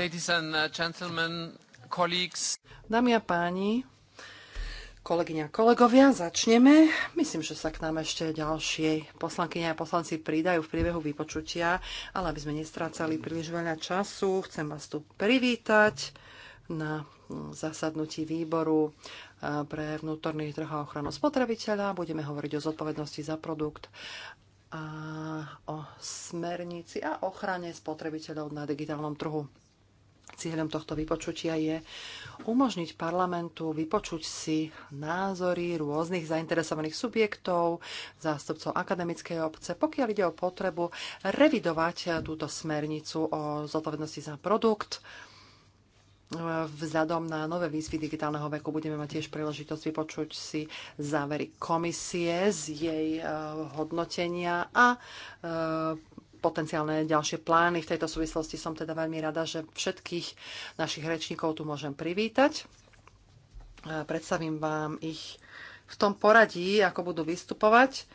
Ladies and uh, gentlemen, colleagues. Dámy a páni, kolegyňa, kolegovia, začneme. Myslím, že sa k nám ešte ďalšie poslankyňa a poslanci pridajú v priebehu vypočutia, ale aby sme nestrácali príliš veľa času, chcem vás tu privítať na mm, zasadnutí výboru uh, pre vnútorný trh a ochranu spotrebiteľa. Budeme hovoriť o zodpovednosti za produkt a o smernici a ochrane spotrebiteľov na digitálnom trhu. Cieľom tohto vypočutia je umožniť parlamentu vypočuť si názory rôznych zainteresovaných subjektov, zástupcov akademickej obce, pokiaľ ide o potrebu revidovať túto smernicu o zodpovednosti za produkt. Vzhľadom na nové výzvy digitálneho veku budeme mať tiež príležitosť vypočuť si závery komisie z jej eh, hodnotenia a eh, potenciálne ďalšie plány. V tejto súvislosti som teda veľmi rada, že všetkých našich rečníkov tu môžem privítať. Predstavím vám ich v tom poradí, ako budú vystupovať.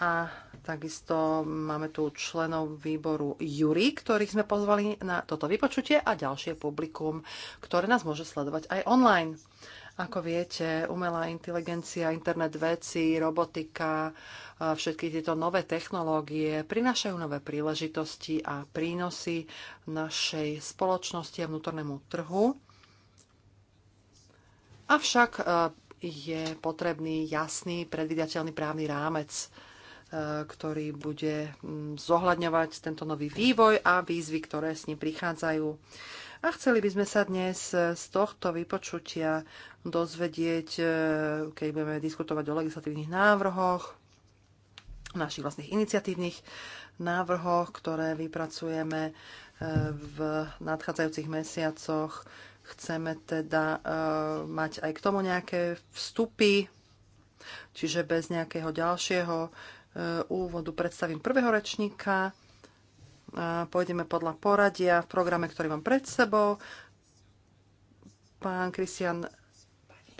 A takisto máme tu členov výboru Jury, ktorých sme pozvali na toto vypočutie a ďalšie publikum, ktoré nás môže sledovať aj online. Ako viete, umelá inteligencia, internet veci, robotika, všetky tieto nové technológie prinášajú nové príležitosti a prínosy našej spoločnosti a vnútornému trhu. Avšak e, je potrebný jasný, predvydateľný právny rámec, e, ktorý bude mm, zohľadňovať tento nový vývoj a výzvy, ktoré s ním prichádzajú. A chceli by sme sa dnes z tohto vypočutia dozvedieť, e, keď budeme diskutovať o legislatívnych návrhoch, našich vlastných iniciatívnych návrhoch, ktoré vypracujeme e, v nadchádzajúcich mesiacoch. Chceme teda e, mať aj k tomu nejaké vstupy, čiže bez nejakého ďalšieho úvodu predstavím prvého rečníka, Pôjdeme podľa poradia v programe, ktorý mám pred sebou. Pán Christian,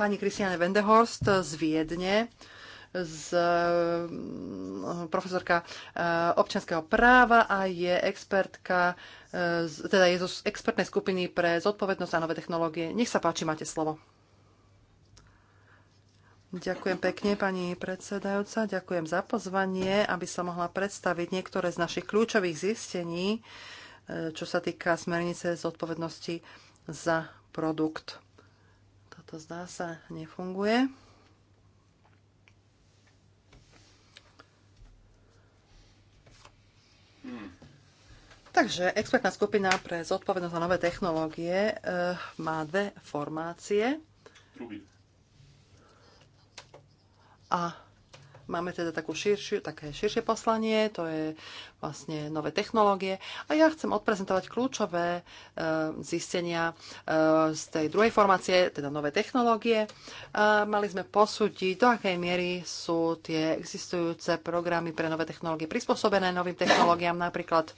pani Kristiane Vendehorst z Viedne z eh, profesorka eh, občianského práva a je expertka, eh, teda je zo expertnej skupiny pre zodpovednosť a nové technológie. Nech sa páči, máte slovo. Ďakujem pekne, pani predsedajúca. Ďakujem za pozvanie, aby sa mohla predstaviť niektoré z našich kľúčových zistení, e, čo sa týka smernice zodpovednosti za produkt. Toto zdá sa nefunguje. Takže expertná skupina pre zodpovednosť za nové technológie e, má dve formácie. Ruby. A máme teda takú širšiu, také širšie poslanie, to je vlastne nové technológie. A ja chcem odprezentovať kľúčové e, zistenia e, z tej druhej formácie, teda nové technológie. E, mali sme posúdiť, do akej miery sú tie existujúce programy pre nové technológie prispôsobené novým technológiám, napríklad e,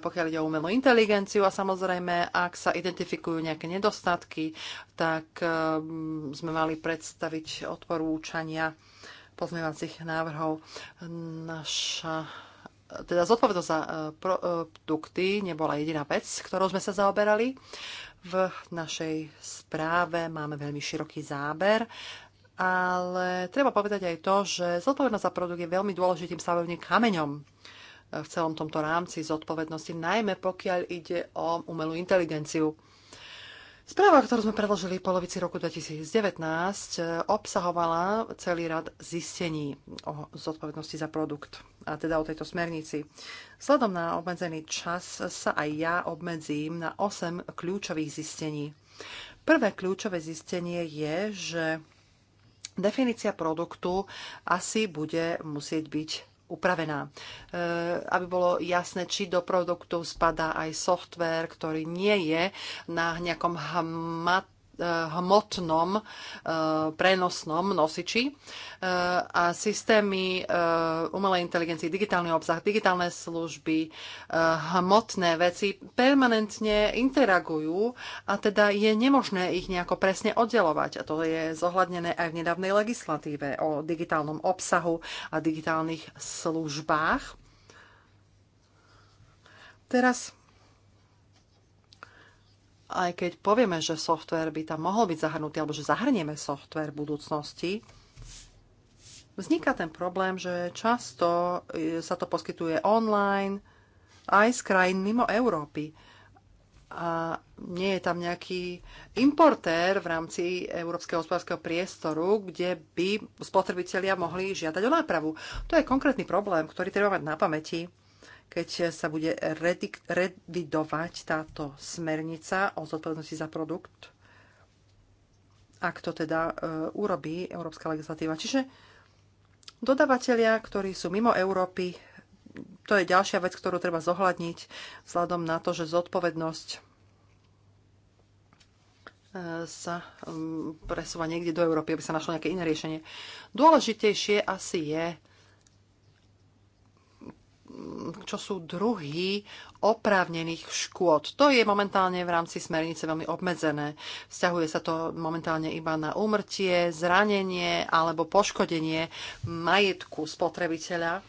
pokiaľ ide o umelú inteligenciu a samozrejme, ak sa identifikujú nejaké nedostatky, tak e, sme mali predstaviť odporúčania pozmeňovacích návrhov. Naša teda zodpovednosť za e, e, produkty nebola jediná vec, ktorou sme sa zaoberali. V našej správe máme veľmi široký záber, ale treba povedať aj to, že zodpovednosť za produkt je veľmi dôležitým stavebným kameňom e, v celom tomto rámci zodpovednosti, najmä pokiaľ ide o umelú inteligenciu. Správa, ktorú sme predložili v polovici roku 2019, e, obsahovala celý rad zistení o zodpovednosti za produkt, a teda o tejto smernici. Vzhľadom na obmedzený čas sa aj ja obmedzím na 8 kľúčových zistení. Prvé kľúčové zistenie je, že definícia produktu asi bude musieť byť upravená. E, aby bolo jasné, či do produktu spadá aj software, ktorý nie je na nejakom hmat hmotnom e, prenosnom nosiči e, a systémy e, umelej inteligencie, digitálny obsah, digitálne služby, hmotné veci permanentne interagujú a teda je nemožné ich nejako presne oddelovať. A to je zohľadnené aj v nedávnej legislatíve o digitálnom obsahu a digitálnych službách. Teraz aj keď povieme, že software by tam mohol byť zahrnutý, alebo že zahrnieme software v budúcnosti, vzniká ten problém, že často e, sa to poskytuje online aj z krajín mimo Európy. A nie je tam nejaký importér v rámci Európskeho hospodárskeho priestoru, kde by spotrebitelia mohli žiadať o nápravu. To je konkrétny problém, ktorý treba mať na pamäti keď sa bude revidovať táto smernica o zodpovednosti za produkt, ak to teda e, urobí európska legislatíva. Čiže dodavatelia, ktorí sú mimo Európy, to je ďalšia vec, ktorú treba zohľadniť vzhľadom na to, že zodpovednosť e, sa presúva niekde do Európy, aby sa našlo nejaké iné riešenie. Dôležitejšie asi je čo sú druhy oprávnených škôd. To je momentálne v rámci smernice veľmi obmedzené. Vzťahuje sa to momentálne iba na úmrtie, zranenie alebo poškodenie majetku spotrebiteľa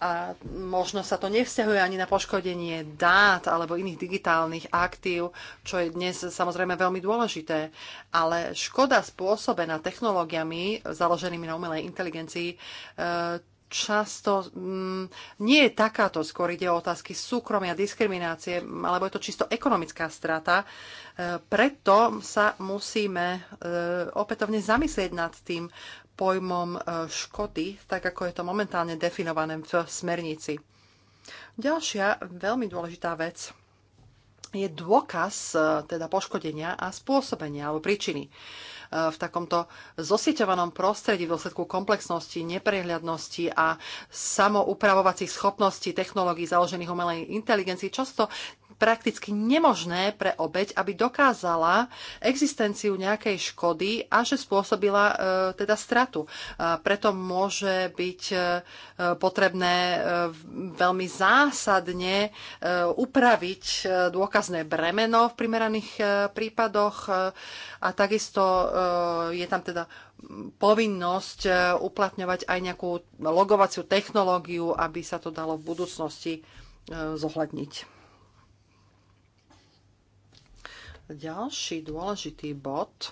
a možno sa to nevzťahuje ani na poškodenie dát alebo iných digitálnych aktív, čo je dnes samozrejme veľmi dôležité. Ale škoda spôsobená technológiami založenými na umelej inteligencii, e, často mm, nie je takáto, skôr ide o otázky súkromia, diskriminácie, alebo je to čisto ekonomická strata. E, preto sa musíme e, opätovne zamyslieť nad tým pojmom e, škody, tak ako je to momentálne definované v smernici. Ďalšia veľmi dôležitá vec je dôkaz e, teda poškodenia a spôsobenia alebo príčiny. E, v takomto zosieťovanom prostredí v dôsledku komplexnosti, neprehľadnosti a samoupravovacích schopností technológií založených umelej inteligencii často prakticky nemožné pre obeď, aby dokázala existenciu nejakej škody a že spôsobila e, teda stratu. E, preto môže byť e, potrebné e, veľmi zásadne e, upraviť e, dôkazné bremeno v primeraných e, prípadoch e, a takisto e, je tam teda povinnosť e, uplatňovať aj nejakú logovaciu technológiu, aby sa to dalo v budúcnosti e, zohľadniť. Ďalší dôležitý bod,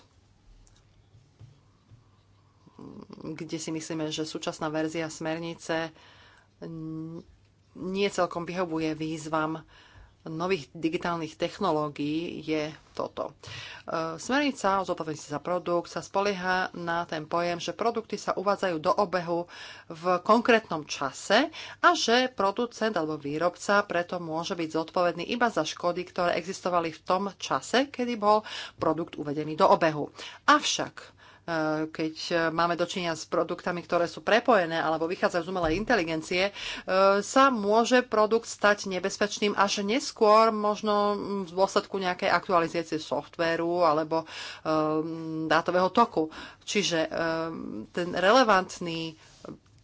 kde si myslíme, že súčasná verzia smernice nie celkom vyhovuje výzvam nových digitálnych technológií je toto. E, smernica o zodpovednosti za produkt sa spolieha na ten pojem, že produkty sa uvádzajú do obehu v konkrétnom čase a že producent alebo výrobca preto môže byť zodpovedný iba za škody, ktoré existovali v tom čase, kedy bol produkt uvedený do obehu. Avšak Eh, keď eh, máme dočinia s produktami, ktoré sú prepojené alebo vychádzajú z umelej inteligencie, eh, sa môže produkt stať nebezpečným až neskôr, možno mm, v dôsledku nejakej aktualizácie softvéru alebo dátového toku. Čiže ten relevantný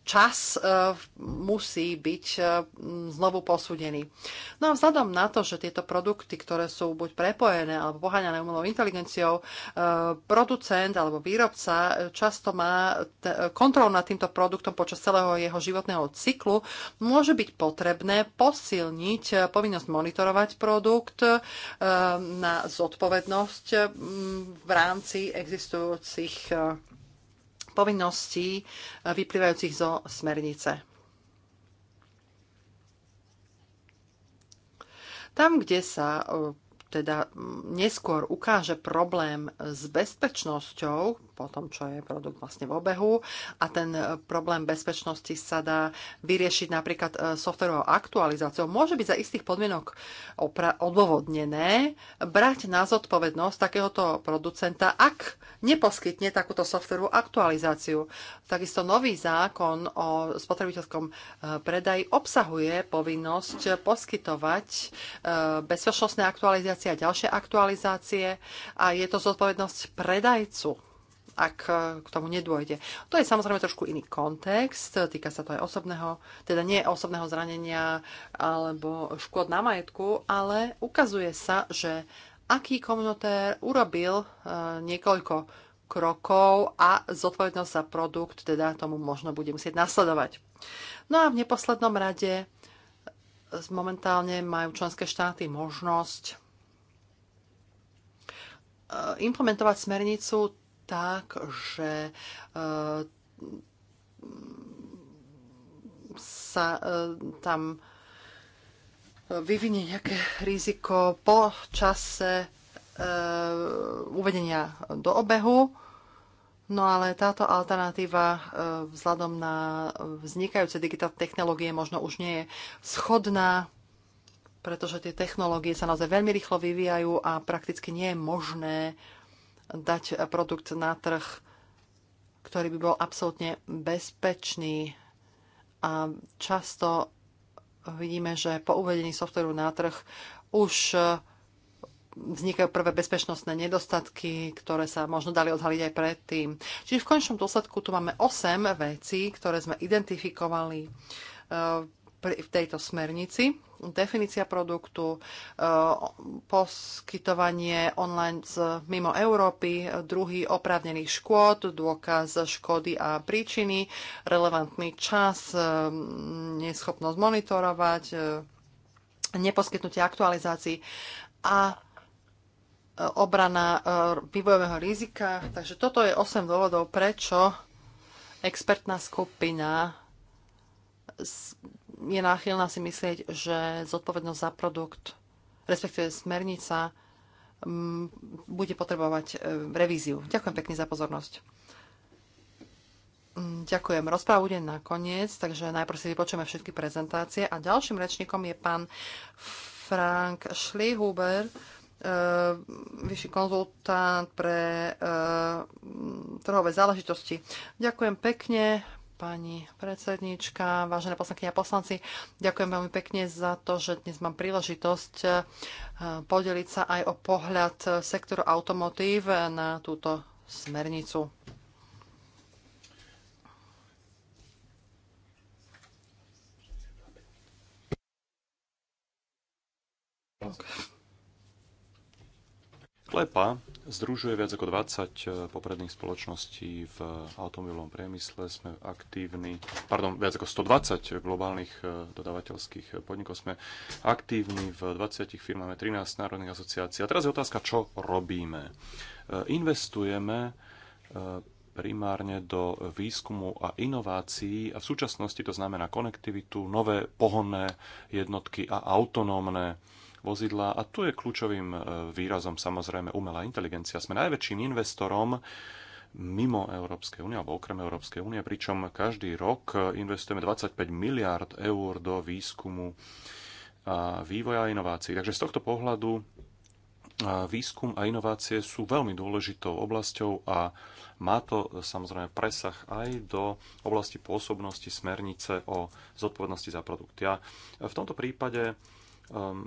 čas eh, musí byť eh, znovu posúdený. No a vzhľadom na to, že tieto produkty, ktoré sú buď prepojené alebo poháňané umelou inteligenciou, eh, producent alebo výrobca často má kontrol nad týmto produktom počas celého jeho životného cyklu, môže byť potrebné posilniť povinnosť monitorovať produkt na zodpovednosť hm, v rámci existujúcich povinností e, vyplývajúcich zo smernice. Tam, kde sa e, teda mm, neskôr ukáže problém s bezpečnosťou, po tom, čo je produkt vlastne v obehu, a ten e, problém bezpečnosti sa dá vyriešiť napríklad e, softverovou aktualizáciou, môže byť za istých podmienok odôvodnené brať na zodpovednosť takéhoto producenta, ak neposkytne takúto softverovú aktualizáciu. Takisto nový zákon o spotrebiteľskom e, predaji obsahuje povinnosť poskytovať bezpečnostné aktualizácie aktualizácie a ďalšie aktualizácie a je to zodpovednosť predajcu ak e, k tomu nedôjde. To je samozrejme trošku iný kontext, týka sa to aj osobného, teda nie osobného zranenia alebo škôd na majetku, ale ukazuje sa, že aký komunitér urobil e, niekoľko krokov a zodpovednosť za produkt, teda tomu možno bude musieť nasledovať. No a v neposlednom rade e, momentálne majú členské štáty možnosť Eh, implementovať smernicu tak, že eh, sa eh, tam vyvinie nejaké riziko po čase uvedenia do obehu. No ale táto alternatíva vzhľadom na vznikajúce digitálne technológie možno už nie je schodná pretože tie technológie sa naozaj veľmi rýchlo vyvíjajú a prakticky nie je možné dať produkt na trh, ktorý by bol absolútne bezpečný. A často vidíme, že po uvedení softveru na trh už vznikajú prvé bezpečnostné nedostatky, ktoré sa možno dali odhaliť aj predtým. Čiže v končnom dôsledku tu máme 8 vecí, ktoré sme identifikovali eh, v tejto smernici definícia produktu, e, poskytovanie online z mimo Európy, druhý oprávnených škôd, dôkaz škody a príčiny, relevantný čas, e, neschopnosť monitorovať, e, neposkytnutie aktualizácií a obrana vývojového rizika. Takže toto je 8 dôvodov, prečo expertná skupina je náchylná si myslieť, že zodpovednosť za produkt, respektíve smernica, bude potrebovať e, revíziu. Ďakujem pekne za pozornosť. Mm, ďakujem. Rozprávu bude koniec, takže najprv si vypočujeme všetky prezentácie. A ďalším rečníkom je pán Frank Schlihuber, e, vyšší konzultant pre e, trhové záležitosti. Ďakujem pekne, pani predsednička, vážené poslanky a poslanci. Ďakujem veľmi pekne za to, že dnes mám príležitosť eh, podeliť sa aj o pohľad sektoru automotív na túto smernicu. Okay. Klepa združuje viac ako 20 e, popredných spoločností v automobilovom priemysle. Sme aktívni, pardon, viac ako 120 globálnych e, dodavateľských podnikov. Sme aktívni v 20 firmách, 13 národných asociácií. A teraz je otázka, čo robíme. E, investujeme primárne do výskumu a inovácií a v súčasnosti to znamená konektivitu, nové pohonné jednotky a autonómne vozidlá. A tu je kľúčovým e, výrazom samozrejme umelá inteligencia. Sme najväčším investorom mimo Európskej únie alebo okrem Európskej únie, pričom každý rok e, investujeme 25 miliard eur do výskumu a vývoja a inovácií. Takže z tohto pohľadu e, výskum a inovácie sú veľmi dôležitou oblasťou a má to samozrejme presah aj do oblasti pôsobnosti smernice o zodpovednosti za produkt. Ja v tomto prípade um,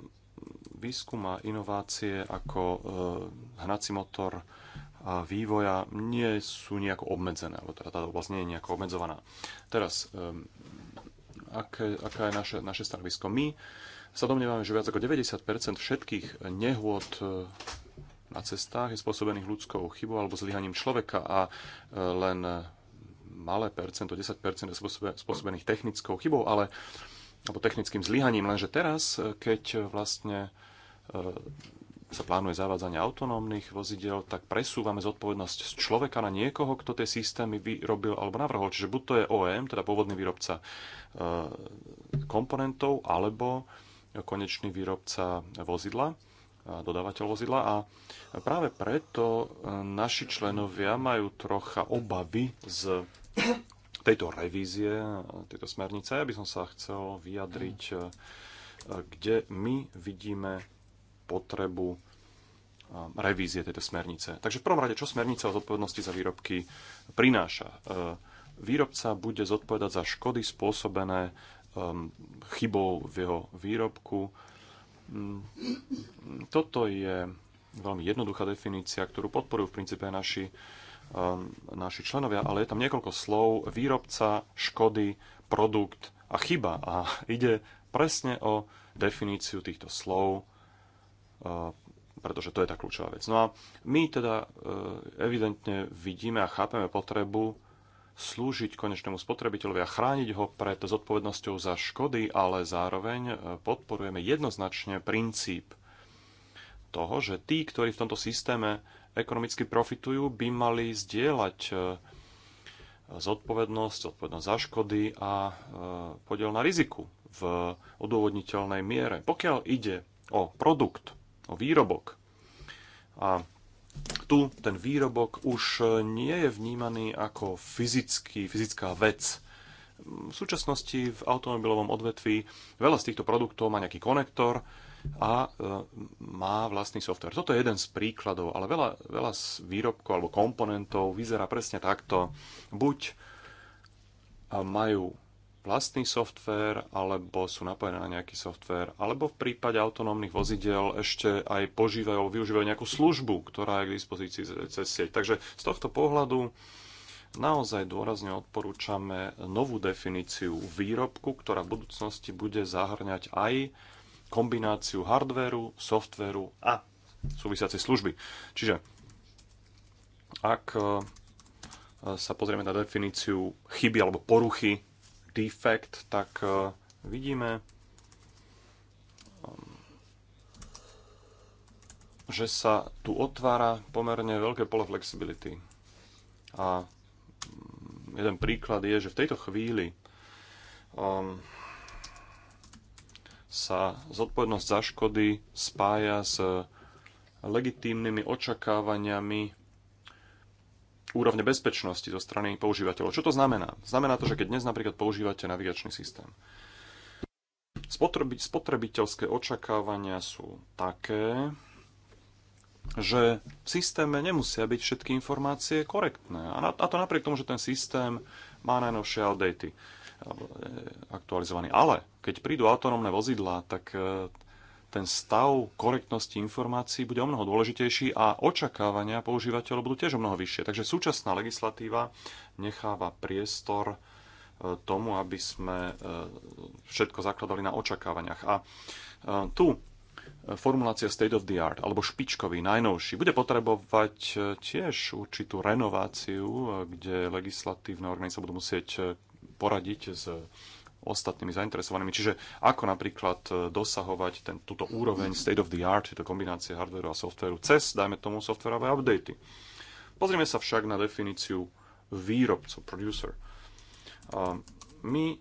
výskum a inovácie ako e, hnací motor a vývoja nie sú nejako obmedzené, alebo teda tá oblasť nie je nejako obmedzovaná. Teraz, e, aké, aká je naše, naše stanovisko? My sa domnievame, že viac ako 90% všetkých nehôd e, na cestách je spôsobených ľudskou chybou alebo zlyhaním človeka a len malé percento, 10% je spôsobených technickou chybou, ale alebo technickým zlyhaním, lenže teraz, e, keď e, vlastne e, sa plánuje zavádzanie autonómnych vozidel, tak presúvame zodpovednosť z človeka na niekoho, kto tie systémy vyrobil alebo navrhol. Čiže buď to je OEM, teda pôvodný výrobca komponentov, alebo konečný výrobca vozidla, dodávateľ vozidla. A práve preto naši členovia majú trocha obavy z tejto revízie, tejto smernice. Ja by som sa chcel vyjadriť, mm. eh, kde my vidíme potrebu eh, revízie tejto smernice. Takže v prvom rade, čo smernica o zodpovednosti za výrobky prináša? Eh, výrobca bude zodpovedať za škody spôsobené ehm, chybou v jeho výrobku. Mm, toto je veľmi jednoduchá definícia, ktorú podporujú v princípe naši Um, naši členovia, ale je tam niekoľko slov výrobca, škody, produkt a chyba. A ide presne o definíciu týchto slov, uh, pretože to je tá kľúčová vec. No a my teda uh, evidentne vidíme a chápeme potrebu slúžiť konečnému spotrebiteľovi a chrániť ho pred zodpovednosťou za škody, ale zároveň uh, podporujeme jednoznačne princíp toho, že tí, ktorí v tomto systéme ekonomicky profitujú, by mali zdieľať e, zodpovednosť, zodpovednosť za škody a e, podiel na riziku v odôvodniteľnej miere. Pokiaľ ide o produkt, o výrobok a tu ten výrobok už e, nie je vnímaný ako fyzický, fyzická vec. V súčasnosti v automobilovom odvetví veľa z týchto produktov má nejaký konektor, a e, má vlastný software. Toto je jeden z príkladov, ale veľa, veľa z výrobkov alebo komponentov vyzerá presne takto. Buď e, majú vlastný software, alebo sú napojené na nejaký software, alebo v prípade autonómnych vozidel ešte aj požívajú využívajú nejakú službu, ktorá je k dispozícii cez sieť. Takže z tohto pohľadu naozaj dôrazne odporúčame novú definíciu výrobku, ktorá v budúcnosti bude zahrňať aj kombináciu hardvéru, softvéru a súvisiacej služby. Čiže ak e, e, sa pozrieme na definíciu chyby alebo poruchy, defect, tak e, vidíme, že sa tu otvára pomerne veľké pole flexibility. A jeden príklad je, že v tejto chvíli um, sa zodpovednosť za škody spája s legitímnymi očakávaniami úrovne bezpečnosti zo strany používateľov. Čo to znamená? Znamená to, že keď dnes napríklad používate navigačný systém, spotrebiteľské očakávania sú také, že v systéme nemusia byť všetky informácie korektné. A, to napriek tomu, že ten systém má najnovšie outdaty. E, aktualizovaný. Ale keď prídu autonómne vozidlá, tak e, ten stav korektnosti informácií bude o mnoho dôležitejší a očakávania používateľov budú tiež o mnoho vyššie. Takže súčasná legislatíva necháva priestor e, tomu, aby sme všetko zakladali na očakávaniach. A tu formulácia state of the art, alebo špičkový, najnovší, bude potrebovať tiež určitú renováciu, kde legislatívne orgány sa budú musieť poradiť s ostatnými zainteresovanými. Čiže ako napríklad e, dosahovať ten, túto úroveň state of the art, čiže kombinácie hardwareu a softwareu cez, dajme tomu, softwarové updaty. Pozrieme sa však na definíciu výrobcu, producer. My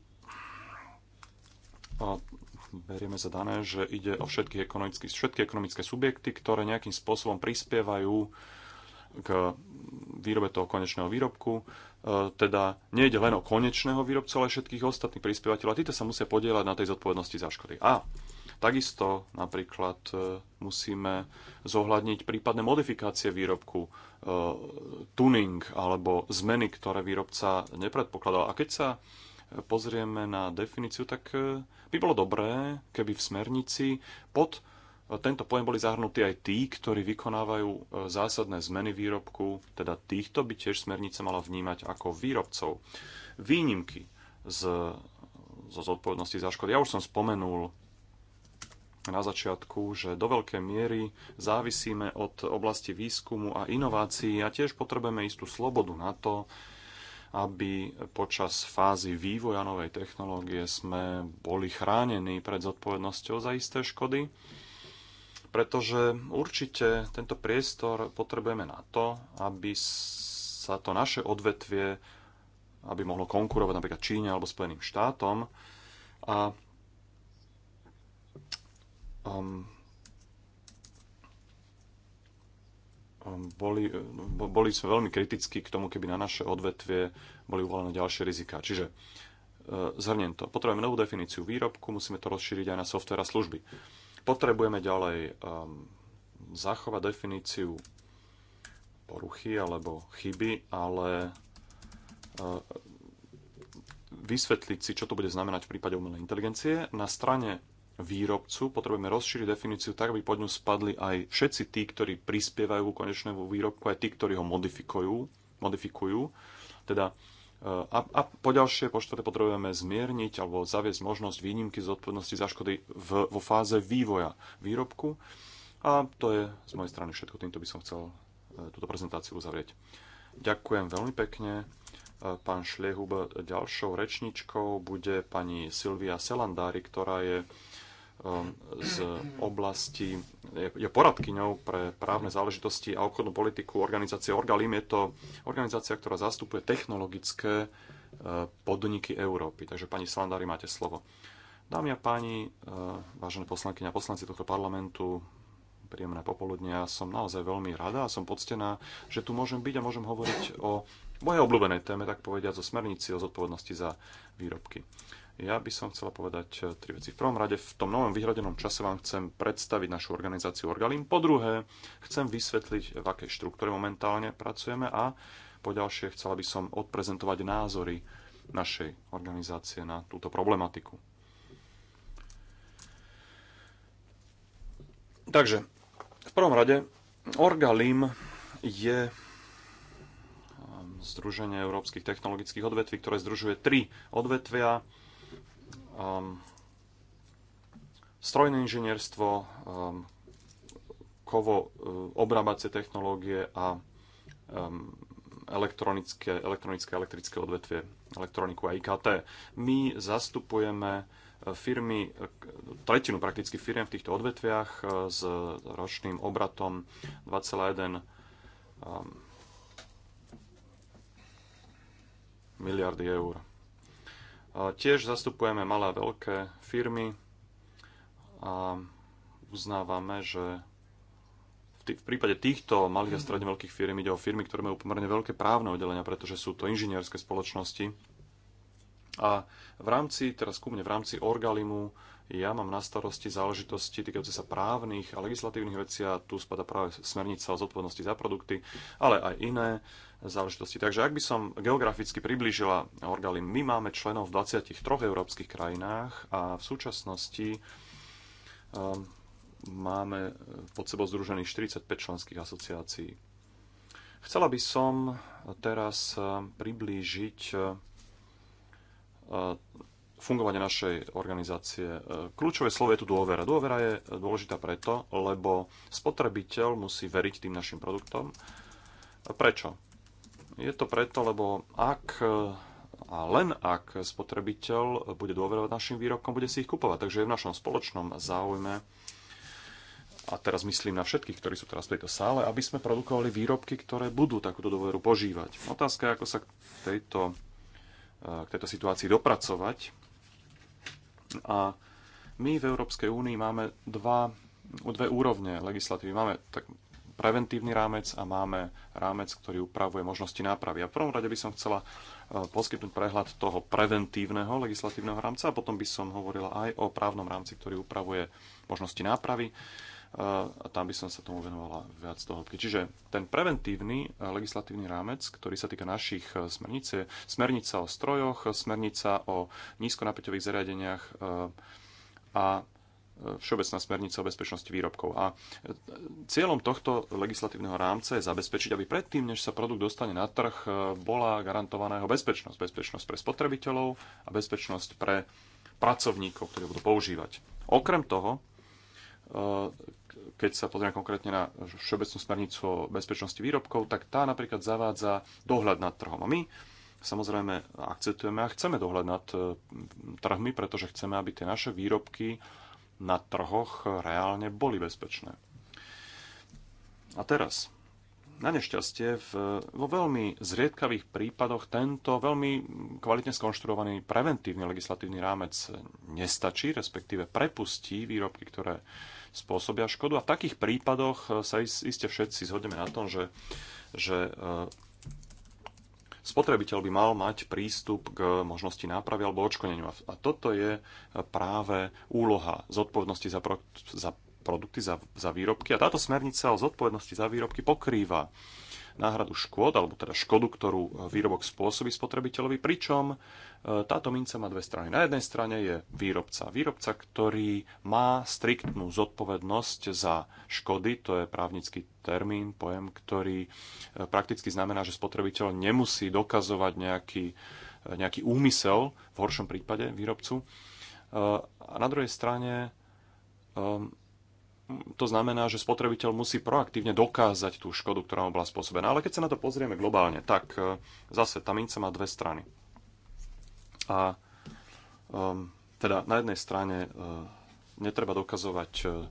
berieme za dané, že ide o všetky ekonomické, všetky ekonomické subjekty, ktoré nejakým spôsobom prispievajú k výrobe toho konečného výrobku E, teda nejde len o konečného výrobcu, ale všetkých ostatných prispievateľov. A títo sa musia podielať na tej zodpovednosti za škody. A takisto napríklad e, musíme zohľadniť prípadné modifikácie výrobku, e, tuning alebo zmeny, ktoré výrobca nepredpokladal. A keď sa pozrieme na definíciu, tak by bolo dobré, keby v smernici pod tento pojem boli zahrnutí aj tí, ktorí vykonávajú e, zásadné zmeny výrobku, teda týchto by tiež smernica mala vnímať ako výrobcov. Výnimky z, zo zodpovednosti za škody. Ja už som spomenul na začiatku, že do veľkej miery závisíme od oblasti výskumu a inovácií a tiež potrebujeme istú slobodu na to, aby počas fázy vývoja novej technológie sme boli chránení pred zodpovednosťou za isté škody pretože určite tento priestor potrebujeme na to, aby sa to naše odvetvie, aby mohlo konkurovať napríklad Číne alebo Spojeným štátom. A um, um boli, boli sme veľmi kritickí k tomu, keby na naše odvetvie boli uvolené ďalšie riziká. Čiže e, zhrniem to. Potrebujeme novú definíciu výrobku, musíme to rozšíriť aj na software a služby. Potrebujeme ďalej um, zachovať definíciu poruchy alebo chyby, ale uh, vysvetliť si, čo to bude znamenať v prípade umelej inteligencie. Na strane výrobcu potrebujeme rozšíriť definíciu tak, aby pod ňu spadli aj všetci tí, ktorí prispievajú ku konečnému výrobku, aj tí, ktorí ho modifikujú, modifikujú. Teda a, a ďalšie po štvrté, potrebujeme zmierniť alebo zaviesť možnosť výnimky z odpovednosti za škody v, vo fáze vývoja výrobku. A to je z mojej strany všetko. Týmto by som chcel e, túto prezentáciu uzavrieť. Ďakujem veľmi pekne. E, pán Šliehub, ďalšou rečničkou bude pani Silvia Selandári, ktorá je Um, z oblasti, je poradkyňou pre právne záležitosti a obchodnú politiku organizácie Orgalim. Je to organizácia, ktorá zastupuje technologické uh, podniky Európy. Takže pani Slandári, máte slovo. Dámy a páni, uh, vážené poslanky a poslanci tohto parlamentu, príjemné popoludne. Ja som naozaj veľmi rada a som poctená, že tu môžem byť a môžem hovoriť o mojej obľúbenej téme, tak povediať, zo smernici o zodpovednosti za výrobky. Ja by som chcela povedať eh, tri veci. V prvom rade, v tom novom vyhradenom čase vám chcem predstaviť našu organizáciu Orgalim. Po druhé, chcem vysvetliť, v akej štruktúre momentálne pracujeme a po ďalšie, chcela by som odprezentovať názory našej organizácie na túto problematiku. Takže, v prvom rade, Orgalim je ehm, Združenie európskych technologických odvetví, ktoré združuje tri odvetvia um, strojné inžinierstvo, um, kovo, um, obrábacie technológie a um, elektronické, elektronické, elektrické odvetvie, elektroniku a IKT. My zastupujeme e, firmy, e, tretinu prakticky firiem v týchto odvetviach e, s ročným obratom 2,1 miliardy eur. Tiež zastupujeme malé a veľké firmy a uznávame, že v prípade týchto malých a stredne veľkých firm ide o firmy, ktoré majú pomerne veľké právne oddelenia, pretože sú to inžinierské spoločnosti a v rámci, teraz ku mne, v rámci Orgalimu, ja mám na starosti záležitosti týkajúce sa právnych a legislatívnych vecí a tu spada práve smernica o zodpovednosti za produkty, ale aj iné záležitosti. Takže ak by som geograficky priblížila Orgalim, my máme členov v 23 európskych krajinách a v súčasnosti um, máme pod sebou združených 45 členských asociácií. Chcela by som teraz ehm, priblížiť E, fungovania našej organizácie. E, kľúčové slovo je tu dôvera. Dôvera je dôležitá preto, lebo spotrebiteľ musí veriť tým našim produktom. Prečo? Je to preto, lebo ak e, a len ak spotrebiteľ bude dôverovať našim výrobkom, bude si ich kupovať. Takže je v našom spoločnom záujme, a teraz myslím na všetkých, ktorí sú teraz v tejto sále, aby sme produkovali výrobky, ktoré budú takúto dôveru požívať. Otázka je, ako sa k tejto k tejto situácii dopracovať. A my v Európskej únii máme dva, dve úrovne legislatívy. Máme tak preventívny rámec a máme rámec, ktorý upravuje možnosti nápravy. A v prvom rade by som chcela poskytnúť prehľad toho preventívneho legislatívneho rámca a potom by som hovorila aj o právnom rámci, ktorý upravuje možnosti nápravy a tam by som sa tomu venovala viac do hĺbky. Čiže ten preventívny e, legislatívny rámec, ktorý sa týka našich e, smerníc, je smernica o strojoch, smernica o nízkonapäťových zariadeniach e, a Všeobecná smernica o bezpečnosti výrobkov. A cieľom tohto legislatívneho rámca je zabezpečiť, aby predtým, než sa produkt dostane na trh, bola garantovaná jeho bezpečnosť. Bezpečnosť pre spotrebiteľov a bezpečnosť pre pracovníkov, ktorí budú používať. Okrem toho, keď sa pozrieme konkrétne na Všeobecnú smernicu o bezpečnosti výrobkov, tak tá napríklad zavádza dohľad nad trhom. A my samozrejme akceptujeme a chceme dohľad nad e, trhmi, pretože chceme, aby tie naše výrobky na trhoch reálne boli bezpečné. A teraz, na nešťastie, v, vo veľmi zriedkavých prípadoch tento veľmi kvalitne skonštruovaný preventívny legislatívny rámec nestačí, respektíve prepustí výrobky, ktoré spôsobia škodu. A v takých prípadoch e, sa iste všetci zhodneme na tom, že, že e, spotrebiteľ by mal mať prístup k možnosti nápravy alebo odškodneniu. A toto je e, práve úloha zodpovednosti za, pro, za produkty, za, za výrobky. A táto smernica o zodpovednosti za výrobky pokrýva náhradu škôd, alebo teda škodu, ktorú e, výrobok spôsobí spotrebiteľovi, pričom e, táto minca má dve strany. Na jednej strane je výrobca. Výrobca, ktorý má striktnú zodpovednosť za škody, to je právnický termín, pojem, ktorý e, prakticky znamená, že spotrebiteľ nemusí dokazovať nejaký, nejaký úmysel, v horšom prípade výrobcu. A na druhej strane to znamená, že spotrebiteľ musí proaktívne dokázať tú škodu, ktorá mu bola spôsobená. Ale keď sa na to pozrieme globálne, tak e, zase tá mince má dve strany. A um, teda na jednej strane uh, netreba dokazovať uh,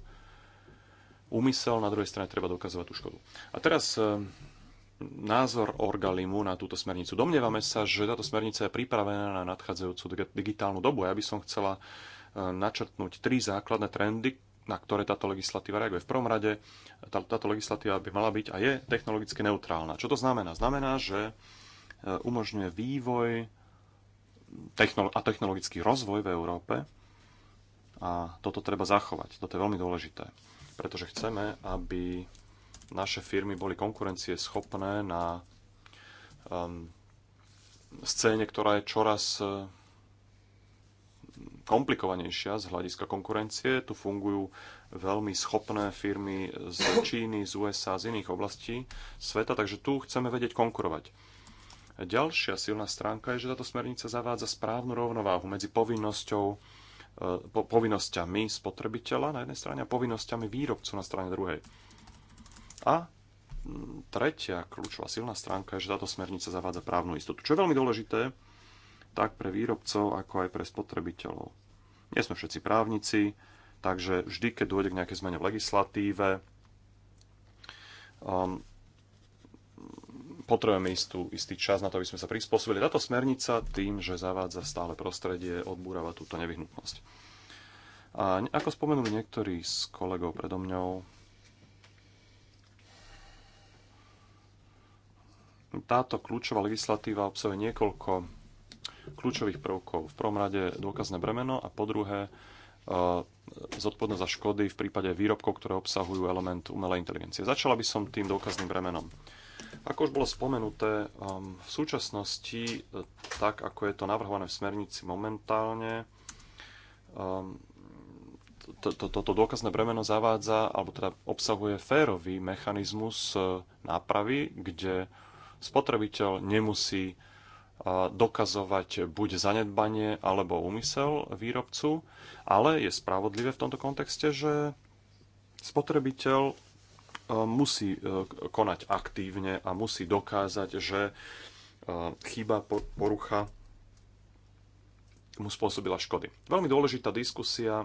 úmysel, na druhej strane treba dokazovať tú škodu. A teraz uh, názor Orgalimu na túto smernicu. Domnievame sa, že táto smernica je pripravená na nadchádzajúcu digitálnu dobu. Ja by som chcela načrtnúť tri základné trendy, na ktoré táto legislatíva reaguje. V prvom rade tá, táto legislatíva by mala byť a je technologicky neutrálna. Čo to znamená? Znamená, že e, umožňuje vývoj a technologický rozvoj v Európe a toto treba zachovať. Toto je veľmi dôležité, pretože chceme, aby naše firmy boli konkurencie schopné na um, scéne, ktorá je čoraz e, komplikovanejšia z hľadiska konkurencie. Tu fungujú veľmi schopné firmy z Číny, z USA, z iných oblastí sveta, takže tu chceme vedieť konkurovať. Ďalšia silná stránka je, že táto smernica zavádza správnu rovnováhu medzi povinnosťou, e, po, povinnosťami spotrebiteľa na jednej strane a povinnosťami výrobcu na strane druhej. A tretia kľúčová silná stránka je, že táto smernica zavádza právnu istotu. Čo je veľmi dôležité, tak pre výrobcov, ako aj pre spotrebiteľov. Nie sme všetci právnici, takže vždy, keď dôjde k nejakej zmene v legislatíve, um, potrebujeme istú, istý čas na to, aby sme sa prispôsobili. Táto smernica tým, že zavádza stále prostredie, odbúrava túto nevyhnutnosť. A ako spomenuli niektorí z kolegov predo mňou, táto kľúčová legislatíva obsahuje niekoľko kľúčových prvkov. V prvom rade dôkazné bremeno a po druhé e, zodpovednosť za škody v prípade výrobkov, ktoré obsahujú element umelej inteligencie. Začala by som tým dôkazným bremenom. Ako už bolo spomenuté, ehm, v súčasnosti, e, tak ako je to navrhované v smernici momentálne, toto ehm, to, to dôkazné bremeno zavádza, alebo teda obsahuje férový mechanizmus e, nápravy, kde spotrebiteľ nemusí dokazovať buď zanedbanie alebo úmysel výrobcu, ale je spravodlivé v tomto kontexte, že spotrebiteľ e, musí e, konať aktívne a musí dokázať, že e, chyba, porucha mu spôsobila škody. Veľmi dôležitá diskusia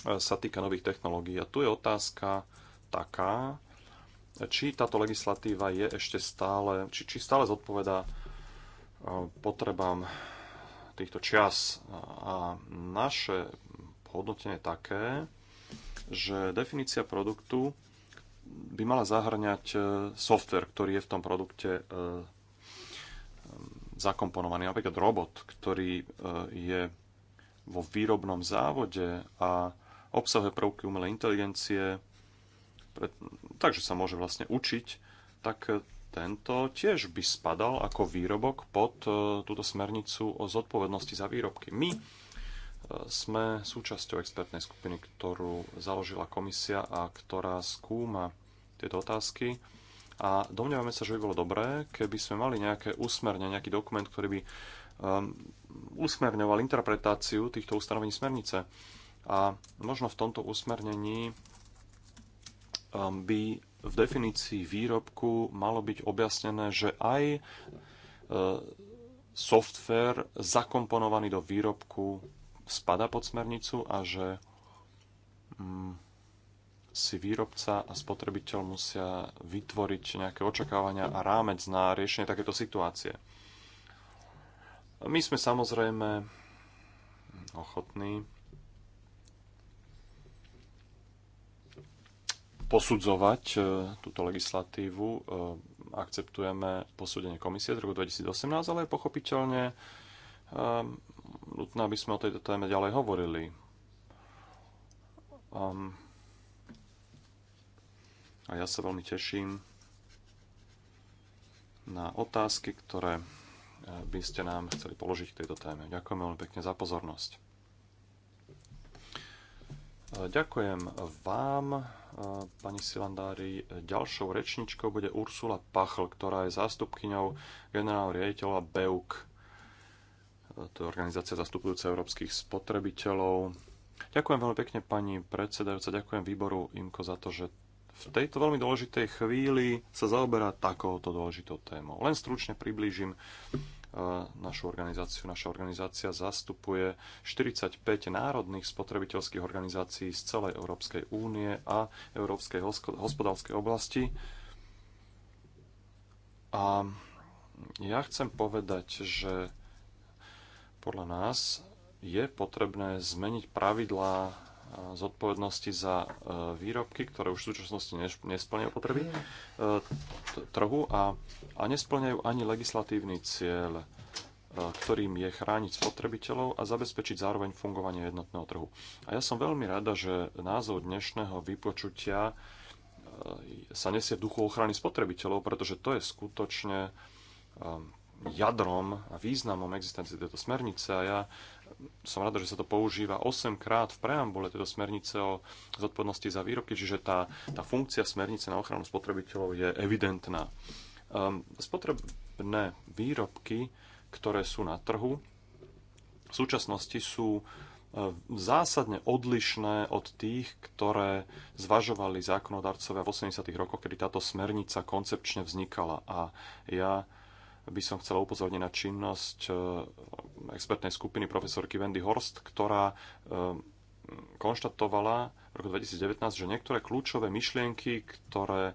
sa týka nových technológií a tu je otázka taká, či táto legislatíva je ešte stále, či, či stále zodpovedá potrebám týchto čias. A naše hodnotenie je také, že definícia produktu by mala zahrňať e, software, ktorý je v tom produkte e, e, zakomponovaný. Napríklad robot, ktorý je vo výrobnom závode a obsahuje prvky umelej inteligencie, takže sa môže vlastne učiť, tak tento tiež by spadal ako výrobok pod e, túto smernicu o zodpovednosti za výrobky. My e, sme súčasťou expertnej skupiny, ktorú založila komisia a ktorá skúma tieto otázky. A domnievame sa, že by bolo dobré, keby sme mali nejaké úsmerne, nejaký dokument, ktorý by um, usmerňoval interpretáciu týchto ustanovení smernice. A možno v tomto usmernení um, by v definícii výrobku malo byť objasnené, že aj e, software zakomponovaný do výrobku spada pod smernicu a že mm, si výrobca a spotrebiteľ musia vytvoriť nejaké očakávania a rámec na riešenie takéto situácie. My sme samozrejme ochotní posudzovať e, túto legislatívu. E, akceptujeme posúdenie komisie z roku 2018, ale je pochopiteľne e, nutné, aby sme o tejto téme ďalej hovorili. Ehm, a ja sa veľmi teším na otázky, ktoré by ste nám chceli položiť k tejto téme. Ďakujem veľmi pekne za pozornosť. E, ďakujem vám, e, pani Silandári. Ďalšou rečničkou bude Ursula Pachl, ktorá je zástupkyňou generálneho riaditeľa BEUK, e, to je organizácia zastupujúca európskych spotrebiteľov. Ďakujem veľmi pekne, pani predsedajúca, ďakujem výboru IMKO za to, že v tejto veľmi dôležitej chvíli sa zaoberá takouto dôležitou témou. Len stručne priblížim našu organizáciu. Naša organizácia zastupuje 45 národných spotrebiteľských organizácií z celej Európskej únie a Európskej hospodárskej oblasti. A ja chcem povedať, že podľa nás je potrebné zmeniť pravidlá zodpovednosti za e, výrobky, ktoré už v súčasnosti nesplňajú potreby e, trhu a, a nesplňajú ani legislatívny cieľ, e, ktorým je chrániť spotrebiteľov a zabezpečiť zároveň fungovanie jednotného trhu. A ja som veľmi rada, že názov dnešného vypočutia sa nesie v duchu ochrany spotrebiteľov, pretože to je skutočne jadrom a významom existencie tejto smernice a ja som rád, že sa to používa 8 krát v preambule tejto smernice o zodpovednosti za výroky, čiže tá, tá funkcia smernice na ochranu spotrebiteľov je evidentná. Um, spotrebné výrobky, ktoré sú na trhu, v súčasnosti sú e, zásadne odlišné od tých, ktoré zvažovali zákonodarcovia v 80. rokoch, kedy táto smernica koncepčne vznikala. A ja by som chcela upozorniť na činnosť e, expertnej skupiny profesorky Wendy Horst, ktorá e, konštatovala v roku 2019, že niektoré kľúčové myšlienky, ktoré e,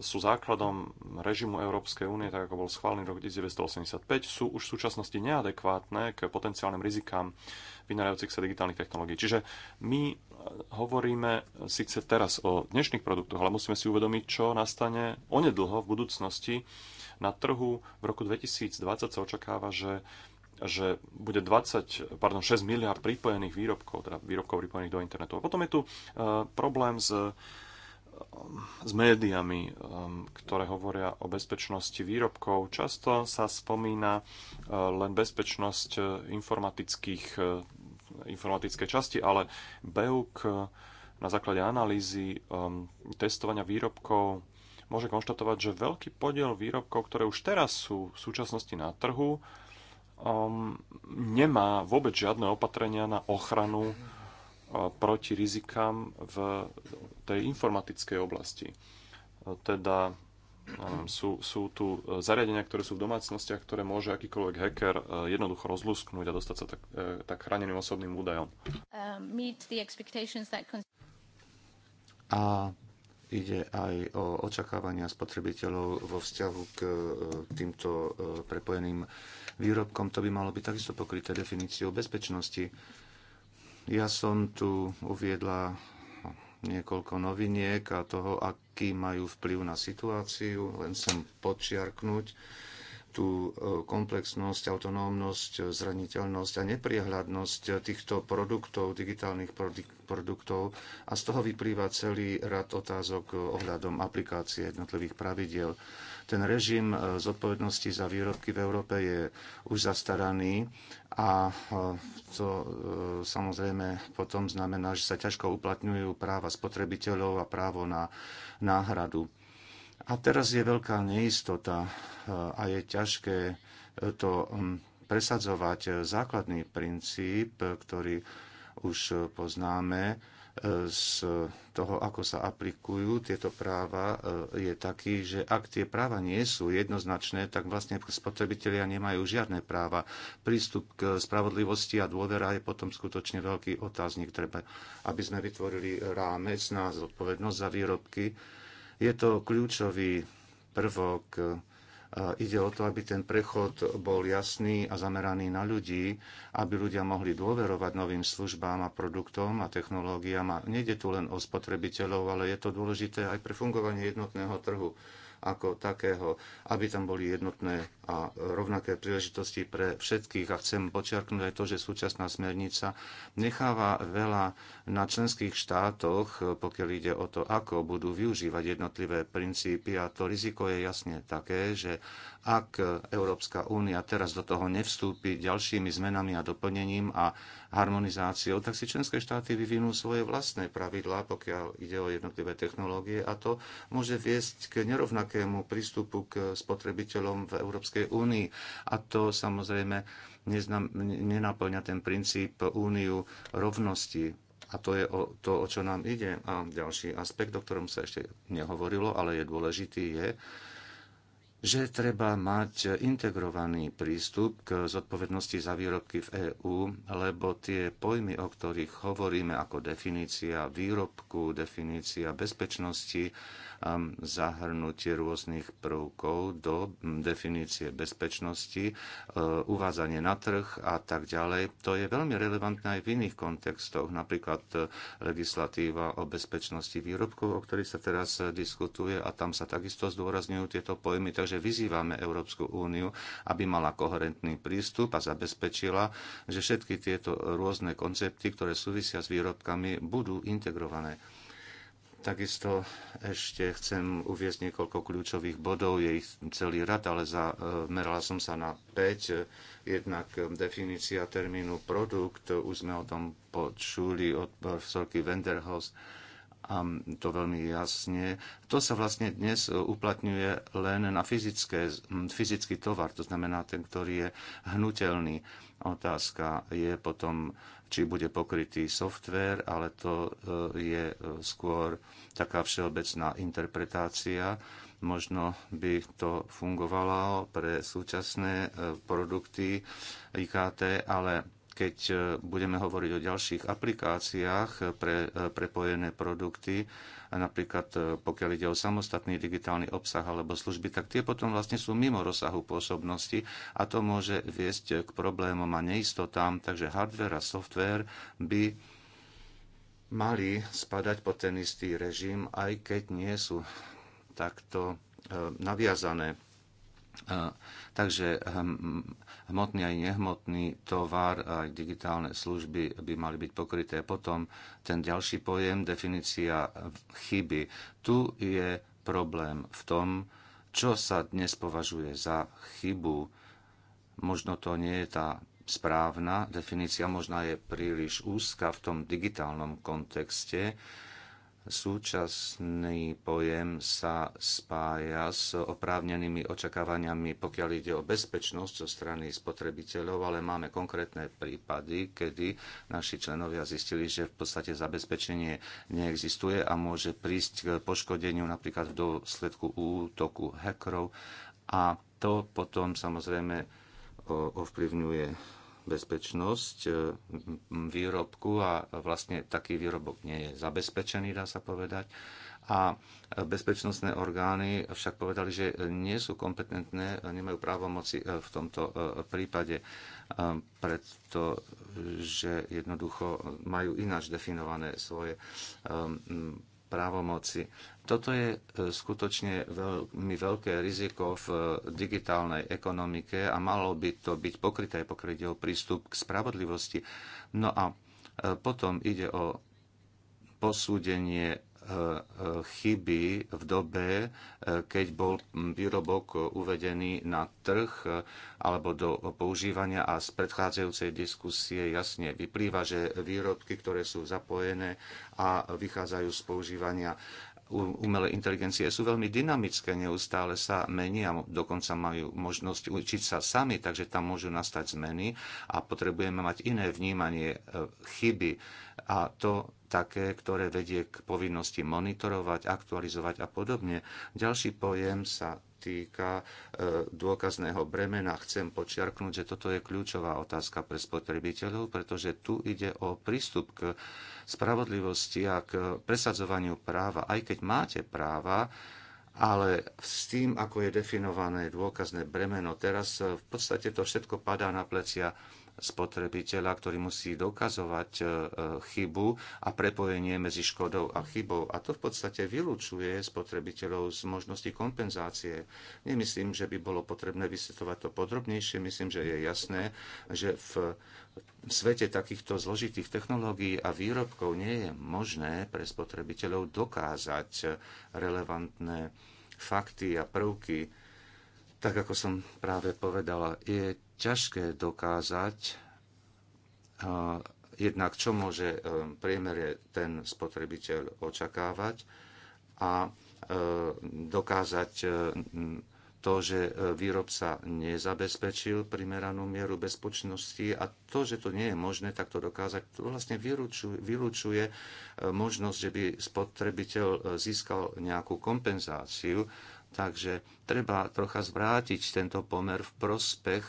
sú základom režimu Európskej únie, tak ako bol schválený v roku 1985, sú už v súčasnosti neadekvátne k potenciálnym rizikám vynárajúcich sa digitálnych technológií. Čiže my hovoríme síce teraz o dnešných produktoch, ale musíme si uvedomiť, čo nastane onedlho v budúcnosti na trhu. V roku 2020 sa očakáva, že že bude 20, pardon, 6 miliard pripojených výrobkov, teda výrobkov pripojených do internetu. A potom je tu e, problém s, s médiami, e, ktoré hovoria o bezpečnosti výrobkov. Často sa spomína e, len bezpečnosť informatických, informatickej časti, ale BEUK na základe analýzy testovania výrobkov môže konštatovať, že veľký podiel výrobkov, ktoré už teraz sú v súčasnosti na trhu, um, nemá vôbec žiadne opatrenia na ochranu uh, proti rizikám v tej informatickej oblasti. teda um, sú, sú tu zariadenia, ktoré sú v domácnostiach, ktoré môže akýkoľvek hacker uh, jednoducho rozlusknúť a dostať sa tak, uh, tak chráneným osobným údajom. Uh, a ide aj o očakávania spotrebiteľov vo vzťahu k e, týmto e, prepojeným výrobkom. To by malo byť takisto pokryté definíciou bezpečnosti. Ja som tu uviedla niekoľko noviniek a toho, aký majú vplyv na situáciu. Len som počiarknúť, tú e, komplexnosť, autonómnosť, e, zraniteľnosť a nepriehľadnosť e, týchto produktov, digitálnych produktov a z toho vyplýva celý rad otázok ohľadom aplikácie jednotlivých pravidiel. Ten režim zodpovednosti za výrobky v Európe je už zastaraný a to samozrejme potom znamená, že sa ťažko uplatňujú práva spotrebiteľov a právo na náhradu a teraz je veľká neistota e, a je ťažké e, to presadzovať e, základný princíp, ktorý už poznáme z toho, ako sa aplikujú tieto práva, je taký, že ak tie práva nie sú jednoznačné, tak vlastne spotrebitelia nemajú žiadne práva. Prístup k spravodlivosti a dôvera je potom skutočne veľký otáznik. Treba, aby sme vytvorili rámec na zodpovednosť za výrobky, je to kľúčový prvok. Ide o to, aby ten prechod bol jasný a zameraný na ľudí, aby ľudia mohli dôverovať novým službám a produktom a technológiám. A nejde tu len o spotrebiteľov, ale je to dôležité aj pre fungovanie jednotného trhu ako takého, aby tam boli jednotné a rovnaké príležitosti pre všetkých. A chcem počiarknúť aj to, že súčasná smernica necháva veľa na členských štátoch, pokiaľ ide o to, ako budú využívať jednotlivé princípy. A to riziko je jasne také, že ak Európska únia teraz do toho nevstúpi ďalšími zmenami a doplnením a harmonizáciou, tak si členské štáty vyvinú svoje vlastné pravidlá, pokiaľ ide o jednotlivé technológie a to môže viesť k nerovnakému prístupu k spotrebiteľom v Európskej únii. A to samozrejme neznam, nenaplňa ten princíp úniu rovnosti a to je o, to, o čo nám ide. A ďalší aspekt, o ktorom sa ešte nehovorilo, ale je dôležitý, je, že treba mať integrovaný prístup k zodpovednosti za výrobky v EÚ, lebo tie pojmy, o ktorých hovoríme ako definícia výrobku, definícia bezpečnosti zahrnutie rôznych prvkov do definície bezpečnosti, e, uvádzanie na trh a tak ďalej. To je veľmi relevantné aj v iných kontextoch, napríklad e, legislatíva o bezpečnosti výrobkov, o ktorých sa teraz e, diskutuje a tam sa takisto zdôrazňujú tieto pojmy, takže vyzývame Európsku úniu, aby mala koherentný prístup a zabezpečila, že všetky tieto rôzne koncepty, ktoré súvisia s výrobkami, budú integrované Takisto ešte chcem uviezť niekoľko kľúčových bodov, je ich celý rad, ale zamerala e, som sa na 5. Jednak definícia termínu produkt, už sme o tom počuli od profesorky Wenderhaus, a to veľmi jasne. To sa vlastne dnes uplatňuje len na fyzické, fyzický tovar, to znamená ten, ktorý je hnutelný. Otázka je potom, či bude pokrytý software, ale to e, je e, skôr taká všeobecná interpretácia. Možno by to fungovalo pre súčasné e, produkty IKT, ale keď e, budeme hovoriť o ďalších aplikáciách e, pre e, prepojené produkty, napríklad pokiaľ ide o samostatný digitálny obsah alebo služby, tak tie potom vlastne sú mimo rozsahu pôsobnosti a to môže viesť k problémom a neistotám, takže hardware a software by mali spadať pod ten istý režim, aj keď nie sú takto naviazané Takže hm, hmotný aj nehmotný tovar, aj digitálne služby by mali byť pokryté. Potom ten ďalší pojem, definícia chyby. Tu je problém v tom, čo sa dnes považuje za chybu. Možno to nie je tá správna definícia, možná je príliš úzka v tom digitálnom kontexte Súčasný pojem sa spája s oprávnenými očakávaniami, pokiaľ ide o bezpečnosť zo strany spotrebiteľov, ale máme konkrétne prípady, kedy naši členovia zistili, že v podstate zabezpečenie neexistuje a môže prísť k poškodeniu napríklad v dôsledku útoku hackerov a to potom samozrejme ovplyvňuje bezpečnosť e, výrobku a vlastne taký výrobok nie je zabezpečený, dá sa povedať. A bezpečnostné orgány však povedali, že nie sú kompetentné, nemajú právomoci e, v tomto e, prípade, pretože jednoducho majú ináč definované svoje právomoci. Toto je e, skutočne veľmi veľké riziko v e, digitálnej ekonomike a malo by to byť pokryté, pokryť o prístup k spravodlivosti. No a e, potom ide o posúdenie chyby v dobe, keď bol výrobok uvedený na trh alebo do používania a z predchádzajúcej diskusie jasne vyplýva, že výrobky, ktoré sú zapojené a vychádzajú z používania umelej inteligencie sú veľmi dynamické, neustále sa menia, dokonca majú možnosť učiť sa sami, takže tam môžu nastať zmeny a potrebujeme mať iné vnímanie e, chyby a to také, ktoré vedie k povinnosti monitorovať, aktualizovať a podobne. Ďalší pojem sa týka e, dôkazného bremena, chcem počiarknúť, že toto je kľúčová otázka pre spotrebiteľov, pretože tu ide o prístup k spravodlivosti a k presadzovaniu práva. Aj keď máte práva, ale s tým, ako je definované dôkazné bremeno teraz, v podstate to všetko padá na plecia spotrebiteľa, ktorý musí dokazovať e, e, chybu a prepojenie medzi škodou a chybou. A to v podstate vylúčuje spotrebiteľov z možnosti kompenzácie. Nemyslím, že by bolo potrebné vysvetovať to podrobnejšie. Myslím, že je jasné, že v svete takýchto zložitých technológií a výrobkov nie je možné pre spotrebiteľov dokázať relevantné fakty a prvky tak ako som práve povedala, je ťažké dokázať jednak, čo môže e, priemere ten spotrebiteľ očakávať a e, dokázať e, to, že výrobca nezabezpečil primeranú mieru bezpečnosti a to, že to nie je možné takto dokázať, to vlastne vylúčuje možnosť, že by spotrebiteľ získal nejakú kompenzáciu. Takže treba trocha zvrátiť tento pomer v prospech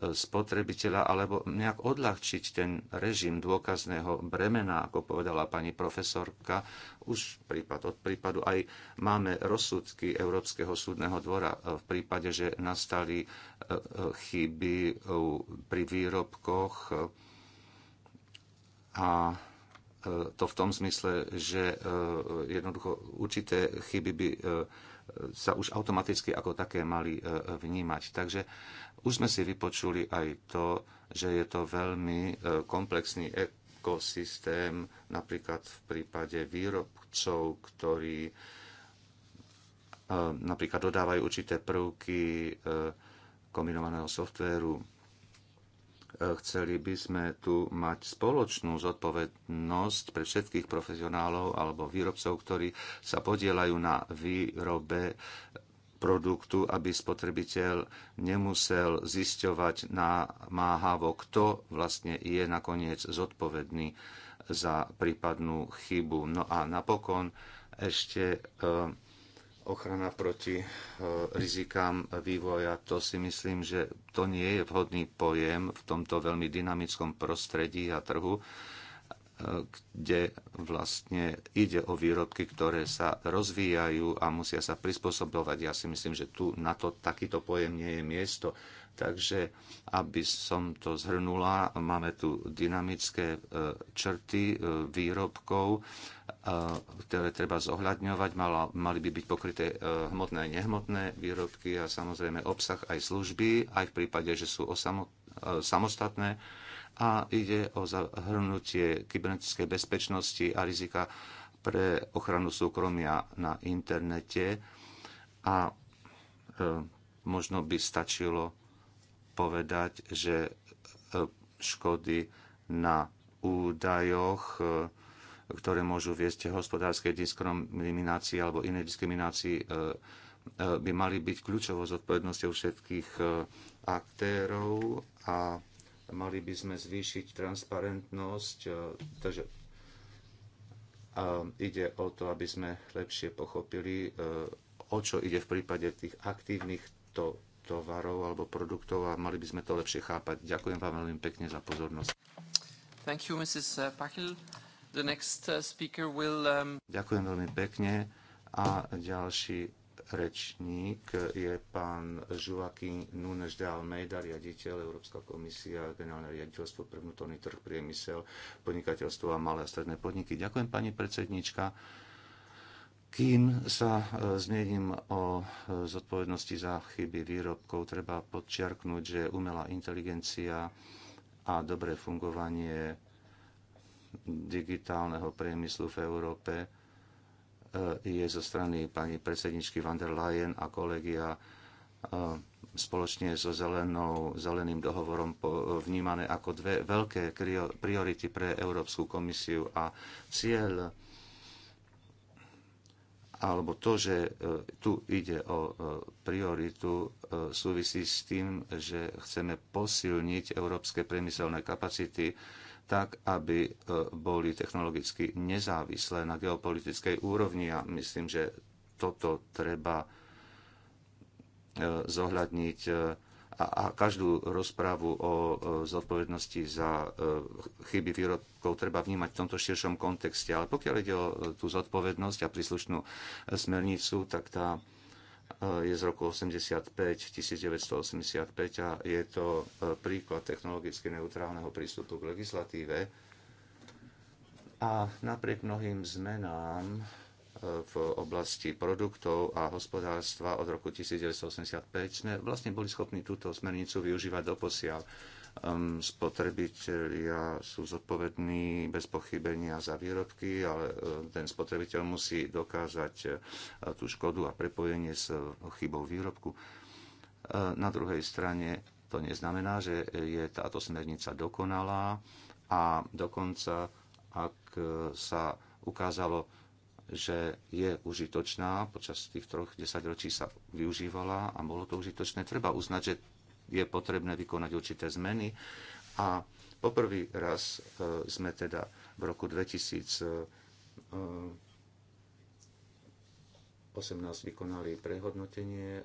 spotrebiteľa alebo nejak odľahčiť ten režim dôkazného bremena, ako povedala pani profesorka. Už prípad od prípadu aj máme rozsudky Európskeho súdneho dvora e, v prípade, že nastali e, chyby e, pri výrobkoch a to v tom zmysle, že jednoducho určité chyby by sa už automaticky ako také mali e, vnímať. Takže už sme si vypočuli aj to, že je to veľmi e, komplexný ekosystém, napríklad v prípade výrobcov, ktorí e, napríklad dodávajú určité prvky kombinovaného softvéru Chceli by sme tu mať spoločnú zodpovednosť pre všetkých profesionálov alebo výrobcov, ktorí sa podielajú na výrobe produktu, aby spotrebiteľ nemusel zisťovať námáhavo, kto vlastne je nakoniec zodpovedný za prípadnú chybu. No a napokon ešte eh, ochrana proti e, rizikám vývoja, to si myslím, že to nie je vhodný pojem v tomto veľmi dynamickom prostredí a trhu kde vlastne ide o výrobky, ktoré sa rozvíjajú a musia sa prispôsobovať. Ja si myslím, že tu na to takýto pojem nie je miesto. Takže, aby som to zhrnula, máme tu dynamické e, črty e, výrobkov, e, ktoré treba zohľadňovať. Mali by byť pokryté hmotné a nehmotné výrobky a samozrejme obsah aj služby, aj v prípade, že sú samostatné a ide o zahrnutie kybernetickej bezpečnosti a rizika pre ochranu súkromia na internete. A e, možno by stačilo povedať, že e, škody na údajoch, e, ktoré môžu viesť hospodárskej diskriminácii alebo inej diskriminácii, e, e by mali byť kľúčovou zodpovednosťou všetkých e, aktérov a Mali by sme zvýšiť transparentnosť, e, takže a ide o to, aby sme lepšie pochopili, e, o čo ide v prípade tých aktívnych to, tovarov alebo produktov a mali by sme to lepšie chápať. Ďakujem vám veľmi pekne za pozornosť. Thank you, Mrs. Uh, The next uh, speaker will, um... Ďakujem veľmi pekne a ďalší rečník je pán Joaquín Nunes de Almeida, riaditeľ Európska komisia, generálne riaditeľstvo pre vnútorný trh, priemysel, podnikateľstvo a malé a stredné podniky. Ďakujem, pani predsednička. Kým sa e, zmiením o e, zodpovednosti za chyby výrobkov, treba podčiarknúť, že umelá inteligencia a dobré fungovanie digitálneho priemyslu v Európe E, je zo strany pani predsedničky van der Leyen a kolegia e, spoločne so zelenou, zeleným dohovorom po, e, vnímané ako dve veľké priority pre Európsku komisiu a cieľ alebo to, že tu ide o prioritu, súvisí s tým, že chceme posilniť európske priemyselné kapacity tak aby e, boli technologicky nezávislé na geopolitickej úrovni. A myslím, že toto treba e, zohľadniť e, a, každú rozprávu o zodpovednosti za chyby výrobkov treba vnímať v tomto širšom kontexte. Ale pokiaľ ide o tú zodpovednosť a príslušnú smernicu, tak tá Eh, je z roku 85, 1985 a je to eh, príklad technologicky neutrálneho prístupu k legislatíve. A napriek mnohým zmenám eh, v oblasti produktov a hospodárstva od roku 1985 sme vlastne boli schopní túto smernicu využívať doposiaľ. Ehm, spotrebitelia sú zodpovední bez pochybenia za výrobky, ale ehm, ten spotrebiteľ musí dokázať e, tú škodu a prepojenie s chybou výrobku. E, na druhej strane to neznamená, že je táto smernica dokonalá a dokonca, ak e, sa ukázalo, že je užitočná, počas tých troch desaťročí sa využívala a bolo to užitočné, treba uznať, že je potrebné vykonať určité zmeny. A poprvý raz e, sme teda v roku 2018 e, vykonali prehodnotenie e,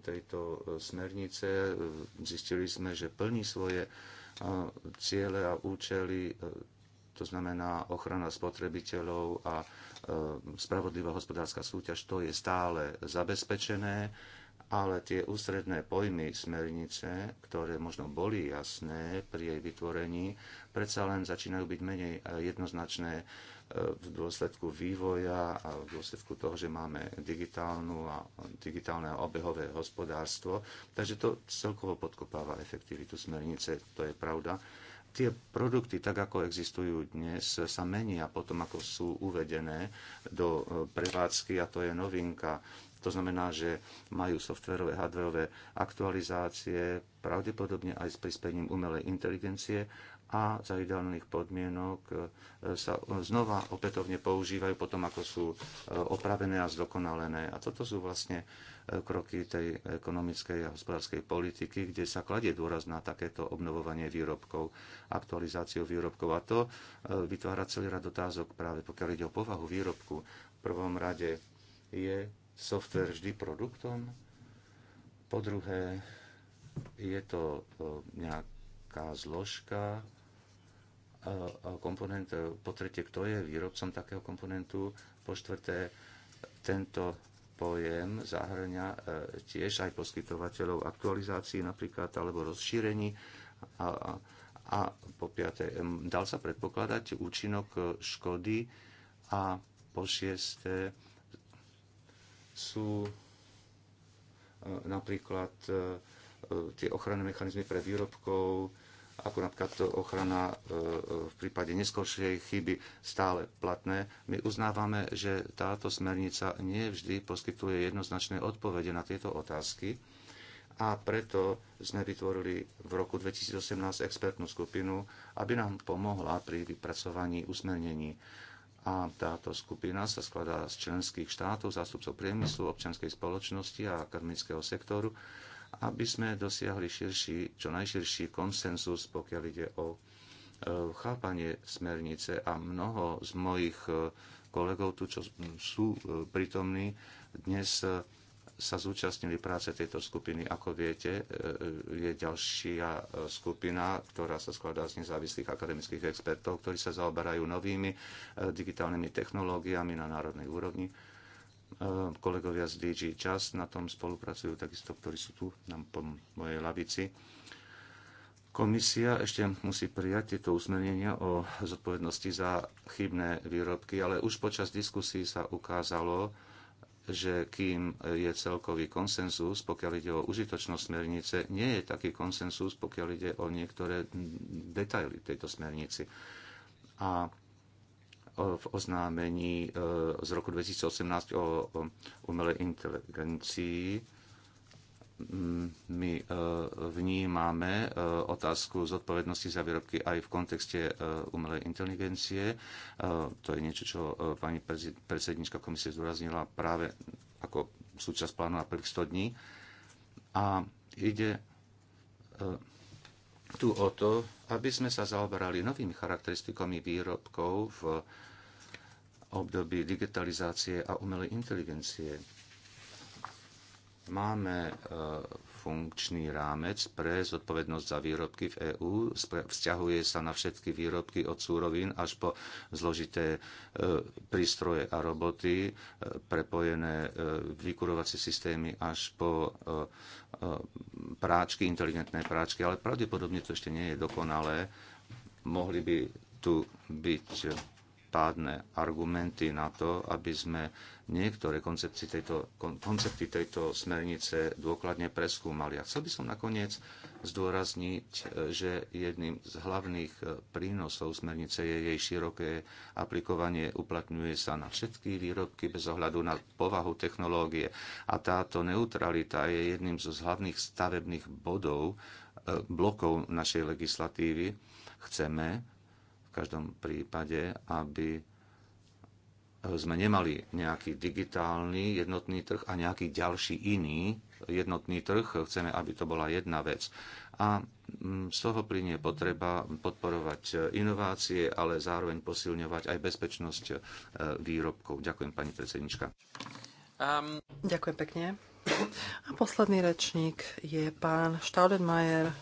tejto smernice. Zistili sme, že plní svoje ciele a účely, to znamená ochrana spotrebiteľov a spravodlivá hospodárska súťaž, to je stále zabezpečené ale tie ústredné pojmy smernice, ktoré možno boli jasné pri jej vytvorení, predsa len začínajú byť menej eh, jednoznačné eh, v dôsledku vývoja a v dôsledku toho, že máme digitálnu a digitálne a obehové hospodárstvo. Takže to celkovo podkopáva efektivitu smernice, to je pravda. Tie produkty, tak ako existujú dnes, sa menia potom, ako sú uvedené do eh, prevádzky a to je novinka. To znamená, že majú softverové, hardverové aktualizácie, pravdepodobne aj s prispením umelej inteligencie a za ideálnych podmienok e, sa znova opätovne používajú potom, ako sú e, opravené a zdokonalené. A toto sú vlastne e, kroky tej ekonomickej a hospodárskej politiky, kde sa kladie dôraz na takéto obnovovanie výrobkov, aktualizáciu výrobkov. A to vytvára celý rad otázok práve pokiaľ ide o povahu výrobku. V prvom rade je software vždy produktom. Po druhé, je to e, nejaká zložka, e, e, komponent. Po tretie, kto je výrobcom takého komponentu. Po štvrté, tento pojem zahrňa tiež aj poskytovateľov aktualizácií napríklad alebo rozšírení. A, a, a po piaté, dal sa predpokladať účinok škody a po šiesté, sú e, napríklad e, e, tie ochranné mechanizmy pre výrobkov, ako napríklad ochrana v prípade neskôršej chyby stále platné. My uznávame, že táto smernica vždy poskytuje jednoznačné odpovede na tieto otázky a preto sme vytvorili v roku 2018 expertnú skupinu, aby nám pomohla pri vypracovaní usmernení a táto skupina sa skladá z členských štátov, zástupcov priemyslu, občianskej spoločnosti a akademického sektoru, aby sme dosiahli širší, čo najširší konsenzus, pokiaľ ide o e, chápanie smernice a mnoho z mojich e, kolegov tu, čo sú e, prítomní, dnes sa zúčastnili práce tejto skupiny. Ako viete, e, e, je ďalšia e, skupina, ktorá sa skladá z nezávislých akademických expertov, ktorí sa zaoberajú novými digitálnymi technológiami na národnej úrovni. Kolegovia z DG Čas na tom spolupracujú, takisto, ktorí sú tu na mojej lavici. Komisia ešte musí prijať tieto usmernenia o zodpovednosti za chybné výrobky, ale už počas diskusí sa ukázalo, že kým je celkový konsenzus, pokiaľ ide o užitočnosť smernice, nie je taký konsenzus, pokiaľ ide o niektoré detaily tejto smernici. A e, v oznámení e, z roku 2018 o umelej inteligencii Mm, my e, vnímame e, otázku zodpovednosti za výrobky aj v kontexte e, umelej inteligencie. To je niečo, čo pani predsednička komisie zdôraznila práve ako súčasť plánu na prvých 100 dní. A ide tu o to, aby sme sa zaoberali novými charakteristikami výrobkov v období digitalizácie a umelej inteligencie. Máme e, funkčný rámec pre zodpovednosť za výrobky v EÚ. Vzťahuje sa na všetky výrobky od súrovín až po zložité e, prístroje a roboty, e, prepojené vykurovacie systémy až po práčky, inteligentné práčky, ale pravdepodobne to ešte nie je dokonalé. Mohli by tu byť pádne argumenty na to, aby sme niektoré koncepty tejto, koncepty tejto smernice dôkladne preskúmali. A chcel by som nakoniec zdôrazniť, e, že jedným z hlavných e, prínosov smernice je jej široké aplikovanie, uplatňuje sa na všetky výrobky bez ohľadu na povahu technológie. A táto neutralita je jedným z hlavných stavebných bodov, e, blokov našej legislatívy. Chceme v každom prípade, aby sme nemali nejaký digitálny jednotný trh a nejaký ďalší iný jednotný trh. Chceme, aby to bola jedna vec. A mm, z toho plinie potreba podporovať inovácie, ale zároveň posilňovať aj bezpečnosť e, výrobkov. Ďakujem, pani predsednička. Um... Ďakujem pekne. A posledný rečník je pán Staudenmayer,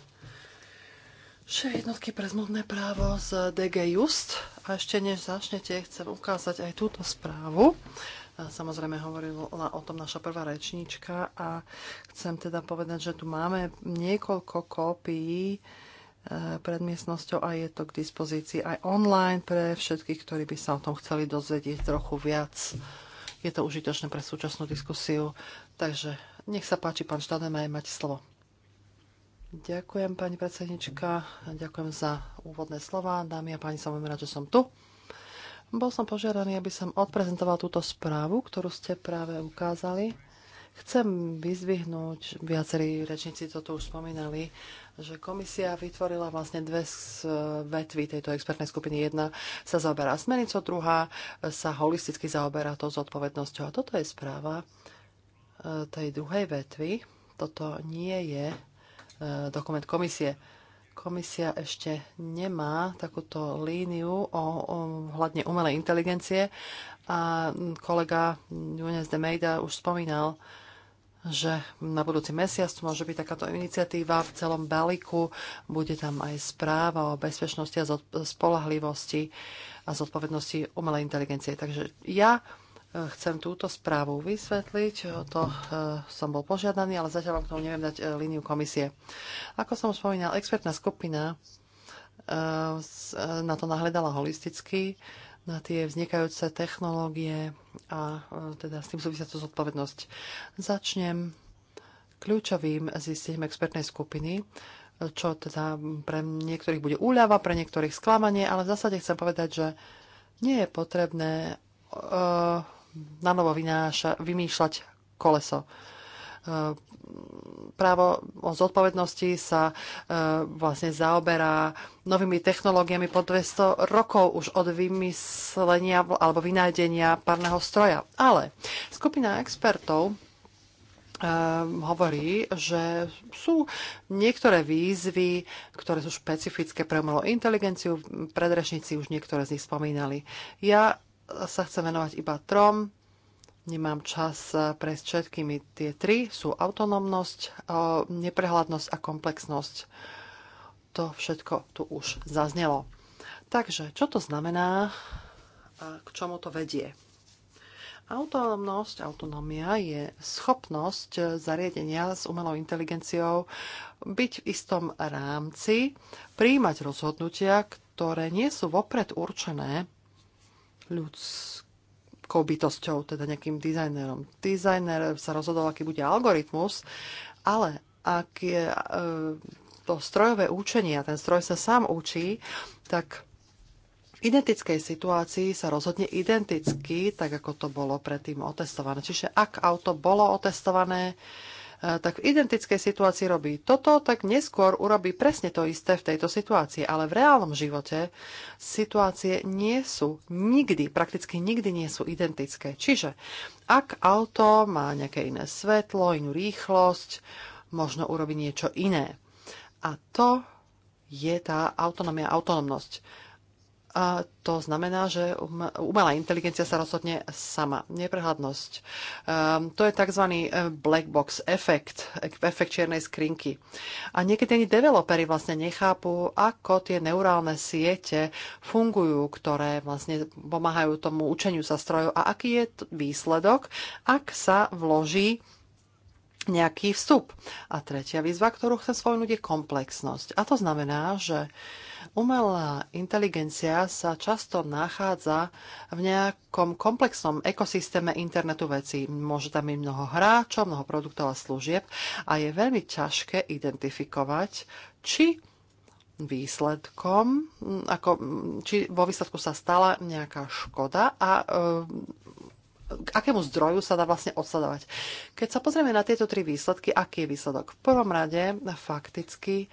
šéf jednotky pre zmluvné právo z DG Just. A ešte než začnete, chcem ukázať aj túto správu. Samozrejme hovorila o tom naša prvá rečníčka a chcem teda povedať, že tu máme niekoľko kópií e, pred miestnosťou a je to k dispozícii aj online pre všetkých, ktorí by sa o tom chceli dozvedieť trochu viac. Je to užitočné pre súčasnú diskusiu. Takže nech sa páči, pán Štademaj, mať slovo. Ďakujem, pani predsednička. Ďakujem za úvodné slova. Dámy a páni, som veľmi rád, že som tu. Bol som požiadaný, aby som odprezentoval túto správu, ktorú ste práve ukázali. Chcem vyzvihnúť, viacerí rečníci toto už spomínali, že komisia vytvorila vlastne dve vetvy tejto expertnej skupiny. Jedna sa zaoberá smernicou, druhá sa holisticky zaoberá s zodpovednosťou. A toto je správa e, tej druhej vetvy. Toto nie je dokument komisie. Komisia ešte nemá takúto líniu o, o hľadne umelej inteligencie a kolega Nunes de Meida už spomínal, že na budúci mesiac môže byť takáto iniciatíva v celom balíku. Bude tam aj správa o bezpečnosti a spolahlivosti a zodpovednosti umelej inteligencie. Takže ja chcem túto správu vysvetliť. To e, som bol požiadaný, ale zatiaľ vám k tomu neviem dať e, líniu komisie. Ako som už spomínal, expertná skupina e, na to nahľadala holisticky, na tie vznikajúce technológie a teda s tým súvisiacu zodpovednosť. Začnem kľúčovým zistením expertnej skupiny, čo teda pre niektorých bude úľava, pre niektorých sklamanie, ale v zásade chcem povedať, že nie je potrebné na novo vynáša, vymýšľať koleso. E, právo o zodpovednosti sa e, vlastne zaoberá novými technológiami po 200 rokov už od vymyslenia alebo vynájdenia parného stroja. Ale skupina expertov e, hovorí, že sú niektoré výzvy, ktoré sú špecifické pre umelú inteligenciu. Predrešníci už niektoré z nich spomínali. Ja sa chcem venovať iba trom. Nemám čas eh, pre všetkými. Tie tri sú autonómnosť, eh, neprehľadnosť a komplexnosť. To všetko tu už zaznelo. Takže, čo to znamená a k čomu to vedie? Autonómnosť, autonómia je schopnosť eh, zariadenia s umelou inteligenciou byť v istom rámci, príjmať rozhodnutia, ktoré nie sú vopred určené ľudskou bytosťou, teda nejakým dizajnerom. Dizajner sa rozhodol, aký bude algoritmus, ale ak je e, to strojové učenie a ten stroj sa sám učí, tak v identickej situácii sa rozhodne identicky, tak ako to bolo predtým otestované. Čiže ak auto bolo otestované, tak v identickej situácii robí toto, tak neskôr urobí presne to isté v tejto situácii. Ale v reálnom živote situácie nie sú nikdy, prakticky nikdy nie sú identické. Čiže ak auto má nejaké iné svetlo, inú rýchlosť, možno urobí niečo iné. A to je tá autonómia, autonomnosť. A to znamená, že um, umelá inteligencia sa rozhodne sama. Neprehľadnosť. Um, to je tzv. E, black box efekt, efekt čiernej skrinky. A niekedy ani developery vlastne nechápu, ako tie neurálne siete fungujú, ktoré vlastne pomáhajú tomu učeniu sa strojov a aký je výsledok, ak sa vloží nejaký vstup. A tretia výzva, ktorú chcem spomenúť, je komplexnosť. A to znamená, že umelá inteligencia sa často nachádza v nejakom komplexnom ekosystéme internetu vecí. Môže tam byť mnoho hráčov, mnoho produktov a služieb a je veľmi ťažké identifikovať, či výsledkom, ako, či vo výsledku sa stala nejaká škoda a k akému zdroju sa dá vlastne odsledovať. Keď sa pozrieme na tieto tri výsledky, aký je výsledok? V prvom rade fakticky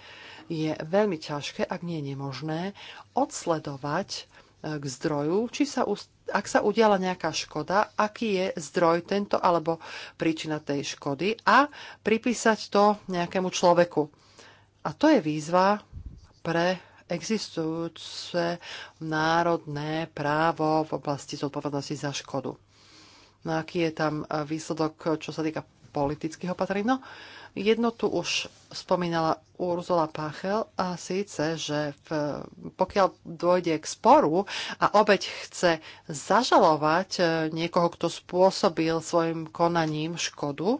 je veľmi ťažké, ak nie je nemožné, odsledovať eh, k zdroju, či sa, ak sa udiala nejaká škoda, aký je zdroj tento alebo príčina tej škody a pripísať to nejakému človeku. A to je výzva pre existujúce národné právo v oblasti zodpovednosti za škodu no aký je tam e, výsledok, čo sa týka politických opatrení. No, jedno tu už spomínala Urzula Pachel a síce, že v, pokiaľ dôjde k sporu a obeď chce zažalovať e, niekoho, kto spôsobil svojim konaním škodu,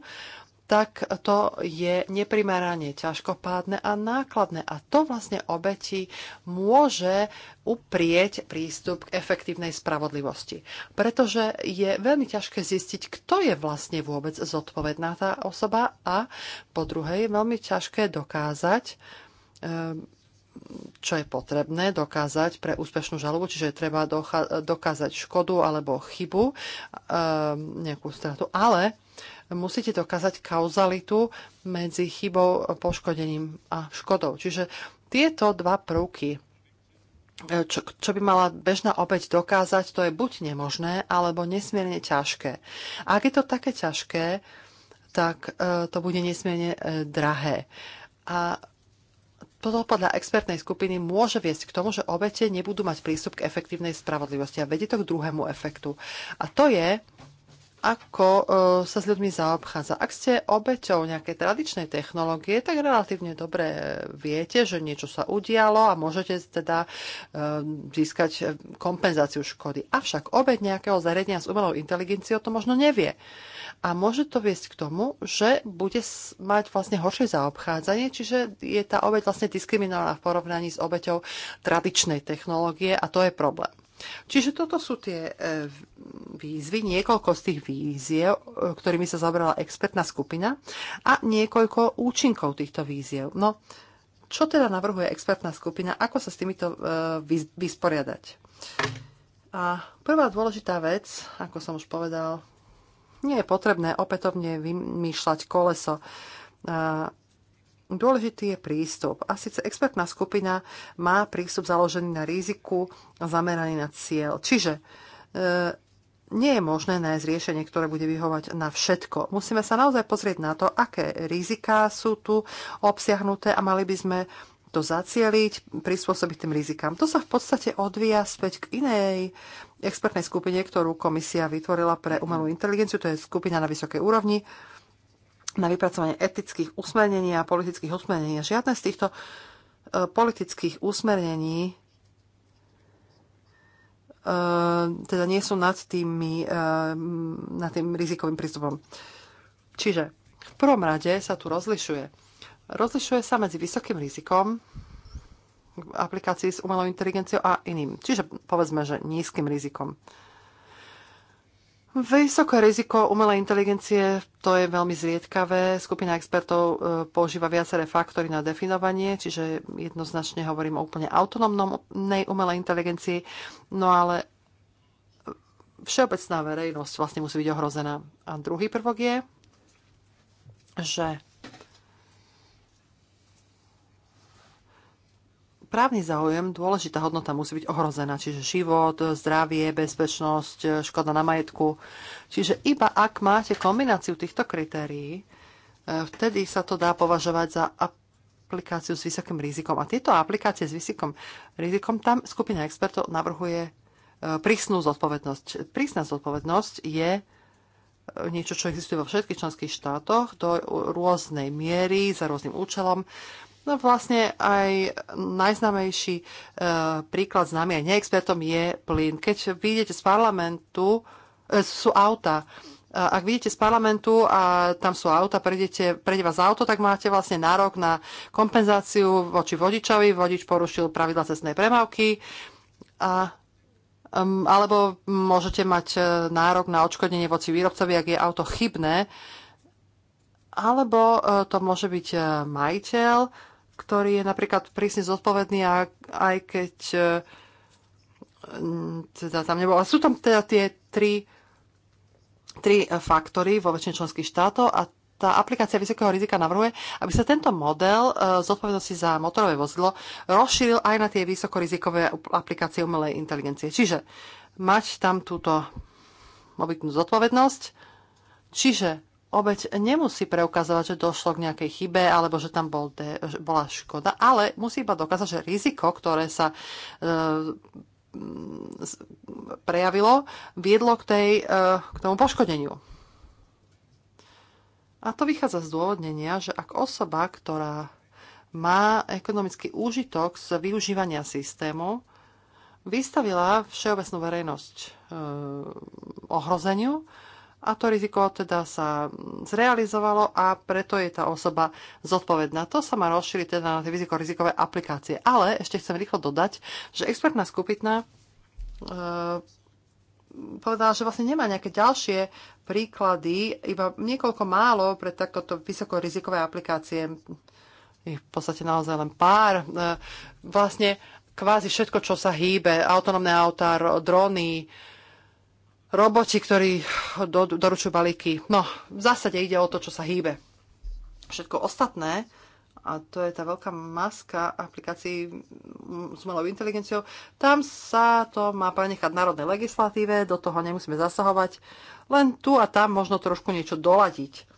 tak to je neprimerane ťažkopádne a nákladné. A to vlastne obeti môže uprieť prístup k efektívnej spravodlivosti. Pretože je veľmi ťažké zistiť, kto je vlastne vôbec zodpovedná tá osoba a po druhej je veľmi ťažké dokázať, ehm, čo je potrebné dokázať pre úspešnú žalobu, čiže treba dokázať škodu alebo chybu, ehm, nejakú stratu, ale musíte dokázať kauzalitu medzi chybou, poškodením a škodou. Čiže tieto dva prvky, e, čo, čo by mala bežná obeď dokázať, to je buď nemožné, alebo nesmierne ťažké. A ak je to také ťažké, tak e, to bude nesmierne e, drahé. A toto podľa expertnej skupiny môže viesť k tomu, že obete nebudú mať prístup k efektívnej spravodlivosti a vedie to k druhému efektu. A to je, ako e, sa s ľuďmi zaobchádza. Ak ste obeťou nejakej tradičnej technológie, tak relatívne dobre viete, že niečo sa udialo a môžete teda e, získať e, kompenzáciu škody. Avšak obeť nejakého zariadenia s umelou inteligenciou to možno nevie. A môže to viesť k tomu, že bude mať vlastne horšie zaobchádzanie, čiže je tá obeť vlastne diskriminovaná v porovnaní s obeťou tradičnej technológie a to je problém. Čiže toto sú tie e, výzvy, niekoľko z tých výziev, e, ktorými sa zabrala expertná skupina a niekoľko účinkov týchto víziev. No, čo teda navrhuje expertná skupina, ako sa s týmito e, vysporiadať? A prvá dôležitá vec, ako som už povedal, nie je potrebné opätovne vymýšľať koleso. Dôležitý je prístup. A síce expertná skupina má prístup založený na riziku, zameraný na cieľ. Čiže e, nie je možné nájsť riešenie, ktoré bude vyhovať na všetko. Musíme sa naozaj pozrieť na to, aké riziká sú tu obsiahnuté a mali by sme to zacieliť, prispôsobiť tým rizikám. To sa v podstate odvíja späť k inej expertnej skupine, ktorú komisia vytvorila pre umelú inteligenciu, to je skupina na vysokej úrovni, na vypracovanie etických usmernení a politických usmernení. Žiadne z týchto e, politických usmernení e, teda nie sú nad, tými, e, nad tým rizikovým prístupom. Čiže v prvom rade sa tu rozlišuje. Rozlišuje sa medzi vysokým rizikom aplikácií s umelou inteligenciou a iným. Čiže povedzme, že nízkym rizikom. Vysoké riziko umelej inteligencie, to je veľmi zriedkavé. Skupina expertov e, používa viaceré faktory na definovanie, čiže jednoznačne hovorím o úplne autonómnej umelej inteligencii, no ale všeobecná verejnosť vlastne musí byť ohrozená. A druhý prvok je, že právny záujem, dôležitá hodnota musí byť ohrozená, čiže život, zdravie, bezpečnosť, škoda na majetku. Čiže iba ak máte kombináciu týchto kritérií, e, vtedy sa to dá považovať za aplikáciu s vysokým rizikom. A tieto aplikácie s vysokým rizikom, tam skupina expertov navrhuje e, prísnu zodpovednosť. Prísna zodpovednosť je e, niečo, čo existuje vo všetkých členských štátoch do rôznej miery, za rôznym účelom. No vlastne aj najznamejší e, príklad známy aj neexpertom je plyn. Keď vyjdete z parlamentu, e, sú auta. Ak vidíte z parlamentu a tam sú auta, prejdete, prejde vás auto, tak máte vlastne nárok na kompenzáciu voči vodičovi. Vodič porušil pravidla cestnej premávky a alebo môžete mať e, nárok na odškodnenie voci výrobcovi, ak je auto chybné alebo e, to môže byť e, majiteľ, ktorý je napríklad prísne zodpovedný, aj keď e, teda tam nebolo. Ale sú tam teda tie tri, tri faktory vo väčšine členských štátov a tá aplikácia vysokého rizika navrhuje, aby sa tento model e, zodpovednosti za motorové vozidlo rozšíril aj na tie vysokorizikové aplikácie umelej inteligencie. Čiže mať tam túto mobilnú zodpovednosť, čiže obeď nemusí preukazovať, že došlo k nejakej chybe alebo že tam bol de, že bola škoda, ale musí iba dokázať, že riziko, ktoré sa e, prejavilo, viedlo k, tej, e, k tomu poškodeniu. A to vychádza z dôvodnenia, že ak osoba, ktorá má ekonomický úžitok z využívania systému, vystavila všeobecnú verejnosť e, ohrozeniu, a to riziko teda sa zrealizovalo a preto je tá osoba zodpovedná. To sa má rozšíriť teda na tie rizikové aplikácie. Ale ešte chcem rýchlo dodať, že expertná skupina e, povedala, že vlastne nemá nejaké ďalšie príklady, iba niekoľko málo pre takéto vysokorizikové aplikácie, je v podstate naozaj len pár. E, vlastne kvázi všetko, čo sa hýbe, autonómne autá, drony, roboti, ktorí do, doručujú balíky. No, v zásade ide o to, čo sa hýbe. Všetko ostatné, a to je tá veľká maska aplikácií s malou inteligenciou, tam sa to má prenechať národnej legislatíve, do toho nemusíme zasahovať, len tu a tam možno trošku niečo doladiť.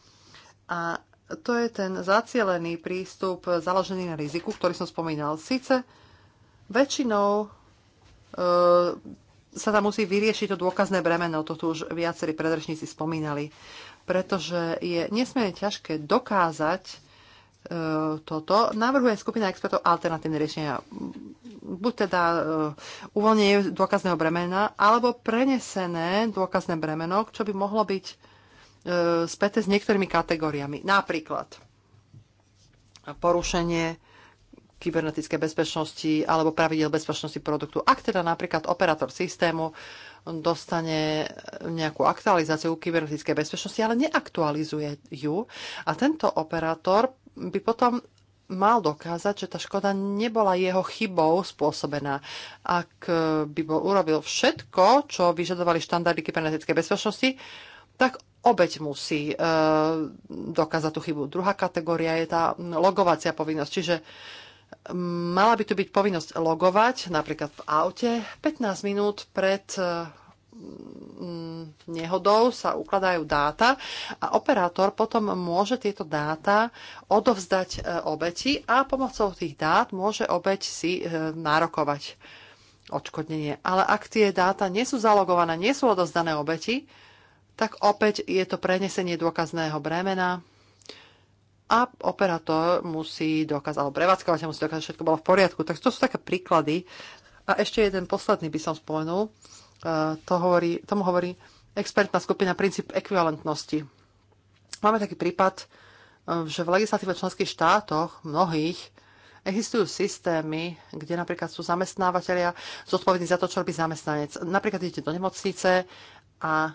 A to je ten zacielený prístup založený na riziku, ktorý som spomínal. Sice väčšinou e, sa tam musí vyriešiť to dôkazné bremeno, to tu už viacerí predrečníci spomínali, pretože je nesmierne ťažké dokázať e, toto. Navrhuje skupina expertov alternatívne riešenia. Buď teda e, uvoľnenie dôkazného bremena, alebo prenesené dôkazné bremeno, čo by mohlo byť e, späté s niektorými kategóriami. Napríklad porušenie kybernetické bezpečnosti alebo pravidel bezpečnosti produktu. Ak teda napríklad operátor systému dostane nejakú aktualizáciu kybernetickej bezpečnosti, ale neaktualizuje ju a tento operátor by potom mal dokázať, že tá škoda nebola jeho chybou spôsobená. Ak by bol urobil všetko, čo vyžadovali štandardy kybernetickej bezpečnosti, tak obeď musí e, dokázať tú chybu. Druhá kategória je tá logovacia povinnosť, čiže Mala by tu byť povinnosť logovať, napríklad v aute, 15 minút pred eh, mm, nehodou sa ukladajú dáta a operátor potom môže tieto dáta odovzdať eh, obeti a pomocou tých dát môže obeť si eh, nárokovať odškodnenie. Ale ak tie dáta nie sú zalogované, nie sú odovzdané obeti, tak opäť je to prenesenie dôkazného bremena a operátor musí dokázať, alebo prevádzkovateľ musí dokázať, všetko bolo v poriadku. Tak to sú také príklady. A ešte jeden posledný by som spomenul. E, to hovorí, tomu hovorí expertná skupina princíp ekvivalentnosti. Máme taký prípad, e, že v legislatíve členských štátoch mnohých Existujú systémy, kde napríklad sú zamestnávateľia zodpovední za to, čo robí zamestnanec. Napríklad idete do nemocnice a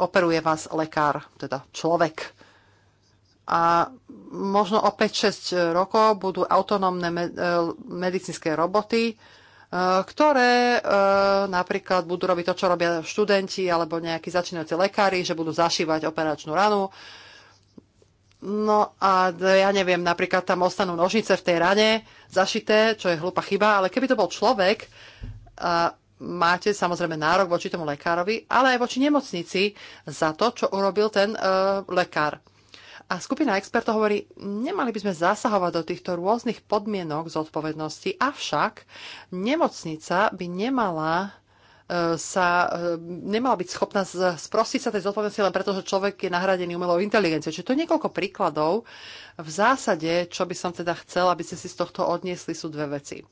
operuje vás lekár, teda človek a možno o 5-6 rokov budú autonómne e, medicínske roboty, e, ktoré e, napríklad budú robiť to, čo robia študenti alebo nejakí začínajúci lekári, že budú zašívať operačnú ranu. No a ja neviem, napríklad tam ostanú nožnice v tej rane zašité, čo je hlupa chyba, ale keby to bol človek, máte samozrejme nárok voči tomu lekárovi, ale aj voči nemocnici za to, čo urobil ten uh, lekár. A skupina expertov hovorí, nemali by sme zasahovať do týchto rôznych podmienok zodpovednosti, avšak nemocnica by nemala e, sa e, nemala byť schopná sprostiť sa tej zodpovednosti len preto, že človek je nahradený umelou inteligenciou. Čiže to je niekoľko príkladov. V zásade, čo by som teda chcel, aby ste si z tohto odniesli, sú dve veci.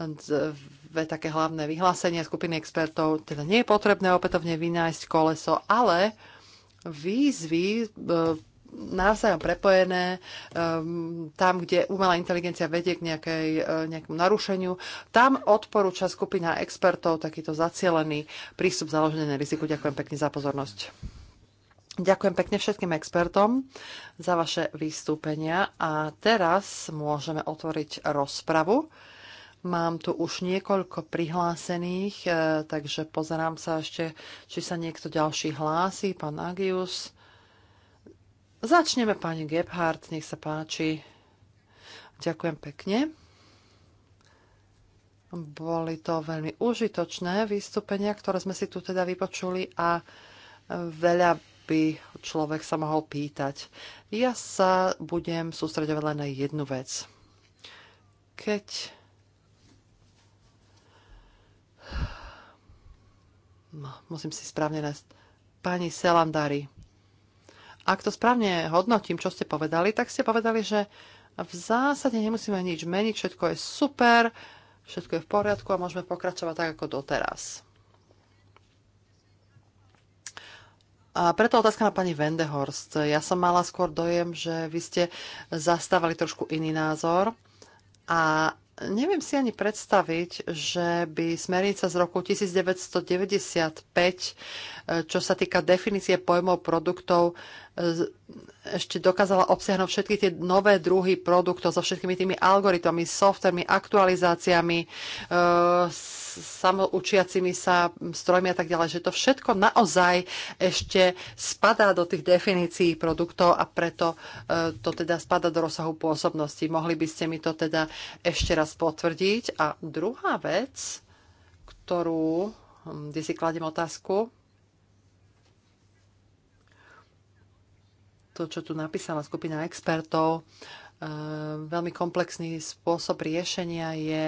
Dve také hlavné vyhlásenia skupiny expertov. Teda nie je potrebné opätovne vynájsť koleso, ale výzvy e, navzájom prepojené. Ehm, tam, kde umelá inteligencia vedie k nejakej, e, nejakému narušeniu, tam odporúča skupina expertov takýto zacielený prístup založený na riziku. Ďakujem pekne za pozornosť. Ďakujem pekne všetkým expertom za vaše vystúpenia a teraz môžeme otvoriť rozpravu. Mám tu už niekoľko prihlásených, e, takže pozerám sa ešte, či sa niekto ďalší hlási. Pán Agius, Začneme pani Gebhardt, nech sa páči. Ďakujem pekne. Boli to veľmi užitočné vystúpenia, ktoré sme si tu teda vypočuli a veľa by človek sa mohol pýtať. Ja sa budem sústredovať len na jednu vec. Keď musím si správne nájsť pani Selandari ak to správne hodnotím, čo ste povedali, tak ste povedali, že v zásade nemusíme nič meniť, všetko je super, všetko je v poriadku a môžeme pokračovať tak ako doteraz. A preto otázka na pani Vendehorst. Ja som mala skôr dojem, že vy ste zastávali trošku iný názor a neviem si ani predstaviť, že by smernica z roku 1995 čo sa týka definície pojmov produktov, ešte dokázala obsiahnuť všetky tie nové druhy produktov so všetkými tými algoritmami, softvermi, aktualizáciami, e, samoučiacimi sa strojmi a tak ďalej, že to všetko naozaj ešte spadá do tých definícií produktov a preto e, to teda spadá do rozsahu pôsobnosti. Mohli by ste mi to teda ešte raz potvrdiť. A druhá vec, ktorú, hm, kde si kladem otázku, to, čo tu napísala skupina expertov, e, veľmi komplexný spôsob riešenia je,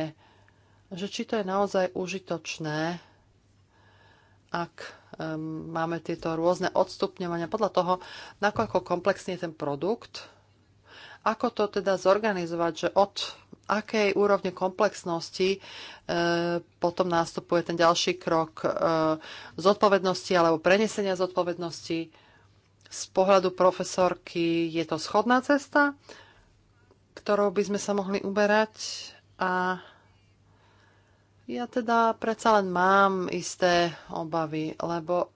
že či to je naozaj užitočné, ak máme tieto rôzne odstupňovania podľa toho, nakoľko komplexný je ten produkt, ako to teda zorganizovať, že od akej úrovne komplexnosti e, potom nástupuje ten ďalší krok e, zodpovednosti alebo prenesenia zodpovednosti. Z pohľadu profesorky je to schodná cesta, ktorou by sme sa mohli uberať a ja teda predsa len mám isté obavy, lebo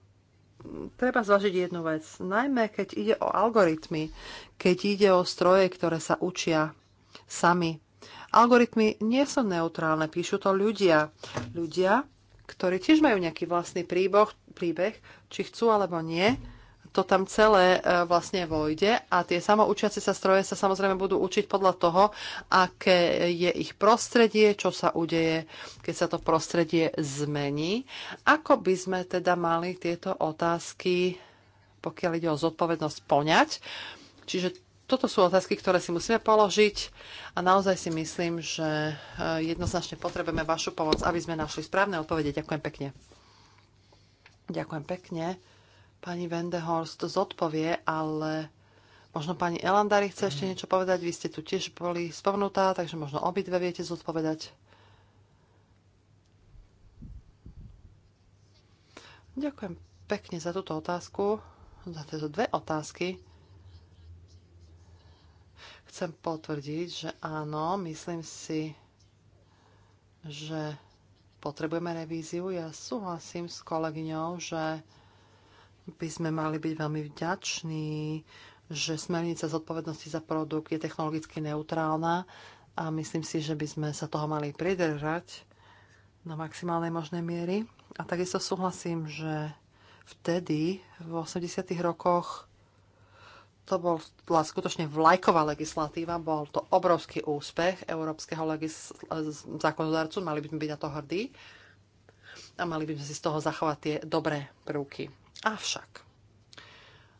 treba zvažiť jednu vec. Najmä keď ide o algoritmy, keď ide o stroje, ktoré sa učia sami. Algoritmy nie sú neutrálne, píšu to ľudia. Ľudia, ktorí tiež majú nejaký vlastný príboh, príbeh, či chcú alebo nie, to tam celé e, vlastne vojde a tie samoučiace sa stroje sa samozrejme budú učiť podľa toho, aké je ich prostredie, čo sa udeje, keď sa to prostredie zmení. Ako by sme teda mali tieto otázky, pokiaľ ide o zodpovednosť, poňať? Čiže toto sú otázky, ktoré si musíme položiť a naozaj si myslím, že e, jednoznačne potrebujeme vašu pomoc, aby sme našli správne odpovede. Ďakujem pekne. Ďakujem pekne pani Vendehorst zodpovie, ale možno pani Elandari chce ešte niečo povedať. Vy ste tu tiež boli spomnutá, takže možno obidve viete zodpovedať. Ďakujem pekne za túto otázku, za tieto dve otázky. Chcem potvrdiť, že áno, myslím si, že potrebujeme revíziu. Ja súhlasím s kolegyňou, že by sme mali byť veľmi vďační, že smernica zodpovednosti za produkt je technologicky neutrálna a myslím si, že by sme sa toho mali pridržať na maximálnej možnej miery. A takisto súhlasím, že vtedy, v 80. rokoch, to bola skutočne vlajková legislatíva, bol to obrovský úspech európskeho legis- zákonodárcu, mali by sme byť na to hrdí a mali by sme si z toho zachovať tie dobré prvky. Avšak,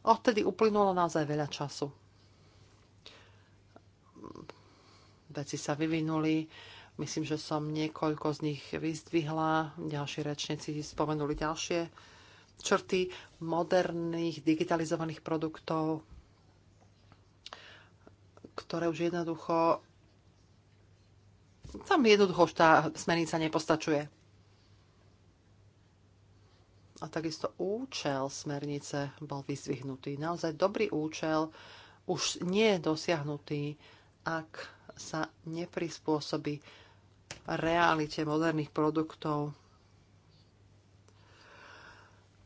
odtedy uplynulo naozaj veľa času. Veci sa vyvinuli, myslím, že som niekoľko z nich vyzdvihla, ďalší rečníci spomenuli ďalšie črty moderných digitalizovaných produktov, ktoré už jednoducho tam jednoducho už tá smernica nepostačuje a takisto účel smernice bol vyzvihnutý. Naozaj dobrý účel už nie je dosiahnutý, ak sa neprispôsobí realite moderných produktov.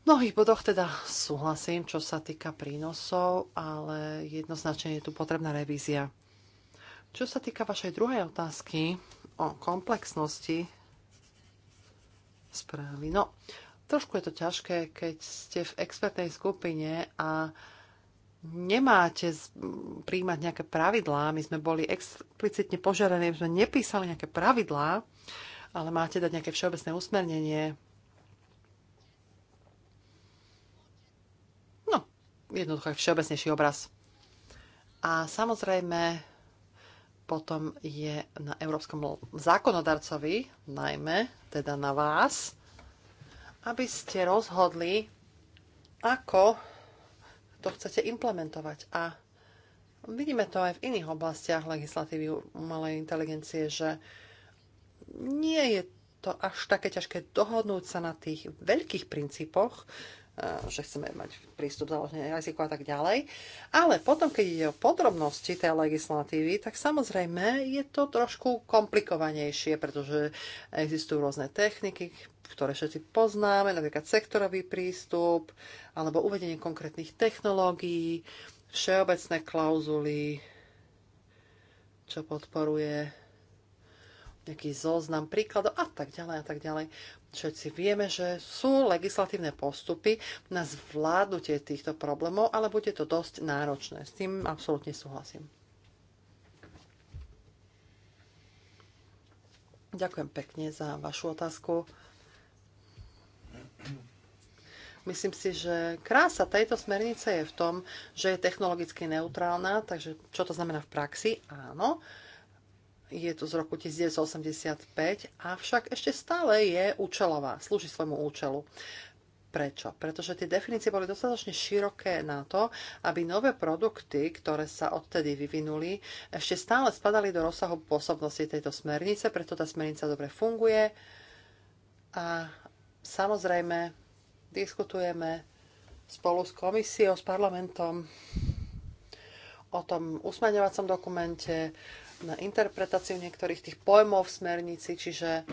V mnohých bodoch teda súhlasím, čo sa týka prínosov, ale jednoznačne je tu potrebná revízia. Čo sa týka vašej druhej otázky o komplexnosti správy, no Trošku je to ťažké, keď ste v expertnej skupine a nemáte príjmať nejaké pravidlá. My sme boli explicitne požiadaní, že sme nepísali nejaké pravidlá, ale máte dať nejaké všeobecné usmernenie. No, jednoducho všeobecnejší obraz. A samozrejme, potom je na európskom zákonodarcovi, najmä teda na vás, aby ste rozhodli, ako to chcete implementovať. A vidíme to aj v iných oblastiach legislatívy umelej inteligencie, že nie je to až také ťažké dohodnúť sa na tých veľkých princípoch, Eh, že chceme mať prístup založenia jazyku a tak ďalej. Ale potom, keď ide o podrobnosti tej legislatívy, tak samozrejme je to trošku komplikovanejšie, pretože existujú rôzne techniky, ktoré všetci poznáme, napríklad sektorový prístup alebo uvedenie konkrétnych technológií, všeobecné klauzuly, čo podporuje nejaký zoznam príkladov a tak ďalej a tak ďalej. Všetci vieme, že sú legislatívne postupy na zvládnutie týchto problémov, ale bude to dosť náročné. S tým absolútne súhlasím. Ďakujem pekne za vašu otázku. Myslím si, že krása tejto smernice je v tom, že je technologicky neutrálna, takže čo to znamená v praxi? Áno, uh, je tu z roku 1985, avšak ešte stále je účelová, slúži svojmu účelu. Prečo? Pretože tie definície boli dostatočne široké na to, aby nové produkty, ktoré sa odtedy vyvinuli, ešte stále spadali do rozsahu pôsobnosti tejto smernice, preto tá smernica dobre funguje. A samozrejme, diskutujeme spolu s komisiou, s parlamentom o tom usmaňovacom dokumente, na interpretáciu niektorých tých pojmov v smernici, čiže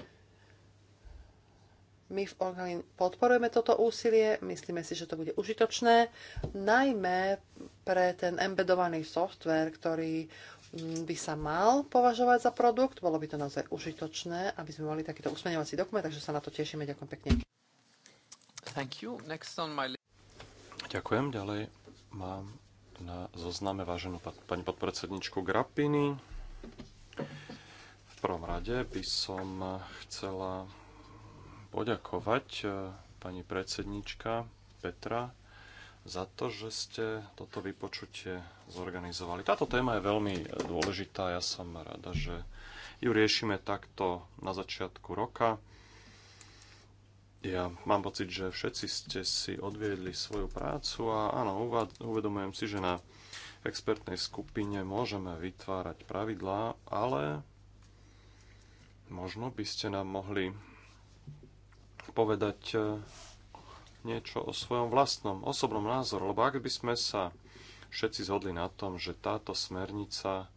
my v Orgalin podporujeme toto úsilie, myslíme si, že to bude užitočné, najmä pre ten embedovaný software, ktorý mm, by sa mal považovať za produkt. Bolo by to naozaj užitočné, aby sme mali takýto usmeňovací dokument, takže sa na to tešíme. Ďakujem pekne. Thank you. Next on my... Ďakujem. Ďalej mám na zozname váženú pani podpredsedničku Grappini. V prvom rade by som chcela poďakovať e, pani predsednička Petra za to, že ste toto vypočutie zorganizovali. Táto téma je veľmi dôležitá. Ja som rada, že ju riešime takto na začiatku roka. Ja mám pocit, že všetci ste si odviedli svoju prácu a áno, uvedomujem si, že na expertnej skupine môžeme vytvárať pravidlá, ale možno by ste nám mohli povedať eh, niečo o svojom vlastnom osobnom názoru, lebo ak by sme sa všetci zhodli na tom, že táto smernica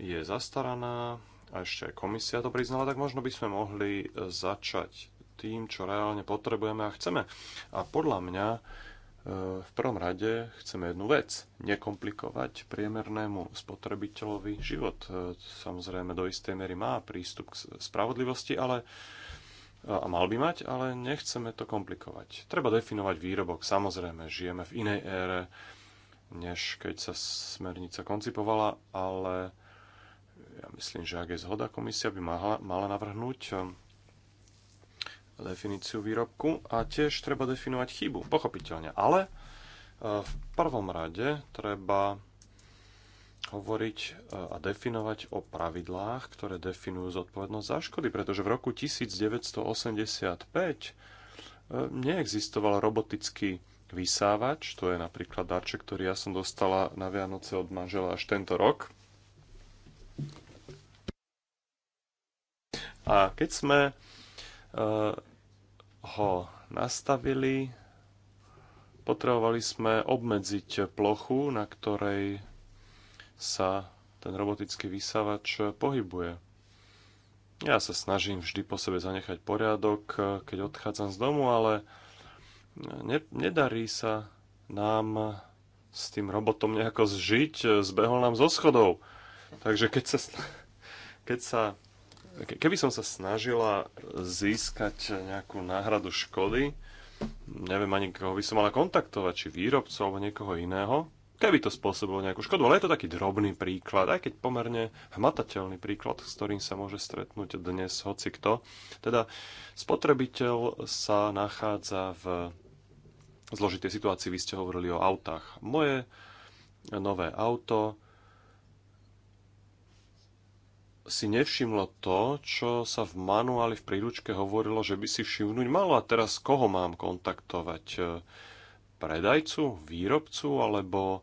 je zastaraná, a ešte aj komisia to priznala, tak možno by sme mohli eh, začať tým, čo reálne potrebujeme a chceme. A podľa mňa v prvom rade chceme jednu vec, nekomplikovať priemernému spotrebiteľovi život. E, samozrejme, do istej miery má prístup k spravodlivosti, ale a mal by mať, ale nechceme to komplikovať. Treba definovať výrobok. Samozrejme, žijeme v inej ére, než keď sa smernica koncipovala, ale ja myslím, že ak je zhoda, komisia by mala, mala navrhnúť definíciu výrobku a tiež treba definovať chybu, pochopiteľne. Ale e, v prvom rade treba hovoriť e, a definovať o pravidlách, ktoré definujú zodpovednosť za škody, pretože v roku 1985 e, neexistoval robotický vysávač, to je napríklad darček, ktorý ja som dostala na Vianoce od manžela až tento rok. A keď sme Eh, ho nastavili. Potrebovali sme obmedziť plochu, na ktorej sa ten robotický vysávač pohybuje. Ja sa snažím vždy po sebe zanechať poriadok, keď odchádzam z domu, ale ne, nedarí sa nám s tým robotom nejako zžiť, zbehol nám zo schodov. Takže keď sa, keď sa keby som sa snažila získať nejakú náhradu škody, neviem ani koho by som mala kontaktovať, či výrobcov alebo niekoho iného, keby to spôsobilo nejakú škodu. Ale je to taký drobný príklad, aj keď pomerne hmatateľný príklad, s ktorým sa môže stretnúť dnes hoci kto. Teda spotrebiteľ sa nachádza v zložitej situácii. Vy ste hovorili o autách. Moje nové auto si nevšimlo to, čo sa v manuáli v príručke hovorilo, že by si všimnúť malo. A teraz koho mám kontaktovať? E, predajcu, výrobcu alebo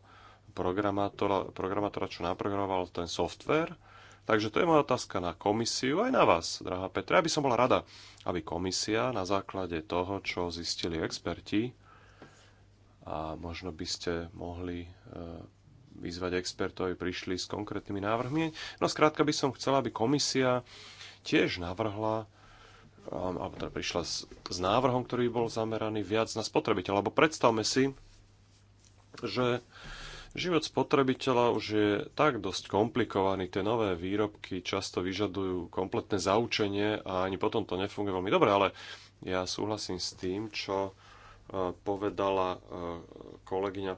programátora, programátora čo naprogramoval ten software? Takže to je moja otázka na komisiu, aj na vás, drahá Petra. Ja by som bola rada, aby komisia na základe toho, čo zistili experti, a možno by ste mohli e, vyzvať expertov, aby prišli s konkrétnymi návrhmi. No skrátka by som chcela, aby komisia tiež navrhla um, alebo teda prišla s, s návrhom, ktorý bol zameraný viac na spotrebiteľa. Lebo predstavme si, že život spotrebiteľa už je tak dosť komplikovaný, tie nové výrobky často vyžadujú kompletné zaučenie a ani potom to nefunguje veľmi dobre, ale ja súhlasím s tým, čo eh, povedala eh, kolegyňa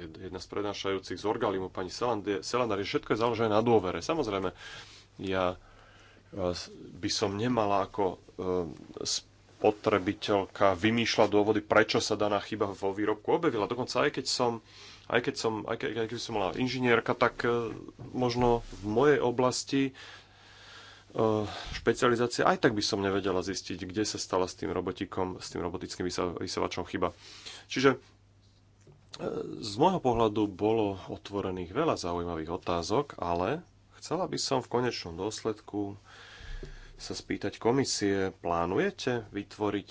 jedna z prednášajúcich z Orgalimu, pani Selandar, je všetko je založené na dôvere. Samozrejme, ja e, by som nemala ako e, spotrebiteľka vymýšľať dôvody, prečo sa daná chyba vo výrobku objavila. Dokonca aj keď som aj keď som, aj keď, aj keď som mala inžinierka, tak e, možno v mojej oblasti špecializácie, aj tak by som nevedela zistiť, kde sa stala s tým robotikom, s tým robotickým vysavačom chyba. Čiže z môjho pohľadu bolo otvorených veľa zaujímavých otázok, ale chcela by som v konečnom dôsledku sa spýtať komisie, plánujete vytvoriť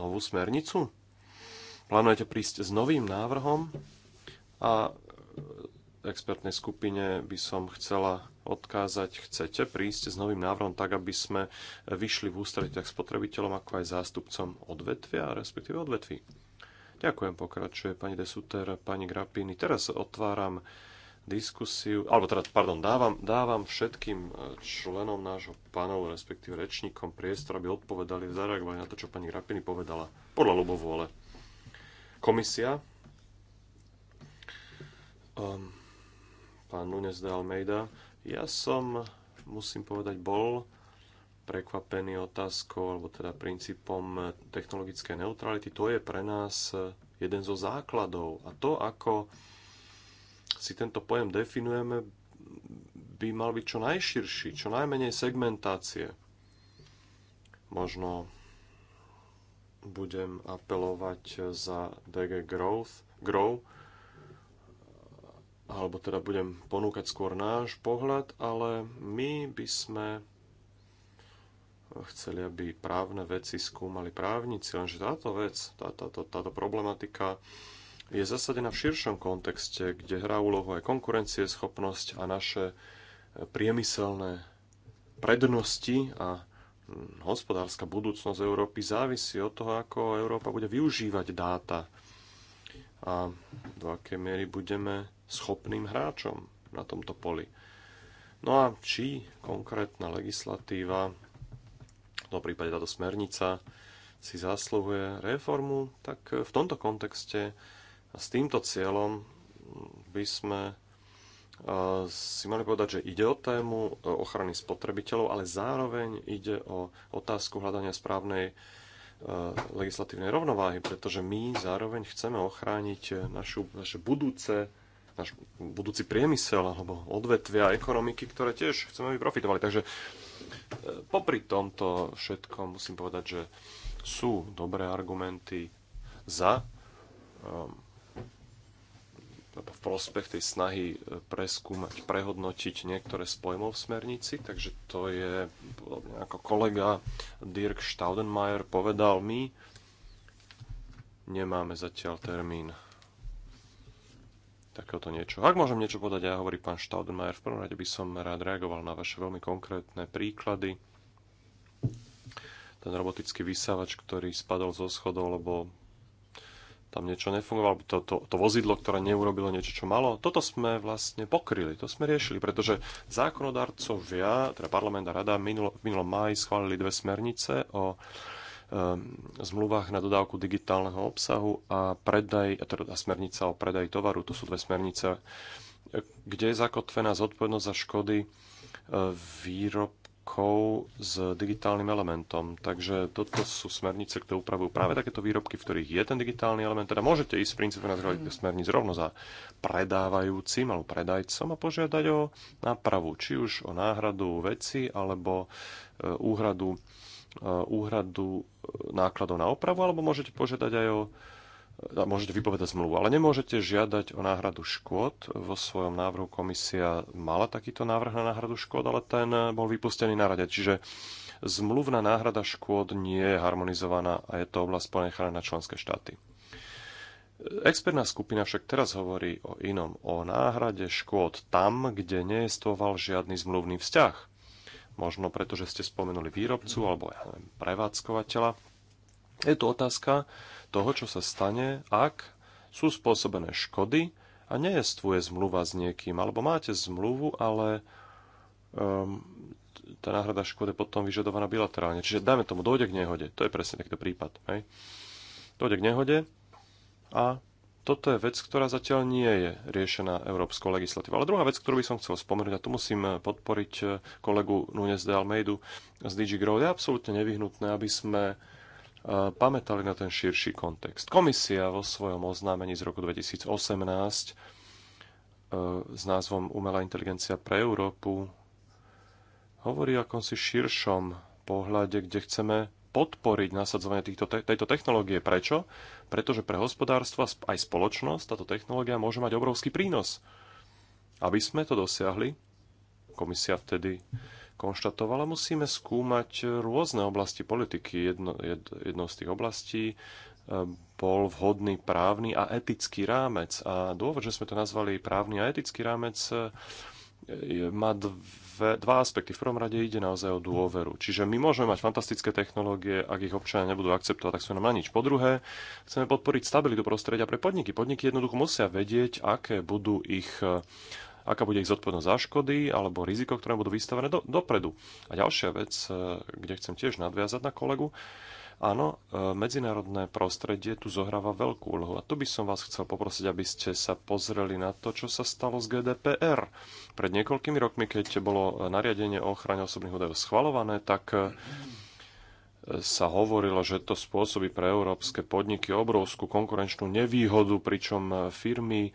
novú smernicu? Plánujete prísť s novým návrhom? A expertnej skupine by som chcela odkázať, chcete prísť s novým návrhom tak, aby sme vyšli v ústretiach tak spotrebiteľom, ako aj zástupcom odvetvia, respektíve odvetví. Ďakujem, pokračuje pani Desuter, pani Grapini. Teraz otváram diskusiu, alebo teda, pardon, dávam, dávam všetkým e, členom nášho panelu, respektíve rečníkom priestor, aby odpovedali, zareagovali na to, čo pani Grapini povedala, podľa ľubovôle. Komisia, um, pán Nunes de Almeida, ja som, musím povedať, bol prekvapení otázkou, alebo teda princípom technologickej neutrality. To je pre nás jeden zo základov. A to, ako si tento pojem definujeme, by mal byť čo najširší, čo najmenej segmentácie. Možno budem apelovať za DG Growth, Grow, alebo teda budem ponúkať skôr náš pohľad, ale my by sme chceli, aby právne veci skúmali právnici, lenže táto vec, tá, táto, táto problematika je zasadená v širšom kontexte, kde hrá úlohu aj schopnosť a naše e, priemyselné prednosti a hm, hospodárska budúcnosť Európy závisí od toho, ako Európa bude využívať dáta a do akej miery budeme schopným hráčom na tomto poli. No a či konkrétna legislatíva tomto prípade táto smernica si zasluhuje reformu, tak v tomto kontexte a s týmto cieľom by sme e, si mali povedať, že ide o tému ochrany spotrebiteľov, ale zároveň ide o otázku hľadania správnej e, legislatívnej rovnováhy, pretože my zároveň chceme ochrániť našu, naše budúce, náš budúci priemysel alebo odvetvia ekonomiky, ktoré tiež chceme, aby profitovali. Takže Popri tomto všetkom musím povedať, že sú dobré argumenty za um, v prospech tej snahy e, preskúmať, prehodnotiť niektoré z pojmov v smernici, takže to je, ako kolega Dirk Staudenmayer povedal, my nemáme zatiaľ termín takéhoto niečo. Ak môžem niečo podať, ja hovorí pán Staudenmayer, v prvom rade by som rád reagoval na vaše veľmi konkrétne príklady. Ten robotický vysávač, ktorý spadol zo schodov, lebo tam niečo nefungovalo, to, to, to vozidlo, ktoré neurobilo niečo, čo malo, toto sme vlastne pokryli, to sme riešili, pretože zákonodarcovia, teda parlament a rada, minulo, minulom máji schválili dve smernice o Eh, zmluvách na dodávku digitálneho obsahu a, predaj, teda smernica o predaj tovaru, to sú dve smernice, kde je zakotvená zodpovednosť za škody eh, výrobkov s digitálnym elementom. Takže toto sú smernice, ktoré upravujú práve takéto výrobky, v ktorých je ten digitálny element. Teda môžete ísť v princípe na základe smerníc rovno za predávajúcim alebo predajcom a požiadať o nápravu, či už o náhradu veci alebo eh, úhradu Eh, úhradu eh, nákladov na opravu, alebo môžete požiadať aj o eh, môžete vypovedať zmluvu, ale nemôžete žiadať o náhradu škôd. Vo svojom návrhu komisia mala takýto návrh na náhradu škôd, ale ten bol vypustený na rade. Čiže zmluvná náhrada škôd nie je harmonizovaná a je to oblasť ponechaná na členské štáty. Expertná skupina však teraz hovorí o inom, o náhrade škôd tam, kde neestoval žiadny zmluvný vzťah možno preto, že ste spomenuli výrobcu alebo ja neviem, prevádzkovateľa. Je tu otázka toho, čo sa stane, ak sú spôsobené škody a nejestvuje zmluva s niekým, alebo máte zmluvu, ale um, tá náhrada škody potom vyžadovaná bilaterálne. Čiže dajme tomu, dojde k nehode, to je presne takýto prípad. Hej? Dojde k nehode a toto je vec, ktorá zatiaľ nie je riešená európskou legislatívou. Ale druhá vec, ktorú by som chcel spomenúť, a tu musím eh, podporiť eh, kolegu Nunes de Almeidu z DG Grow, je absolútne nevyhnutné, aby sme eh, pamätali na ten širší kontext. Komisia vo svojom oznámení z roku 2018 s názvom Umelá inteligencia pre Európu hovorí o akomsi širšom pohľade, kde chceme podporiť nasadzovanie týchto, te, tejto technológie. Prečo? Pretože pre hospodárstvo a aj spoločnosť táto technológia môže mať obrovský prínos. Aby sme to dosiahli, komisia vtedy konštatovala, musíme skúmať rôzne oblasti politiky. Jedno, jed, jednou z tých oblastí e, bol vhodný právny a etický rámec. A dôvod, že sme to nazvali právny a etický rámec, e, má dve, dva aspekty. V prvom rade ide naozaj o dôveru. Čiže my môžeme mať fantastické technológie, ak ich občania nebudú akceptovať, tak sme nám na nič. Po druhé, chceme podporiť stabilitu prostredia pre podniky. Podniky jednoducho musia vedieť, aké budú ich eh, aká bude ich zodpovednosť za škody alebo riziko, ktoré budú vystavené do, dopredu. A ďalšia vec, eh, kde chcem tiež nadviazať na kolegu, Áno, e, medzinárodné prostredie tu zohráva veľkú úlohu a tu by som vás chcel poprosiť, aby ste sa pozreli na to, čo sa stalo s GDPR. Pred niekoľkými rokmi, keď bolo nariadenie o ochrane osobných údajov schvalované, tak e, sa hovorilo, že to spôsobí pre európske podniky obrovskú konkurenčnú nevýhodu, pričom e, firmy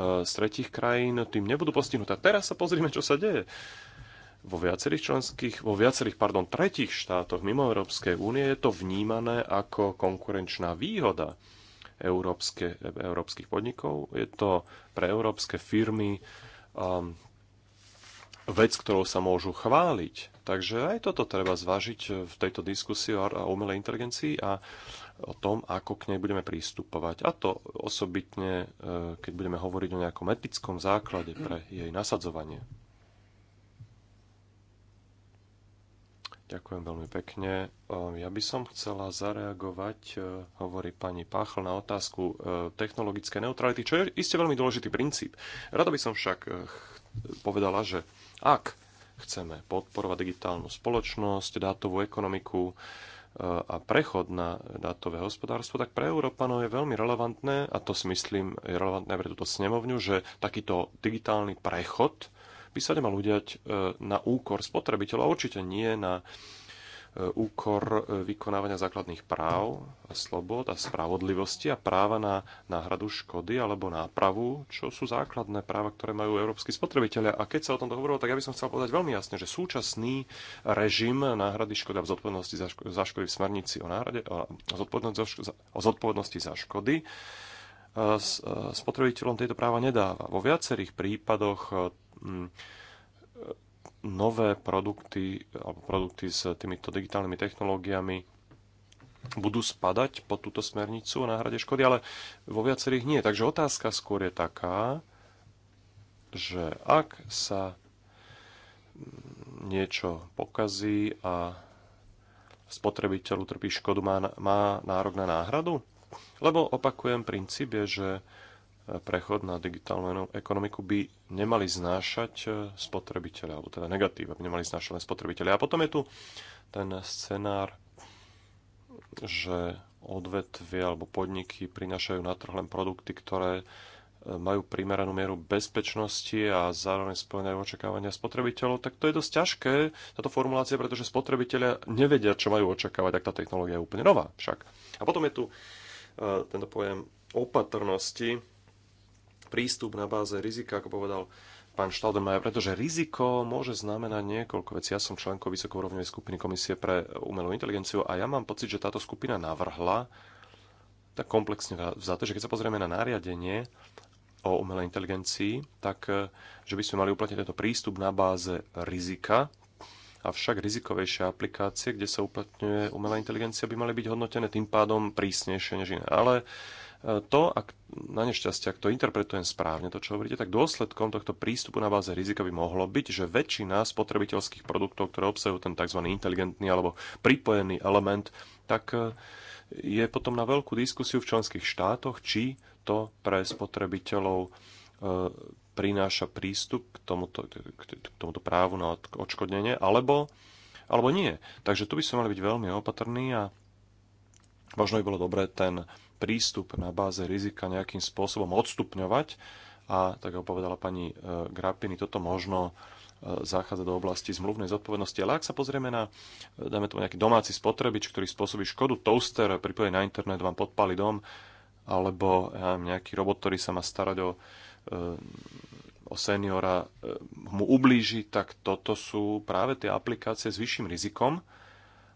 z tretich krajín tým nebudú postihnuté. Teraz sa pozrime, čo sa deje vo viacerých členských, vo viacerých, pardon, tretich štátoch mimo Európskej únie je to vnímané ako konkurenčná výhoda európske, európskych podnikov. Je to pre európske firmy um, vec, ktorou sa môžu chváliť. Takže aj toto treba zvážiť v tejto diskusii o umelej inteligencii a o tom, ako k nej budeme prístupovať. A to osobitne, eh, keď budeme hovoriť o nejakom etickom základe pre jej nasadzovanie. Ďakujem veľmi pekne. Ehm, ja by som chcela zareagovať, e, hovorí pani Páchl, na otázku e, technologické neutrality, čo je iste veľmi dôležitý princíp. Rada by som však e, povedala, že ak chceme podporovať digitálnu spoločnosť, dátovú ekonomiku a prechod na dátové hospodárstvo, tak pre Európanov je veľmi relevantné, a to si myslím je relevantné pre túto snemovňu, že takýto digitálny prechod by sa nemal udiať e, na úkor spotrebiteľa, určite nie na e, úkor e, vykonávania základných práv, a slobod a spravodlivosti a práva na náhradu škody alebo nápravu, čo sú základné práva, ktoré majú európsky spotrebitelia. A keď sa o tom hovorilo, tak ja by som chcel povedať veľmi jasne, že súčasný režim náhrady škody a zodpovednosti za, škody v smernici o, náhrade, o, zodpovednosti, za o zodpovednosti za škody spotrebiteľom tieto práva nedáva. Vo viacerých prípadoch nové produkty alebo produkty s týmito digitálnymi technológiami budú spadať pod túto smernicu o náhrade škody, ale vo viacerých nie. Takže otázka skôr je taká, že ak sa niečo pokazí a spotrebiteľ utrpí škodu, má, má nárok na náhradu? Lebo opakujem, princíp je, že prechod na digitálnu ekonomiku by nemali znášať e, spotrebiteľe, alebo teda negatív, by nemali znášať len spotrebiteľe. A potom je tu ten scenár, že odvetvie alebo podniky prinašajú na trh len produkty, ktoré e, majú primeranú mieru bezpečnosti a zároveň splňajú očakávania spotrebiteľov, tak to je dosť ťažké, táto formulácia, pretože spotrebitelia nevedia, čo majú očakávať, ak tá technológia je úplne nová však. A potom je tu e, tento pojem opatrnosti, prístup na báze rizika, ako povedal pán Štaldemajer, pretože riziko môže znamenať niekoľko vecí. Ja som členkou vysokourovňovej skupiny Komisie pre umelú inteligenciu a ja mám pocit, že táto skupina navrhla tak komplexne za to, že keď sa pozrieme na nariadenie o umelej inteligencii, tak eh, že by sme mali uplatniť tento prístup na báze rizika, avšak rizikovejšie aplikácie, kde sa uplatňuje umelá inteligencia, by mali byť hodnotené tým pádom prísnejšie než iné. Ale to, ak na nešťastie, ak to interpretujem správne, to čo hovoríte, tak dôsledkom tohto prístupu na báze rizika by mohlo byť, že väčšina spotrebiteľských produktov, ktoré obsahujú ten tzv. inteligentný alebo pripojený element, tak e, je potom na veľkú diskusiu v členských štátoch, či to pre spotrebiteľov e, prináša prístup k tomuto, k tomuto právu na odškodnenie, alebo, alebo nie. Takže tu by sme mali byť veľmi opatrní a možno by bolo dobré ten prístup na báze rizika nejakým spôsobom odstupňovať. A tak ako povedala pani e, Grapini, toto možno e, zachádza do oblasti zmluvnej zodpovednosti. Ale ak sa pozrieme na, e, dáme tomu nejaký domáci spotrebič, ktorý spôsobí škodu, toaster pripojí na internet vám podpali dom, alebo ja mám nejaký robot, ktorý sa má starať o, o seniora, mu ublíži, tak toto sú práve tie aplikácie s vyšším rizikom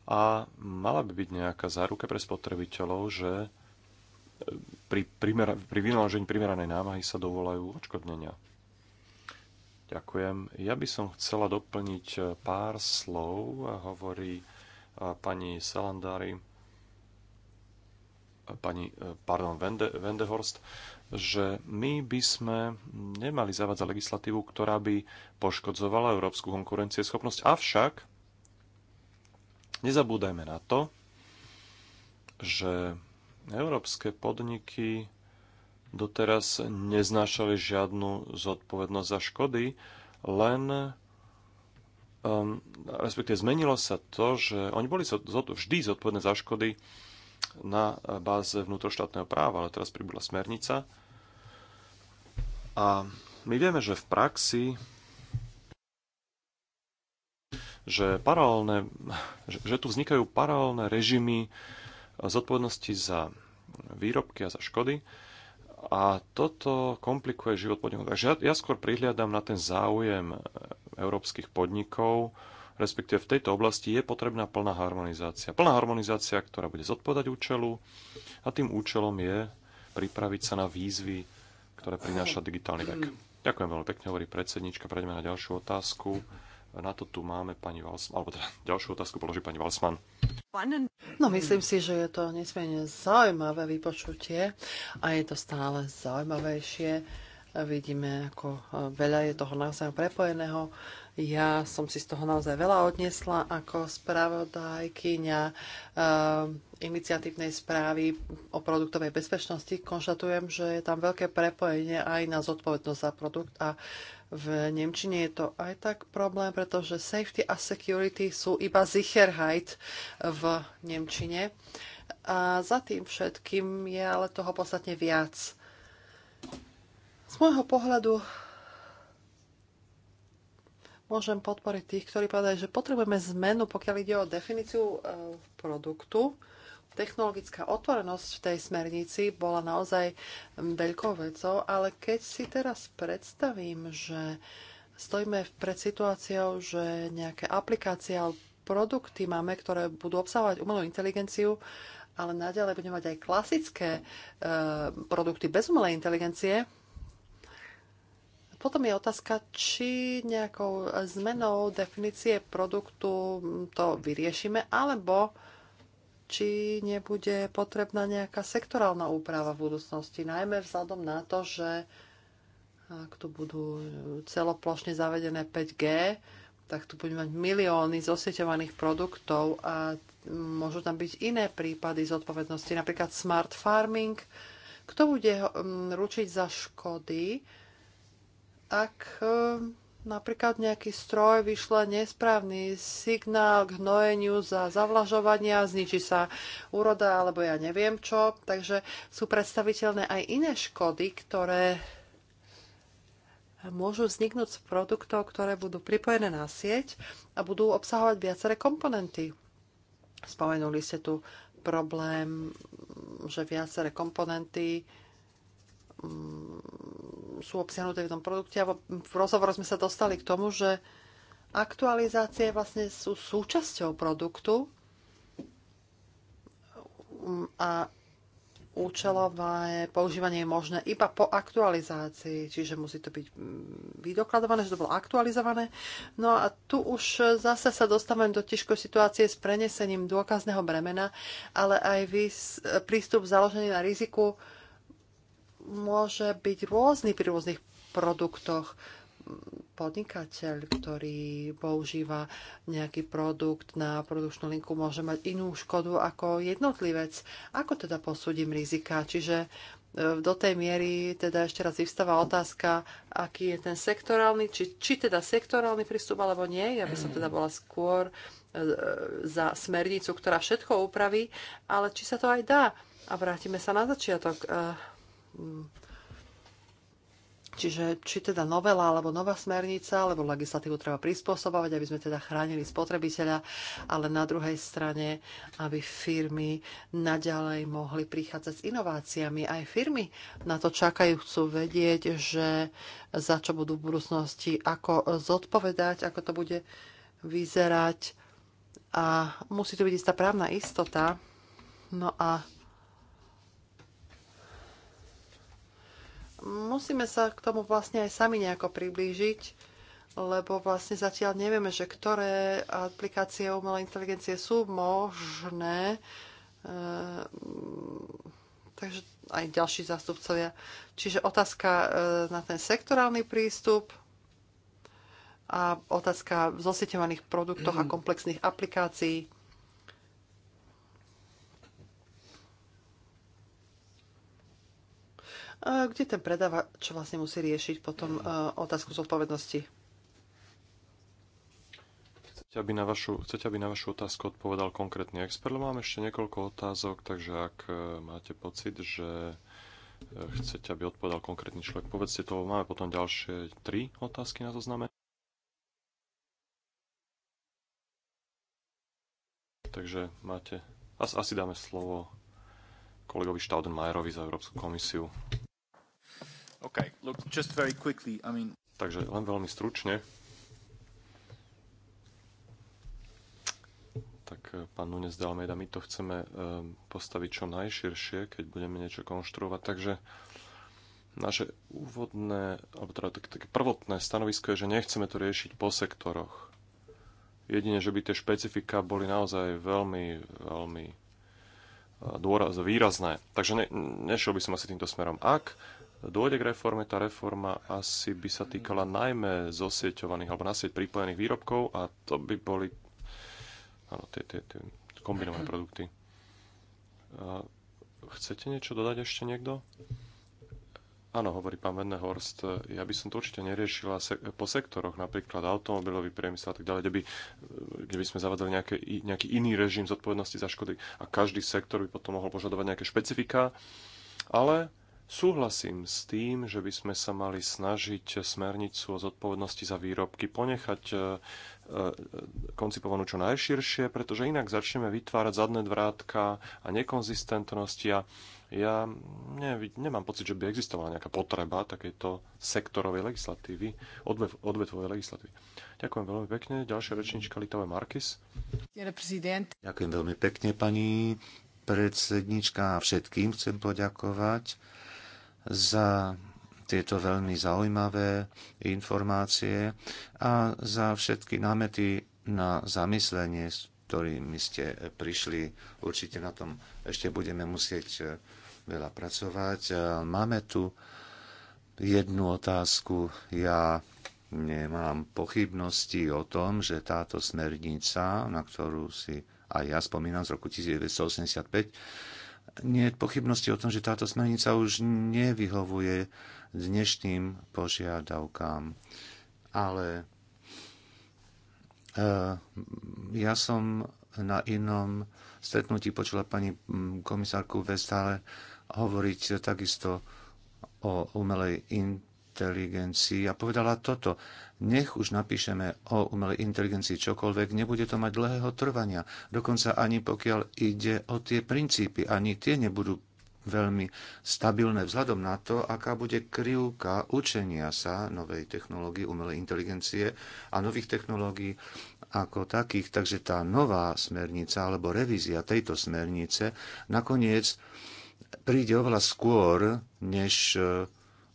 a mala by byť nejaká záruka pre spotrebiteľov, že pri, primer, pri vynaložení primeranej námahy sa dovolajú odškodnenia. Ďakujem. Ja by som chcela doplniť e, pár slov, hovorí e, pani Salandári, e, pani, pardon, Vende, Vendehorst, že my by sme nemali zavádzať legislatívu, ktorá by poškodzovala európsku konkurencieschopnosť. Avšak nezabúdajme na to, že Európske podniky doteraz neznášali žiadnu zodpovednosť za škody, len um, respektíve zmenilo sa to, že oni boli vždy zodpovedné za škody na báze vnútroštátneho práva, ale teraz pribudla smernica. A my vieme, že v praxi že, paralelné, že, že tu vznikajú paralelné režimy zodpovednosti za výrobky a za škody. A toto komplikuje život podnikov. Takže ja, ja skôr prihliadam na ten záujem európskych podnikov, respektíve v tejto oblasti je potrebná plná harmonizácia. Plná harmonizácia, ktorá bude zodpovedať účelu a tým účelom je pripraviť sa na výzvy, ktoré prináša digitálny vek. Ďakujem veľmi pekne, hovorí predsednička. Prejdeme na ďalšiu otázku. Na to tu máme pani Valsman, alebo teda ďalšiu otázku položí pani Valsman. No myslím si, že je to nesmierne zaujímavé vypočutie a je to stále zaujímavejšie. Vidíme, ako e, veľa je toho naozaj prepojeného. Ja som si z toho naozaj veľa odnesla ako spravodajkyňa e, iniciatívnej správy o produktovej bezpečnosti. Konštatujem, že je tam veľké prepojenie aj na zodpovednosť za produkt a v Nemčine je to aj tak problém, pretože safety a security sú iba Sicherheit v Nemčine. A za tým všetkým je ale toho podstatne viac. Z môjho pohľadu môžem podporiť tých, ktorí povedajú, že potrebujeme zmenu, pokiaľ ide o definíciu e, produktu technologická otvorenosť v tej smernici bola naozaj veľkou vecou, ale keď si teraz predstavím, že stojíme pred situáciou, že nejaké aplikácie alebo produkty máme, ktoré budú obsahovať umelú inteligenciu, ale naďalej budeme mať aj klasické e, produkty bez umelej inteligencie, potom je otázka, či nejakou zmenou definície produktu to vyriešime, alebo či nebude potrebná nejaká sektorálna úprava v budúcnosti, najmä vzhľadom na to, že ak tu budú celoplošne zavedené 5G, tak tu budeme mať milióny zosieťovaných produktov a môžu tam byť iné prípady zodpovednosti, napríklad smart farming. Kto bude hm, ručiť za škody, ak hm, napríklad nejaký stroj vyšle nesprávny signál k hnojeniu za zavlažovania, zničí sa úroda alebo ja neviem čo. Takže sú predstaviteľné aj iné škody, ktoré môžu vzniknúť z produktov, ktoré budú pripojené na sieť a budú obsahovať viaceré komponenty. Spomenuli ste tu problém, že viaceré komponenty mm, sú obsiahnuté v tom produkte. A v rozhovoru sme sa dostali k tomu, že aktualizácie vlastne sú súčasťou produktu mm, a účelové používanie je možné iba po aktualizácii, čiže musí to byť mm, vydokladované, že to bolo aktualizované. No a tu už zase sa dostávame do ťažkej situácie s prenesením dôkazného bremena, ale aj prístup založený na riziku môže byť rôzny pri rôznych produktoch. Podnikateľ, ktorý používa nejaký produkt na produkčnú linku, môže mať inú škodu ako jednotlivec. Ako teda posúdim rizika? Čiže e, do tej miery teda ešte raz vyvstáva otázka, aký je ten sektorálny, či, či teda sektorálny prístup alebo nie. Ja by som teda bola skôr e, za smernicu, ktorá všetko upraví, ale či sa to aj dá. A vrátime sa na začiatok e, Čiže či teda novela alebo nová smernica, alebo legislatívu treba prispôsobovať, aby sme teda chránili spotrebiteľa, ale na druhej strane, aby firmy naďalej mohli prichádzať s inováciami. Aj firmy na to čakajú, chcú vedieť, že za čo budú v budúcnosti, ako zodpovedať, ako to bude vyzerať. A musí tu byť istá právna istota. No a musíme sa k tomu vlastne aj sami nejako priblížiť, lebo vlastne zatiaľ nevieme, že ktoré aplikácie umelej inteligencie sú možné. Ehm, takže aj ďalší zástupcovia. Čiže otázka e, na ten sektorálny prístup a otázka v zosieťovaných produktoch a komplexných aplikácií. kde ten predávač vlastne musí riešiť potom e, otázku zodpovednosti. Chcete aby, na vašu, chcete, aby na vašu otázku odpovedal konkrétny expert? Mám ešte niekoľko otázok, takže ak e, máte pocit, že e, chcete, aby odpovedal konkrétny človek, povedzte to. Máme potom ďalšie tri otázky na zozname. Takže máte... Asi dáme slovo kolegovi Staudenmajerovi za Európsku komisiu. Okay. Look, just very quickly, I mean... Takže len veľmi stručne. tak eh, pán Nunes de Almeida, my to chceme eh, postaviť čo najširšie, keď budeme niečo konštruovať. Takže naše úvodné, alebo teda také, také prvotné stanovisko je, že nechceme to riešiť po sektoroch. Jedine, že by tie špecifika boli naozaj veľmi, veľmi eh, dôraz, výrazné. Takže ne, nešiel by som asi týmto smerom. Ak dôjde k reforme, tá reforma asi by sa týkala najmä zosieťovaných alebo na sieť pripojených výrobkov a to by boli áno, tie, tie, tie kombinované produkty. Chcete niečo dodať ešte niekto? Áno, hovorí pán Horst, ja by som to určite neriešila se- po sektoroch, napríklad automobilový priemysel a tak ďalej, kde by, kde by sme zavádzali nejaké, nejaký iný režim zodpovednosti za škody a každý sektor by potom mohol požadovať nejaké špecifika, ale Súhlasím s tým, že by sme sa mali snažiť smernicu o zodpovednosti za výrobky ponechať e, e, koncipovanú čo najširšie, pretože inak začneme vytvárať zadné dvrátka a nekonzistentnosti a ja ne, nemám pocit, že by existovala nejaká potreba takejto sektorovej legislatívy, odve, odvetvovej legislatívy. Ďakujem veľmi pekne. Ďalšia rečnička Litové Markis. Ďakujem veľmi pekne, pani predsednička a všetkým chcem poďakovať za tieto veľmi zaujímavé informácie a za všetky námety na zamyslenie, s ktorými ste prišli. Určite na tom ešte budeme musieť e, veľa pracovať. E, máme tu jednu otázku. Ja nemám pochybnosti o tom, že táto smernica, na ktorú si aj ja spomínam z roku 1985, nie je pochybnosti o tom, že táto smernica už nevyhovuje dnešným požiadavkám. Ale e, ja som na inom stretnutí počula pani komisárku Vestále hovoriť takisto o umelej in, inteligencii a povedala toto. Nech už napíšeme o umelej inteligencii čokoľvek, nebude to mať dlhého trvania. Dokonca ani pokiaľ ide o tie princípy, ani tie nebudú veľmi stabilné vzhľadom na to, aká bude krivka učenia sa novej technológie, umelej inteligencie a nových technológií ako takých. Takže tá nová smernica alebo revízia tejto smernice nakoniec príde oveľa skôr, než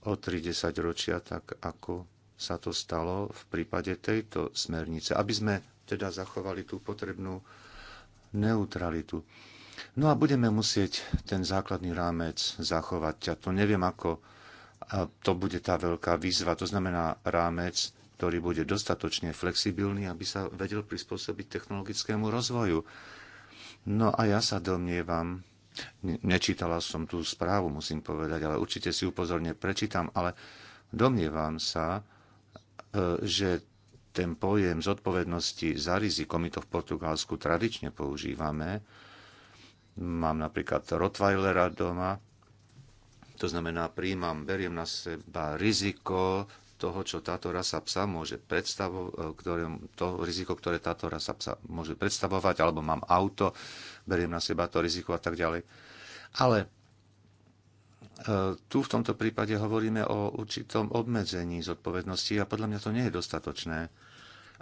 o 30 ročia, tak ako sa to stalo v prípade tejto smernice, aby sme teda zachovali tú potrebnú neutralitu. No a budeme musieť ten základný rámec zachovať. Ja to neviem, ako a to bude tá veľká výzva. To znamená rámec, ktorý bude dostatočne flexibilný, aby sa vedel prispôsobiť technologickému rozvoju. No a ja sa domnievam, Nečítala som tú správu, musím povedať, ale určite si upozorne prečítam, ale domnievam sa, e, že ten pojem zodpovednosti za riziko, my to v Portugalsku tradične používame, mám napríklad Rottweilera doma, to znamená, príjmam, beriem na seba riziko toho, čo táto rasa psa môže predstavovať, e, to riziko, ktoré táto rasa psa môže predstavovať, alebo mám auto, beriem na seba to riziko a tak ďalej. Ale e, tu v tomto prípade hovoríme o určitom obmedzení zodpovednosti a podľa mňa to nie je dostatočné,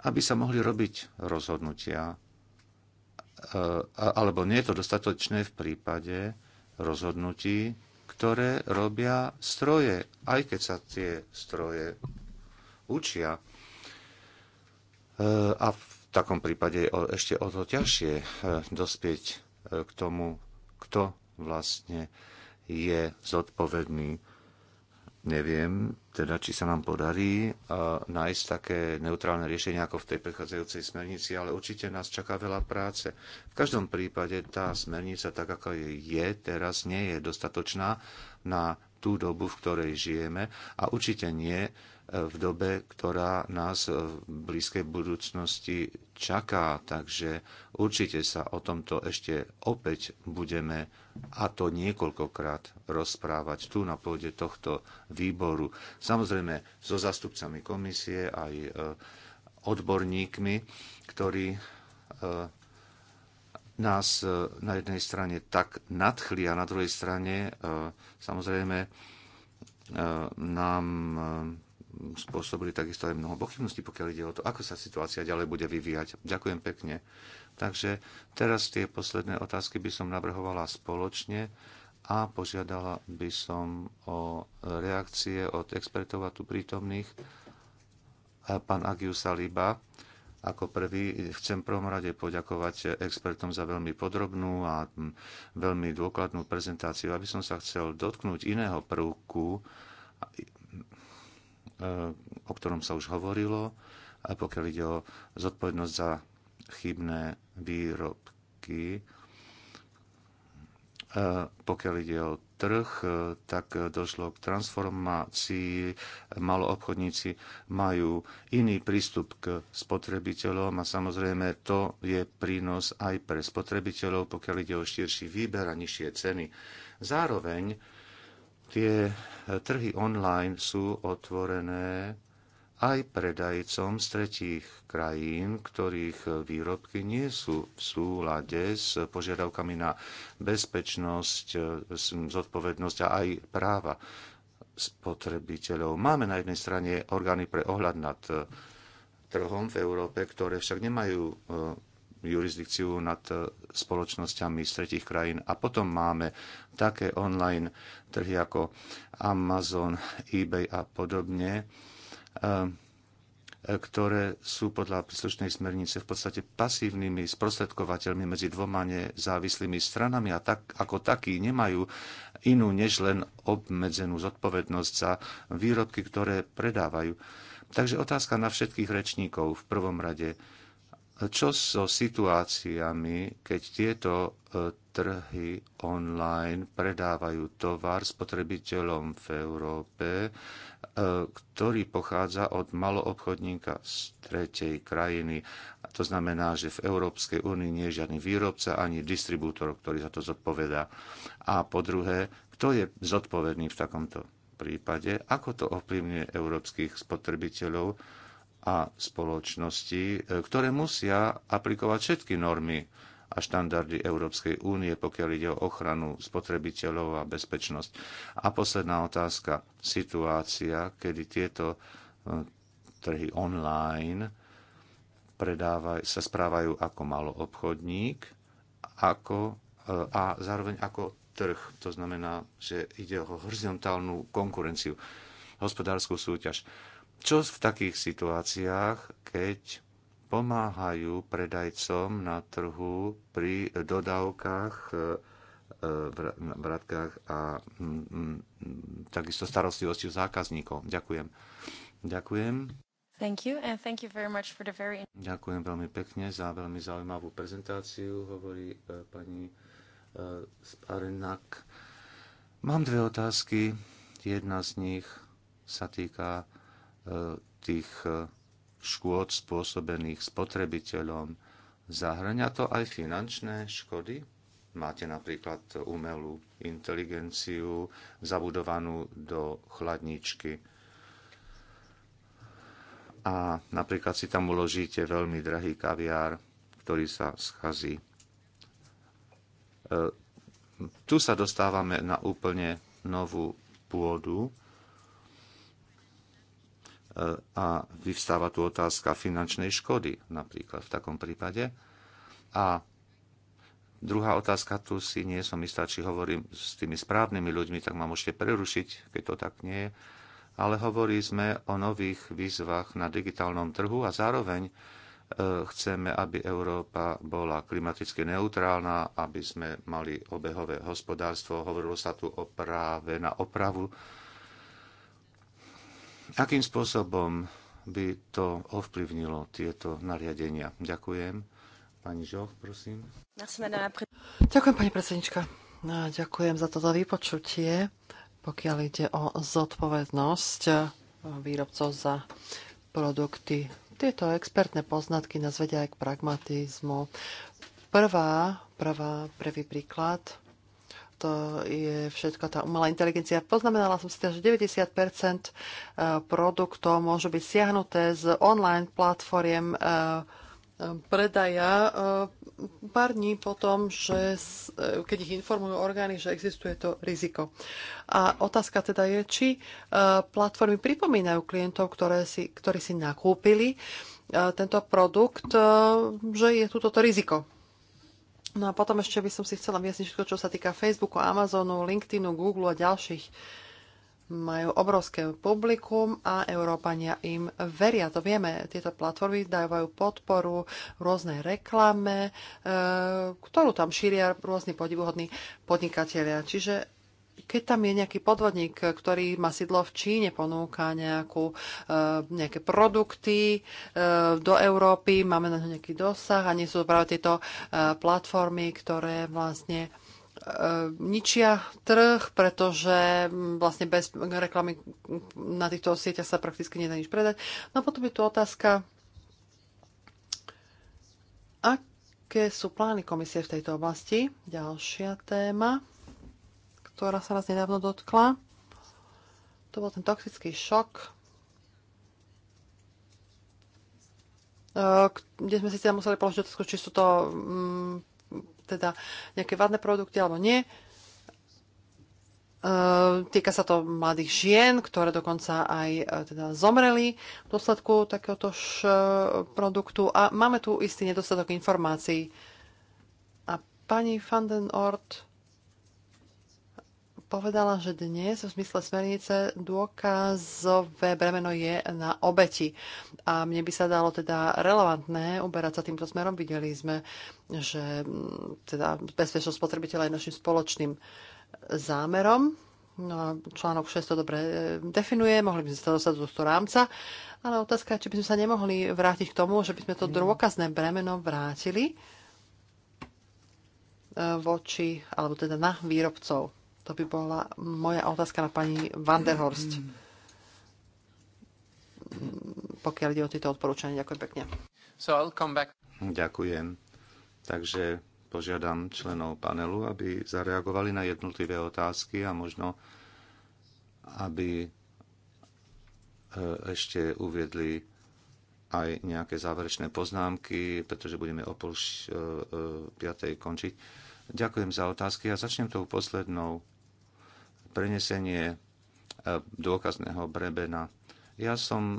aby sa mohli robiť rozhodnutia, e, alebo nie je to dostatočné v prípade rozhodnutí, ktoré robia stroje, aj keď sa tie stroje učia. E, a v takom prípade je ešte o to ťažšie e, dospieť e, k tomu, kto vlastne je zodpovedný. Neviem, teda či sa nám podarí e, nájsť také neutrálne riešenie ako v tej predchádzajúcej smernici, ale určite nás čaká veľa práce. V každom prípade tá smernica, tak ako je teraz, nie je dostatočná na tú dobu, v ktorej žijeme a určite nie v dobe, ktorá nás v blízkej budúcnosti čaká. Takže určite sa o tomto ešte opäť budeme, a to niekoľkokrát, rozprávať tu na pôde tohto výboru. Samozrejme so zastupcami komisie, aj e, odborníkmi, ktorí e, nás e, na jednej strane tak nadchli a na druhej strane samozrejme nám spôsobili takisto aj mnoho pochybností, pokiaľ ide o to, ako sa situácia ďalej bude vyvíjať. Ďakujem pekne. Takže teraz tie posledné otázky by som navrhovala spoločne a požiadala by som o reakcie od expertov a tu prítomných. Pán Agiu Saliba, ako prvý chcem prvom rade poďakovať expertom za veľmi podrobnú a hm, veľmi dôkladnú prezentáciu. Aby som sa chcel dotknúť iného prvku, Eh, o ktorom sa už hovorilo, a pokiaľ ide o zodpovednosť za chybné výrobky, eh, pokiaľ ide o trh, eh, tak došlo k transformácii. Maloobchodníci majú iný prístup k spotrebiteľom a samozrejme to je prínos aj pre spotrebiteľov, pokiaľ ide o širší výber a nižšie ceny. Zároveň Tie e, trhy online sú otvorené aj predajcom z tretích krajín, ktorých e, výrobky nie sú v súlade s požiadavkami na bezpečnosť, e, zodpovednosť a aj práva spotrebiteľov. Máme na jednej strane orgány pre ohľad nad trhom v Európe, ktoré však nemajú jurisdikciu nad e, spoločnosťami z tretich krajín. A potom máme také online trhy ako Amazon, eBay a podobne, e, ktoré sú podľa príslušnej smernice v podstate pasívnymi sprostredkovateľmi medzi dvoma nezávislými stranami a tak, ako takí nemajú inú než len obmedzenú zodpovednosť za výrobky, ktoré predávajú. Takže otázka na všetkých rečníkov v prvom rade. Čo so situáciami, keď tieto e, trhy online predávajú tovar spotrebiteľom v Európe, e, ktorý pochádza od maloobchodníka z tretej krajiny? A to znamená, že v Európskej únii nie je žiadny výrobca ani distribútor, ktorý za to zodpovedá. A po druhé, kto je zodpovedný v takomto prípade? Ako to ovplyvňuje európskych spotrebiteľov? a spoločnosti, e, ktoré musia aplikovať všetky normy a štandardy Európskej únie, pokiaľ ide o ochranu spotrebiteľov a bezpečnosť. A posledná otázka, situácia, kedy tieto e, trhy online predávaj, sa správajú ako maloobchodník ako, e, a zároveň ako trh. To znamená, že ide o horizontálnu konkurenciu, hospodárskú súťaž. Čo v takých situáciách, keď pomáhajú predajcom na trhu pri dodávkach, bratkách e, e, a takisto starostlivosti zákazníkov? Ďakujem. Ďakujem. Thank you and thank you very much for the very... Ďakujem veľmi pekne za veľmi zaujímavú prezentáciu, hovorí e, pani Sparenak. Mám dve otázky. Jedna z nich sa týka tých e, škôd spôsobených spotrebiteľom. Zahrania to aj finančné škody? Máte napríklad umelú inteligenciu zabudovanú do chladničky. A napríklad si tam uložíte veľmi drahý kaviár, ktorý sa schazí. E, tu sa dostávame na úplne novú pôdu E, a vyvstáva tu otázka finančnej škody napríklad v takom prípade. A druhá otázka, tu si nie som istá, či hovorím s tými správnymi ľuďmi, tak ma môžete prerušiť, keď to tak nie je. Ale hovorí sme o nových výzvach na digitálnom trhu a zároveň e, chceme, aby Európa bola klimaticky neutrálna, aby sme mali obehové hospodárstvo. Hovorilo sa tu o práve na opravu Akým spôsobom by to ovplyvnilo tieto nariadenia? Ďakujem. Pani Žoch, prosím. Ďakujem, pani predsednička. Ďakujem za toto vypočutie. Pokiaľ ide o zodpovednosť výrobcov za produkty, tieto expertné poznatky nás vedia aj k pragmatizmu. Prvá, prvá, prvý príklad – to je všetko tá umelá inteligencia. Poznamenala som si to, že 90% e, produktov môžu byť siahnuté z online platformiem e, predaja e, pár dní potom, že keď ich informujú orgány, že existuje to riziko. A otázka teda je, či platformy pripomínajú klientov, ktoré si, ktorí si nakúpili tento produkt, že je tu toto riziko. No a potom ešte by som si chcela vyjasniť všetko, čo sa týka Facebooku, Amazonu, LinkedInu, Google a ďalších. Majú obrovské publikum a Európania im veria. To vieme, tieto platformy dávajú podporu rôznej reklame, e, ktorú tam šíria rôzni podivuhodní podnikatelia. Čiže keď tam je nejaký podvodník, ktorý má sídlo v Číne, ponúka nejakú, e, nejaké produkty e, do Európy, máme na to nejaký dosah a nie sú to práve tieto e, platformy, ktoré vlastne ničia trh, pretože vlastne bez reklamy na týchto sieťach sa prakticky nedá nič predať. No a potom je tu otázka, aké sú plány komisie v tejto oblasti? Ďalšia téma ktorá sa nás nedávno dotkla. To bol ten toxický šok, eh, kde sme si teda museli položiť otázku, či sú to mm, teda nejaké vadné produkty alebo nie. Eh, týka sa to mladých žien, ktoré dokonca aj eh, teda zomreli v dôsledku takéhoto produktu a máme tu istý nedostatok informácií. A pani van Ort povedala, že dnes v zmysle smernice dôkazové bremeno je na obeti. A mne by sa dalo teda relevantné uberať sa týmto smerom. Videli sme, že mm, teda bezpečnosť spotrebiteľa je našim spoločným zámerom. No a článok 6 to dobre e, definuje, mohli by sme sa dostať do toho rámca, ale otázka je, či by sme sa nemohli vrátiť k tomu, že by sme to dôkazné bremeno vrátili e, voči, alebo teda na výrobcov. To by bola moja otázka na pani Vanderhorst. Pokiaľ ide o tieto odporúčania, ďakujem pekne. So I'll come back. Ďakujem. Takže požiadam členov panelu, aby zareagovali na jednotlivé otázky a možno, aby e, ešte uviedli aj nejaké záverečné poznámky, pretože budeme o pol e, e, piatej končiť. Ďakujem za otázky a ja začnem tou poslednou prenesenie e, dôkazného brebena. Ja som e,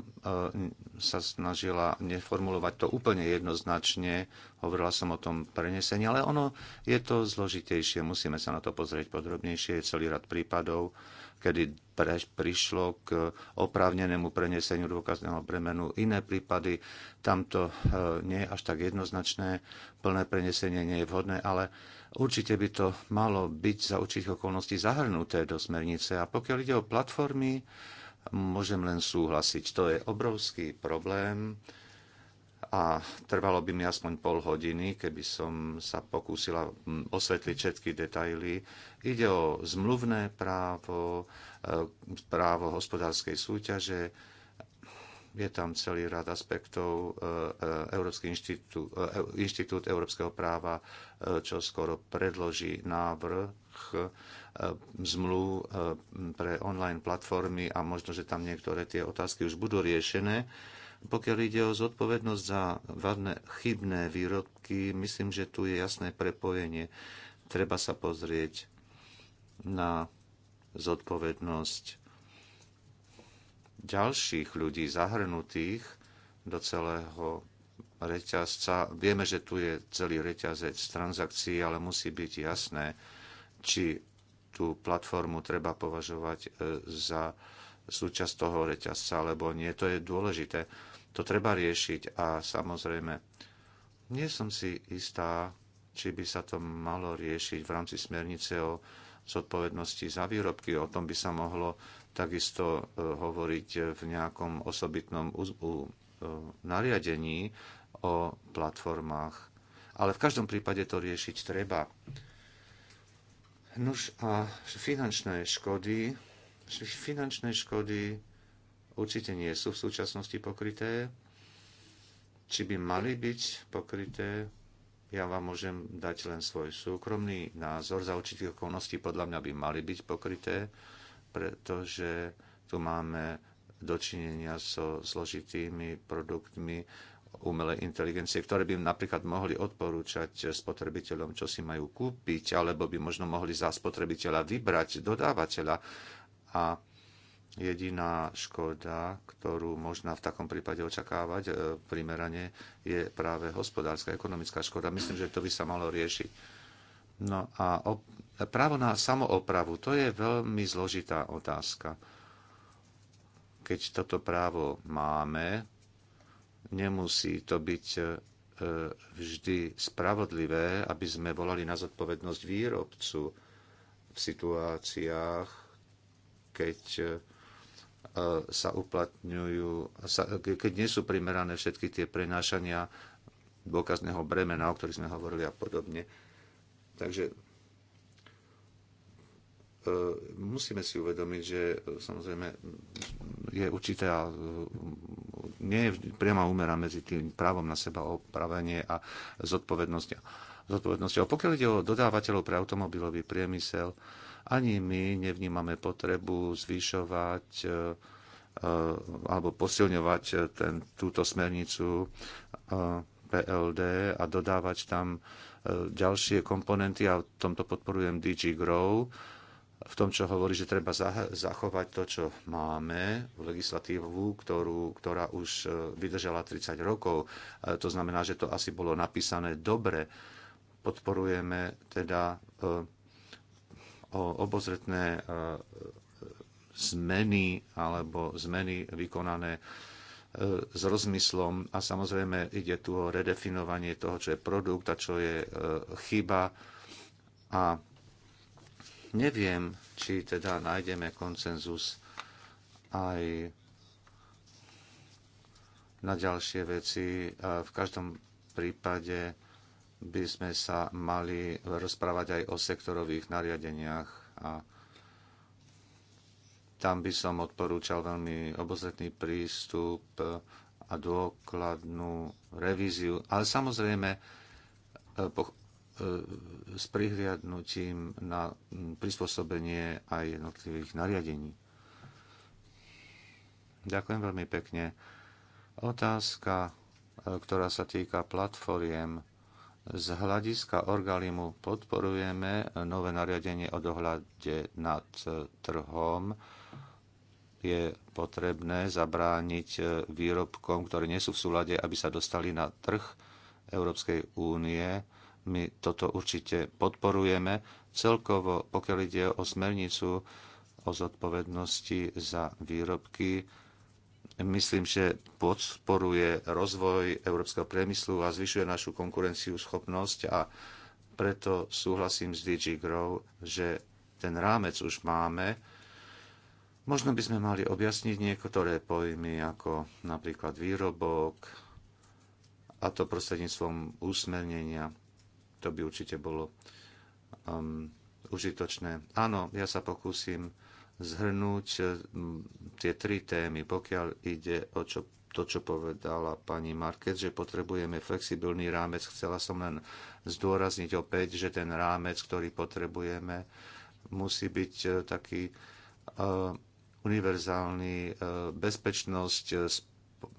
sa snažila neformulovať to úplne jednoznačne, hovorila som o tom prenesení, ale ono je to zložitejšie, musíme sa na to pozrieť podrobnejšie, je celý rad prípadov, kedy prišlo k oprávnenému preneseniu dôkazného bremenu. Iné prípady, tamto e, nie je až tak jednoznačné, plné prenesenie nie je vhodné, ale určite by to malo byť za určitých okolností zahrnuté do smernice. A pokiaľ ide o platformy, môžem len súhlasiť. To je obrovský problém a trvalo by mi aspoň pol hodiny, keby som sa pokúsila hm, osvetliť všetky detaily. Ide o zmluvné právo, e, právo hospodárskej súťaže, je tam celý rád aspektov. E, e, Európsky inštitút, inštitút európskeho práva čo skoro predloží návrh zmluv pre online platformy a možno, že tam niektoré tie otázky už budú riešené pokiaľ ide o zodpovednosť za vadné chybné výrobky, myslím, že tu je jasné prepojenie. Treba sa pozrieť na zodpovednosť ďalších ľudí zahrnutých do celého reťazca. Vieme, že tu je celý reťazec transakcií, ale musí byť jasné, či tú platformu treba považovať e, za súčasť toho reťazca alebo nie. To je dôležité to treba riešiť a samozrejme nie som si istá, či by sa to malo riešiť v rámci smernice o zodpovednosti za výrobky. O tom by sa mohlo takisto e, hovoriť v nejakom osobitnom e, nariadení o platformách. Ale v každom prípade to riešiť treba. Nož a finančné škody, finančné škody určite nie sú v súčasnosti pokryté. Či by mali byť pokryté, ja vám môžem dať len svoj súkromný názor. Za určitých okolností podľa mňa by mali byť pokryté, pretože tu máme dočinenia so zložitými produktmi umelej inteligencie, ktoré by napríklad mohli odporúčať spotrebiteľom, čo si majú kúpiť, alebo by možno mohli za spotrebiteľa vybrať dodávateľa. A Jediná škoda, ktorú možno v takom prípade očakávať e, primerane, je práve hospodárska, ekonomická škoda. Myslím, že to by sa malo riešiť. No a právo na samoopravu, to je veľmi zložitá otázka. Keď toto právo máme, nemusí to byť e, vždy spravodlivé, aby sme volali na zodpovednosť výrobcu v situáciách, keď e, E, sa uplatňujú, sa, keď nie sú primerané všetky tie prenášania dôkazného bremena, o ktorých sme hovorili a podobne. Takže e, musíme si uvedomiť, že e, samozrejme je určitá nie je priama úmera medzi tým právom na seba opravenie a zodpovednosťou. zodpovednosťou. Pokiaľ ide o dodávateľov pre automobilový priemysel, ani my nevnímame potrebu zvyšovať e, e, alebo posilňovať e, ten, túto smernicu PLD a dodávať tam ďalšie komponenty a v tomto podporujem DG Grow v tom, čo hovorí, že treba zachovať to, čo máme, legislatívu, ktorú, ktorá už vydržala 30 rokov. To znamená, že to asi bolo napísané dobre. Podporujeme teda o obozretné e, zmeny alebo zmeny vykonané e, s rozmyslom a samozrejme ide tu o redefinovanie toho, čo je produkt a čo je e, chyba. A neviem, či teda nájdeme koncenzus aj na ďalšie veci. V každom prípade by sme sa mali rozprávať aj o sektorových nariadeniach a tam by som odporúčal veľmi obozretný prístup a dôkladnú revíziu, ale samozrejme eh, eh, s prihliadnutím na prispôsobenie aj jednotlivých nariadení. Ďakujem veľmi pekne. Otázka, eh, ktorá sa týka platformiem, z hľadiska orgálimu podporujeme nové nariadenie o dohľade nad trhom. Je potrebné zabrániť výrobkom, ktoré nie sú v súlade, aby sa dostali na trh Európskej únie. My toto určite podporujeme. Celkovo, pokiaľ ide o smernicu o zodpovednosti za výrobky, myslím, že podporuje rozvoj európskeho priemyslu a zvyšuje našu konkurenciu schopnosť a preto súhlasím s DG Grow, že ten rámec už máme. Možno by sme mali objasniť niektoré pojmy, ako napríklad výrobok, a to prostredníctvom úsmernenia. To by určite bolo um, užitočné. Áno, ja sa pokúsim zhrnúť eh, tie tri témy, pokiaľ ide o čo, to, čo povedala pani Market, že potrebujeme flexibilný rámec. Chcela som len zdôrazniť opäť, že ten rámec, ktorý potrebujeme, musí byť eh, taký eh, univerzálny, bezpečnosť,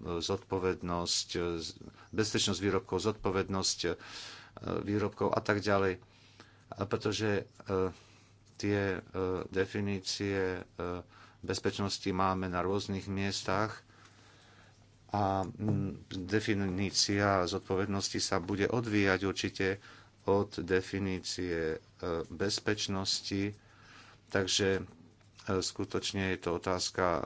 zodpovednosť, bezpečnosť výrobkov, zodpovednosť výrobkov a tak ďalej. A pretože tie e, definície e, bezpečnosti máme na rôznych miestach a definícia zodpovednosti sa bude odvíjať určite od definície e, bezpečnosti. Takže skutočne je to otázka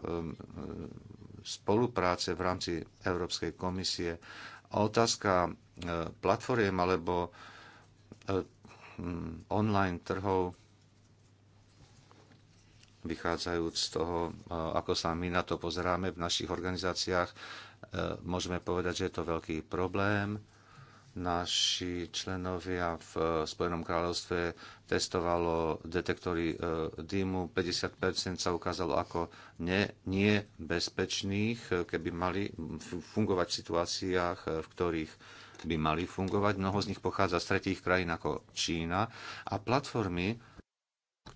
spolupráce v rámci Európskej komisie. A otázka platformiem alebo online trhov vychádzajúc z toho, ako sa my na to pozeráme v našich organizáciách, e, môžeme povedať, že je to veľký problém. Naši členovia v e, Spojenom kráľovstve testovalo detektory e, Dýmu. 50% sa ukázalo ako ne, nebezpečných, keby mali fungovať v situáciách, v ktorých by mali fungovať. Mnoho z nich pochádza z tretích krajín ako Čína. A platformy,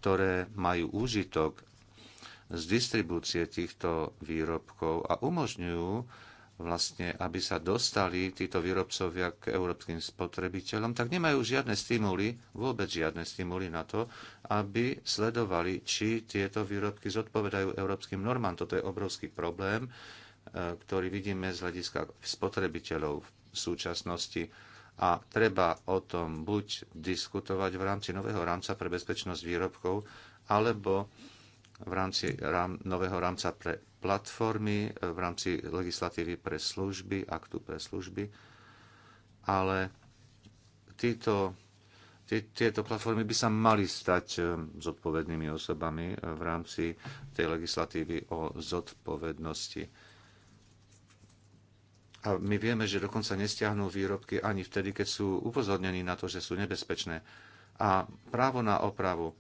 ktoré majú úžitok z distribúcie týchto výrobkov a umožňujú vlastne, aby sa dostali títo výrobcovia k európskym spotrebiteľom, tak nemajú žiadne stimuly, vôbec žiadne stimuly na to, aby sledovali, či tieto výrobky zodpovedajú európskym normám. Toto je obrovský problém, e, ktorý vidíme z hľadiska spotrebiteľov v súčasnosti a treba o tom buď diskutovať v rámci nového rámca pre bezpečnosť výrobkov, alebo v rámci rám, nového rámca pre platformy, v rámci legislatívy pre služby, aktu pre služby. Ale títo, tí, tieto platformy by sa mali stať eh, zodpovednými osobami v rámci tej legislatívy o zodpovednosti a my vieme, že dokonca nestiahnú výrobky ani vtedy, keď sú upozornení na to, že sú nebezpečné. A právo na opravu.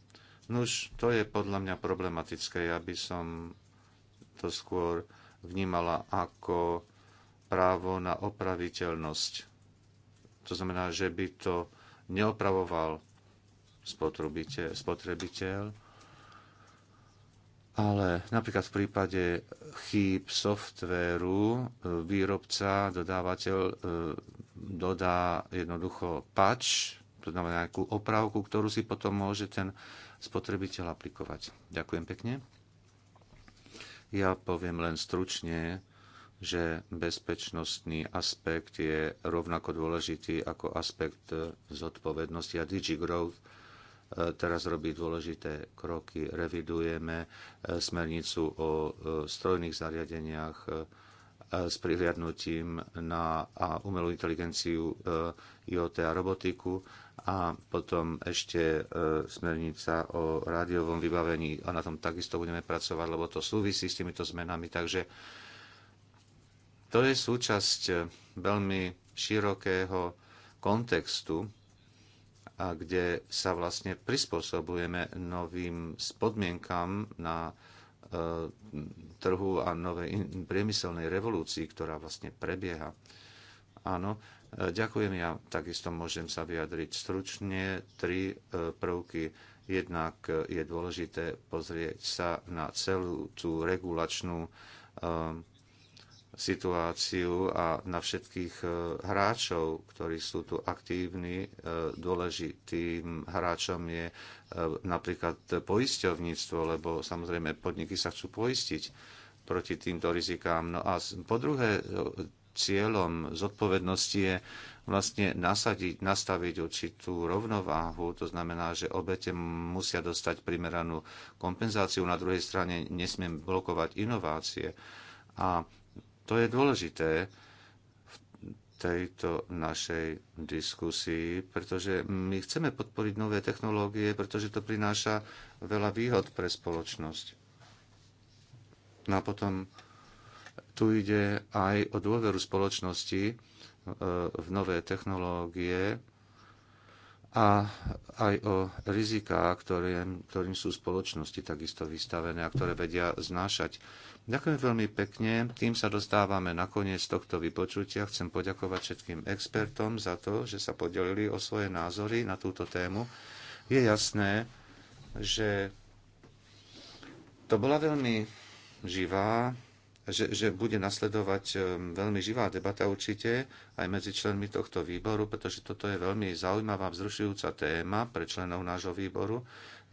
Nuž, to je podľa mňa problematické. Ja by som to skôr vnímala ako právo na opraviteľnosť. To znamená, že by to neopravoval spotrebiteľ, spotrebiteľ ale napríklad v prípade chýb softvéru e, výrobca, dodávateľ e, dodá jednoducho patch, to znamená nejakú opravku, ktorú si potom môže ten spotrebiteľ aplikovať. Ďakujem pekne. Ja poviem len stručne, že bezpečnostný aspekt je rovnako dôležitý ako aspekt e, zodpovednosti a DigiGrowth E, teraz robí dôležité kroky. Revidujeme e, smernicu o e, strojných zariadeniach s prihliadnutím na umelú inteligenciu IoT a robotiku a potom ešte smernica o rádiovom vybavení a na tom takisto budeme pracovať, lebo to súvisí s týmito zmenami. Takže to je súčasť veľmi širokého kontextu a kde sa vlastne prispôsobujeme novým podmienkam na e, trhu a novej priemyselnej revolúcii, ktorá vlastne prebieha. Áno, e, ďakujem. Ja takisto môžem sa vyjadriť stručne. Tri e, prvky. Jednak je dôležité pozrieť sa na celú tú regulačnú situáciu a na všetkých e, hráčov, ktorí sú tu aktívni. E, dôležitým hráčom je e, napríklad poisťovníctvo, lebo samozrejme podniky sa chcú poistiť proti týmto rizikám. No a po druhé, cieľom zodpovednosti je vlastne nasadiť, nastaviť určitú rovnováhu, to znamená, že obete musia dostať primeranú kompenzáciu, na druhej strane nesmiem blokovať inovácie. A to je dôležité v tejto našej diskusii, pretože my chceme podporiť nové technológie, pretože to prináša veľa výhod pre spoločnosť. No a potom tu ide aj o dôveru spoločnosti e, v nové technológie a aj o riziká, ktorým, ktorým sú spoločnosti takisto vystavené a ktoré vedia znášať Ďakujem veľmi pekne. Tým sa dostávame na koniec tohto vypočutia. Chcem poďakovať všetkým expertom za to, že sa podelili o svoje názory na túto tému. Je jasné, že to bola veľmi živá, že, že bude nasledovať ehm, veľmi živá debata určite aj medzi členmi tohto výboru, pretože toto je veľmi zaujímavá, vzrušujúca téma pre členov nášho výboru.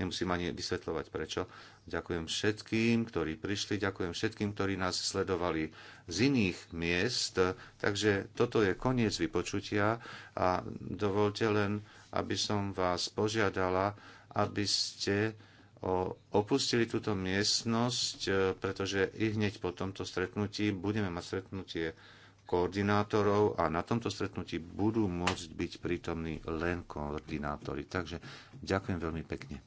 Nemusím ani vysvetľovať prečo. Ďakujem všetkým, ktorí prišli, ďakujem všetkým, ktorí nás sledovali z iných miest. Takže toto je koniec vypočutia a dovolte len, aby som vás požiadala, aby ste opustili túto miestnosť, e, pretože i hneď po tomto stretnutí budeme mať stretnutie koordinátorov a na tomto stretnutí budú môcť byť prítomní len koordinátori. Takže ďakujem veľmi pekne.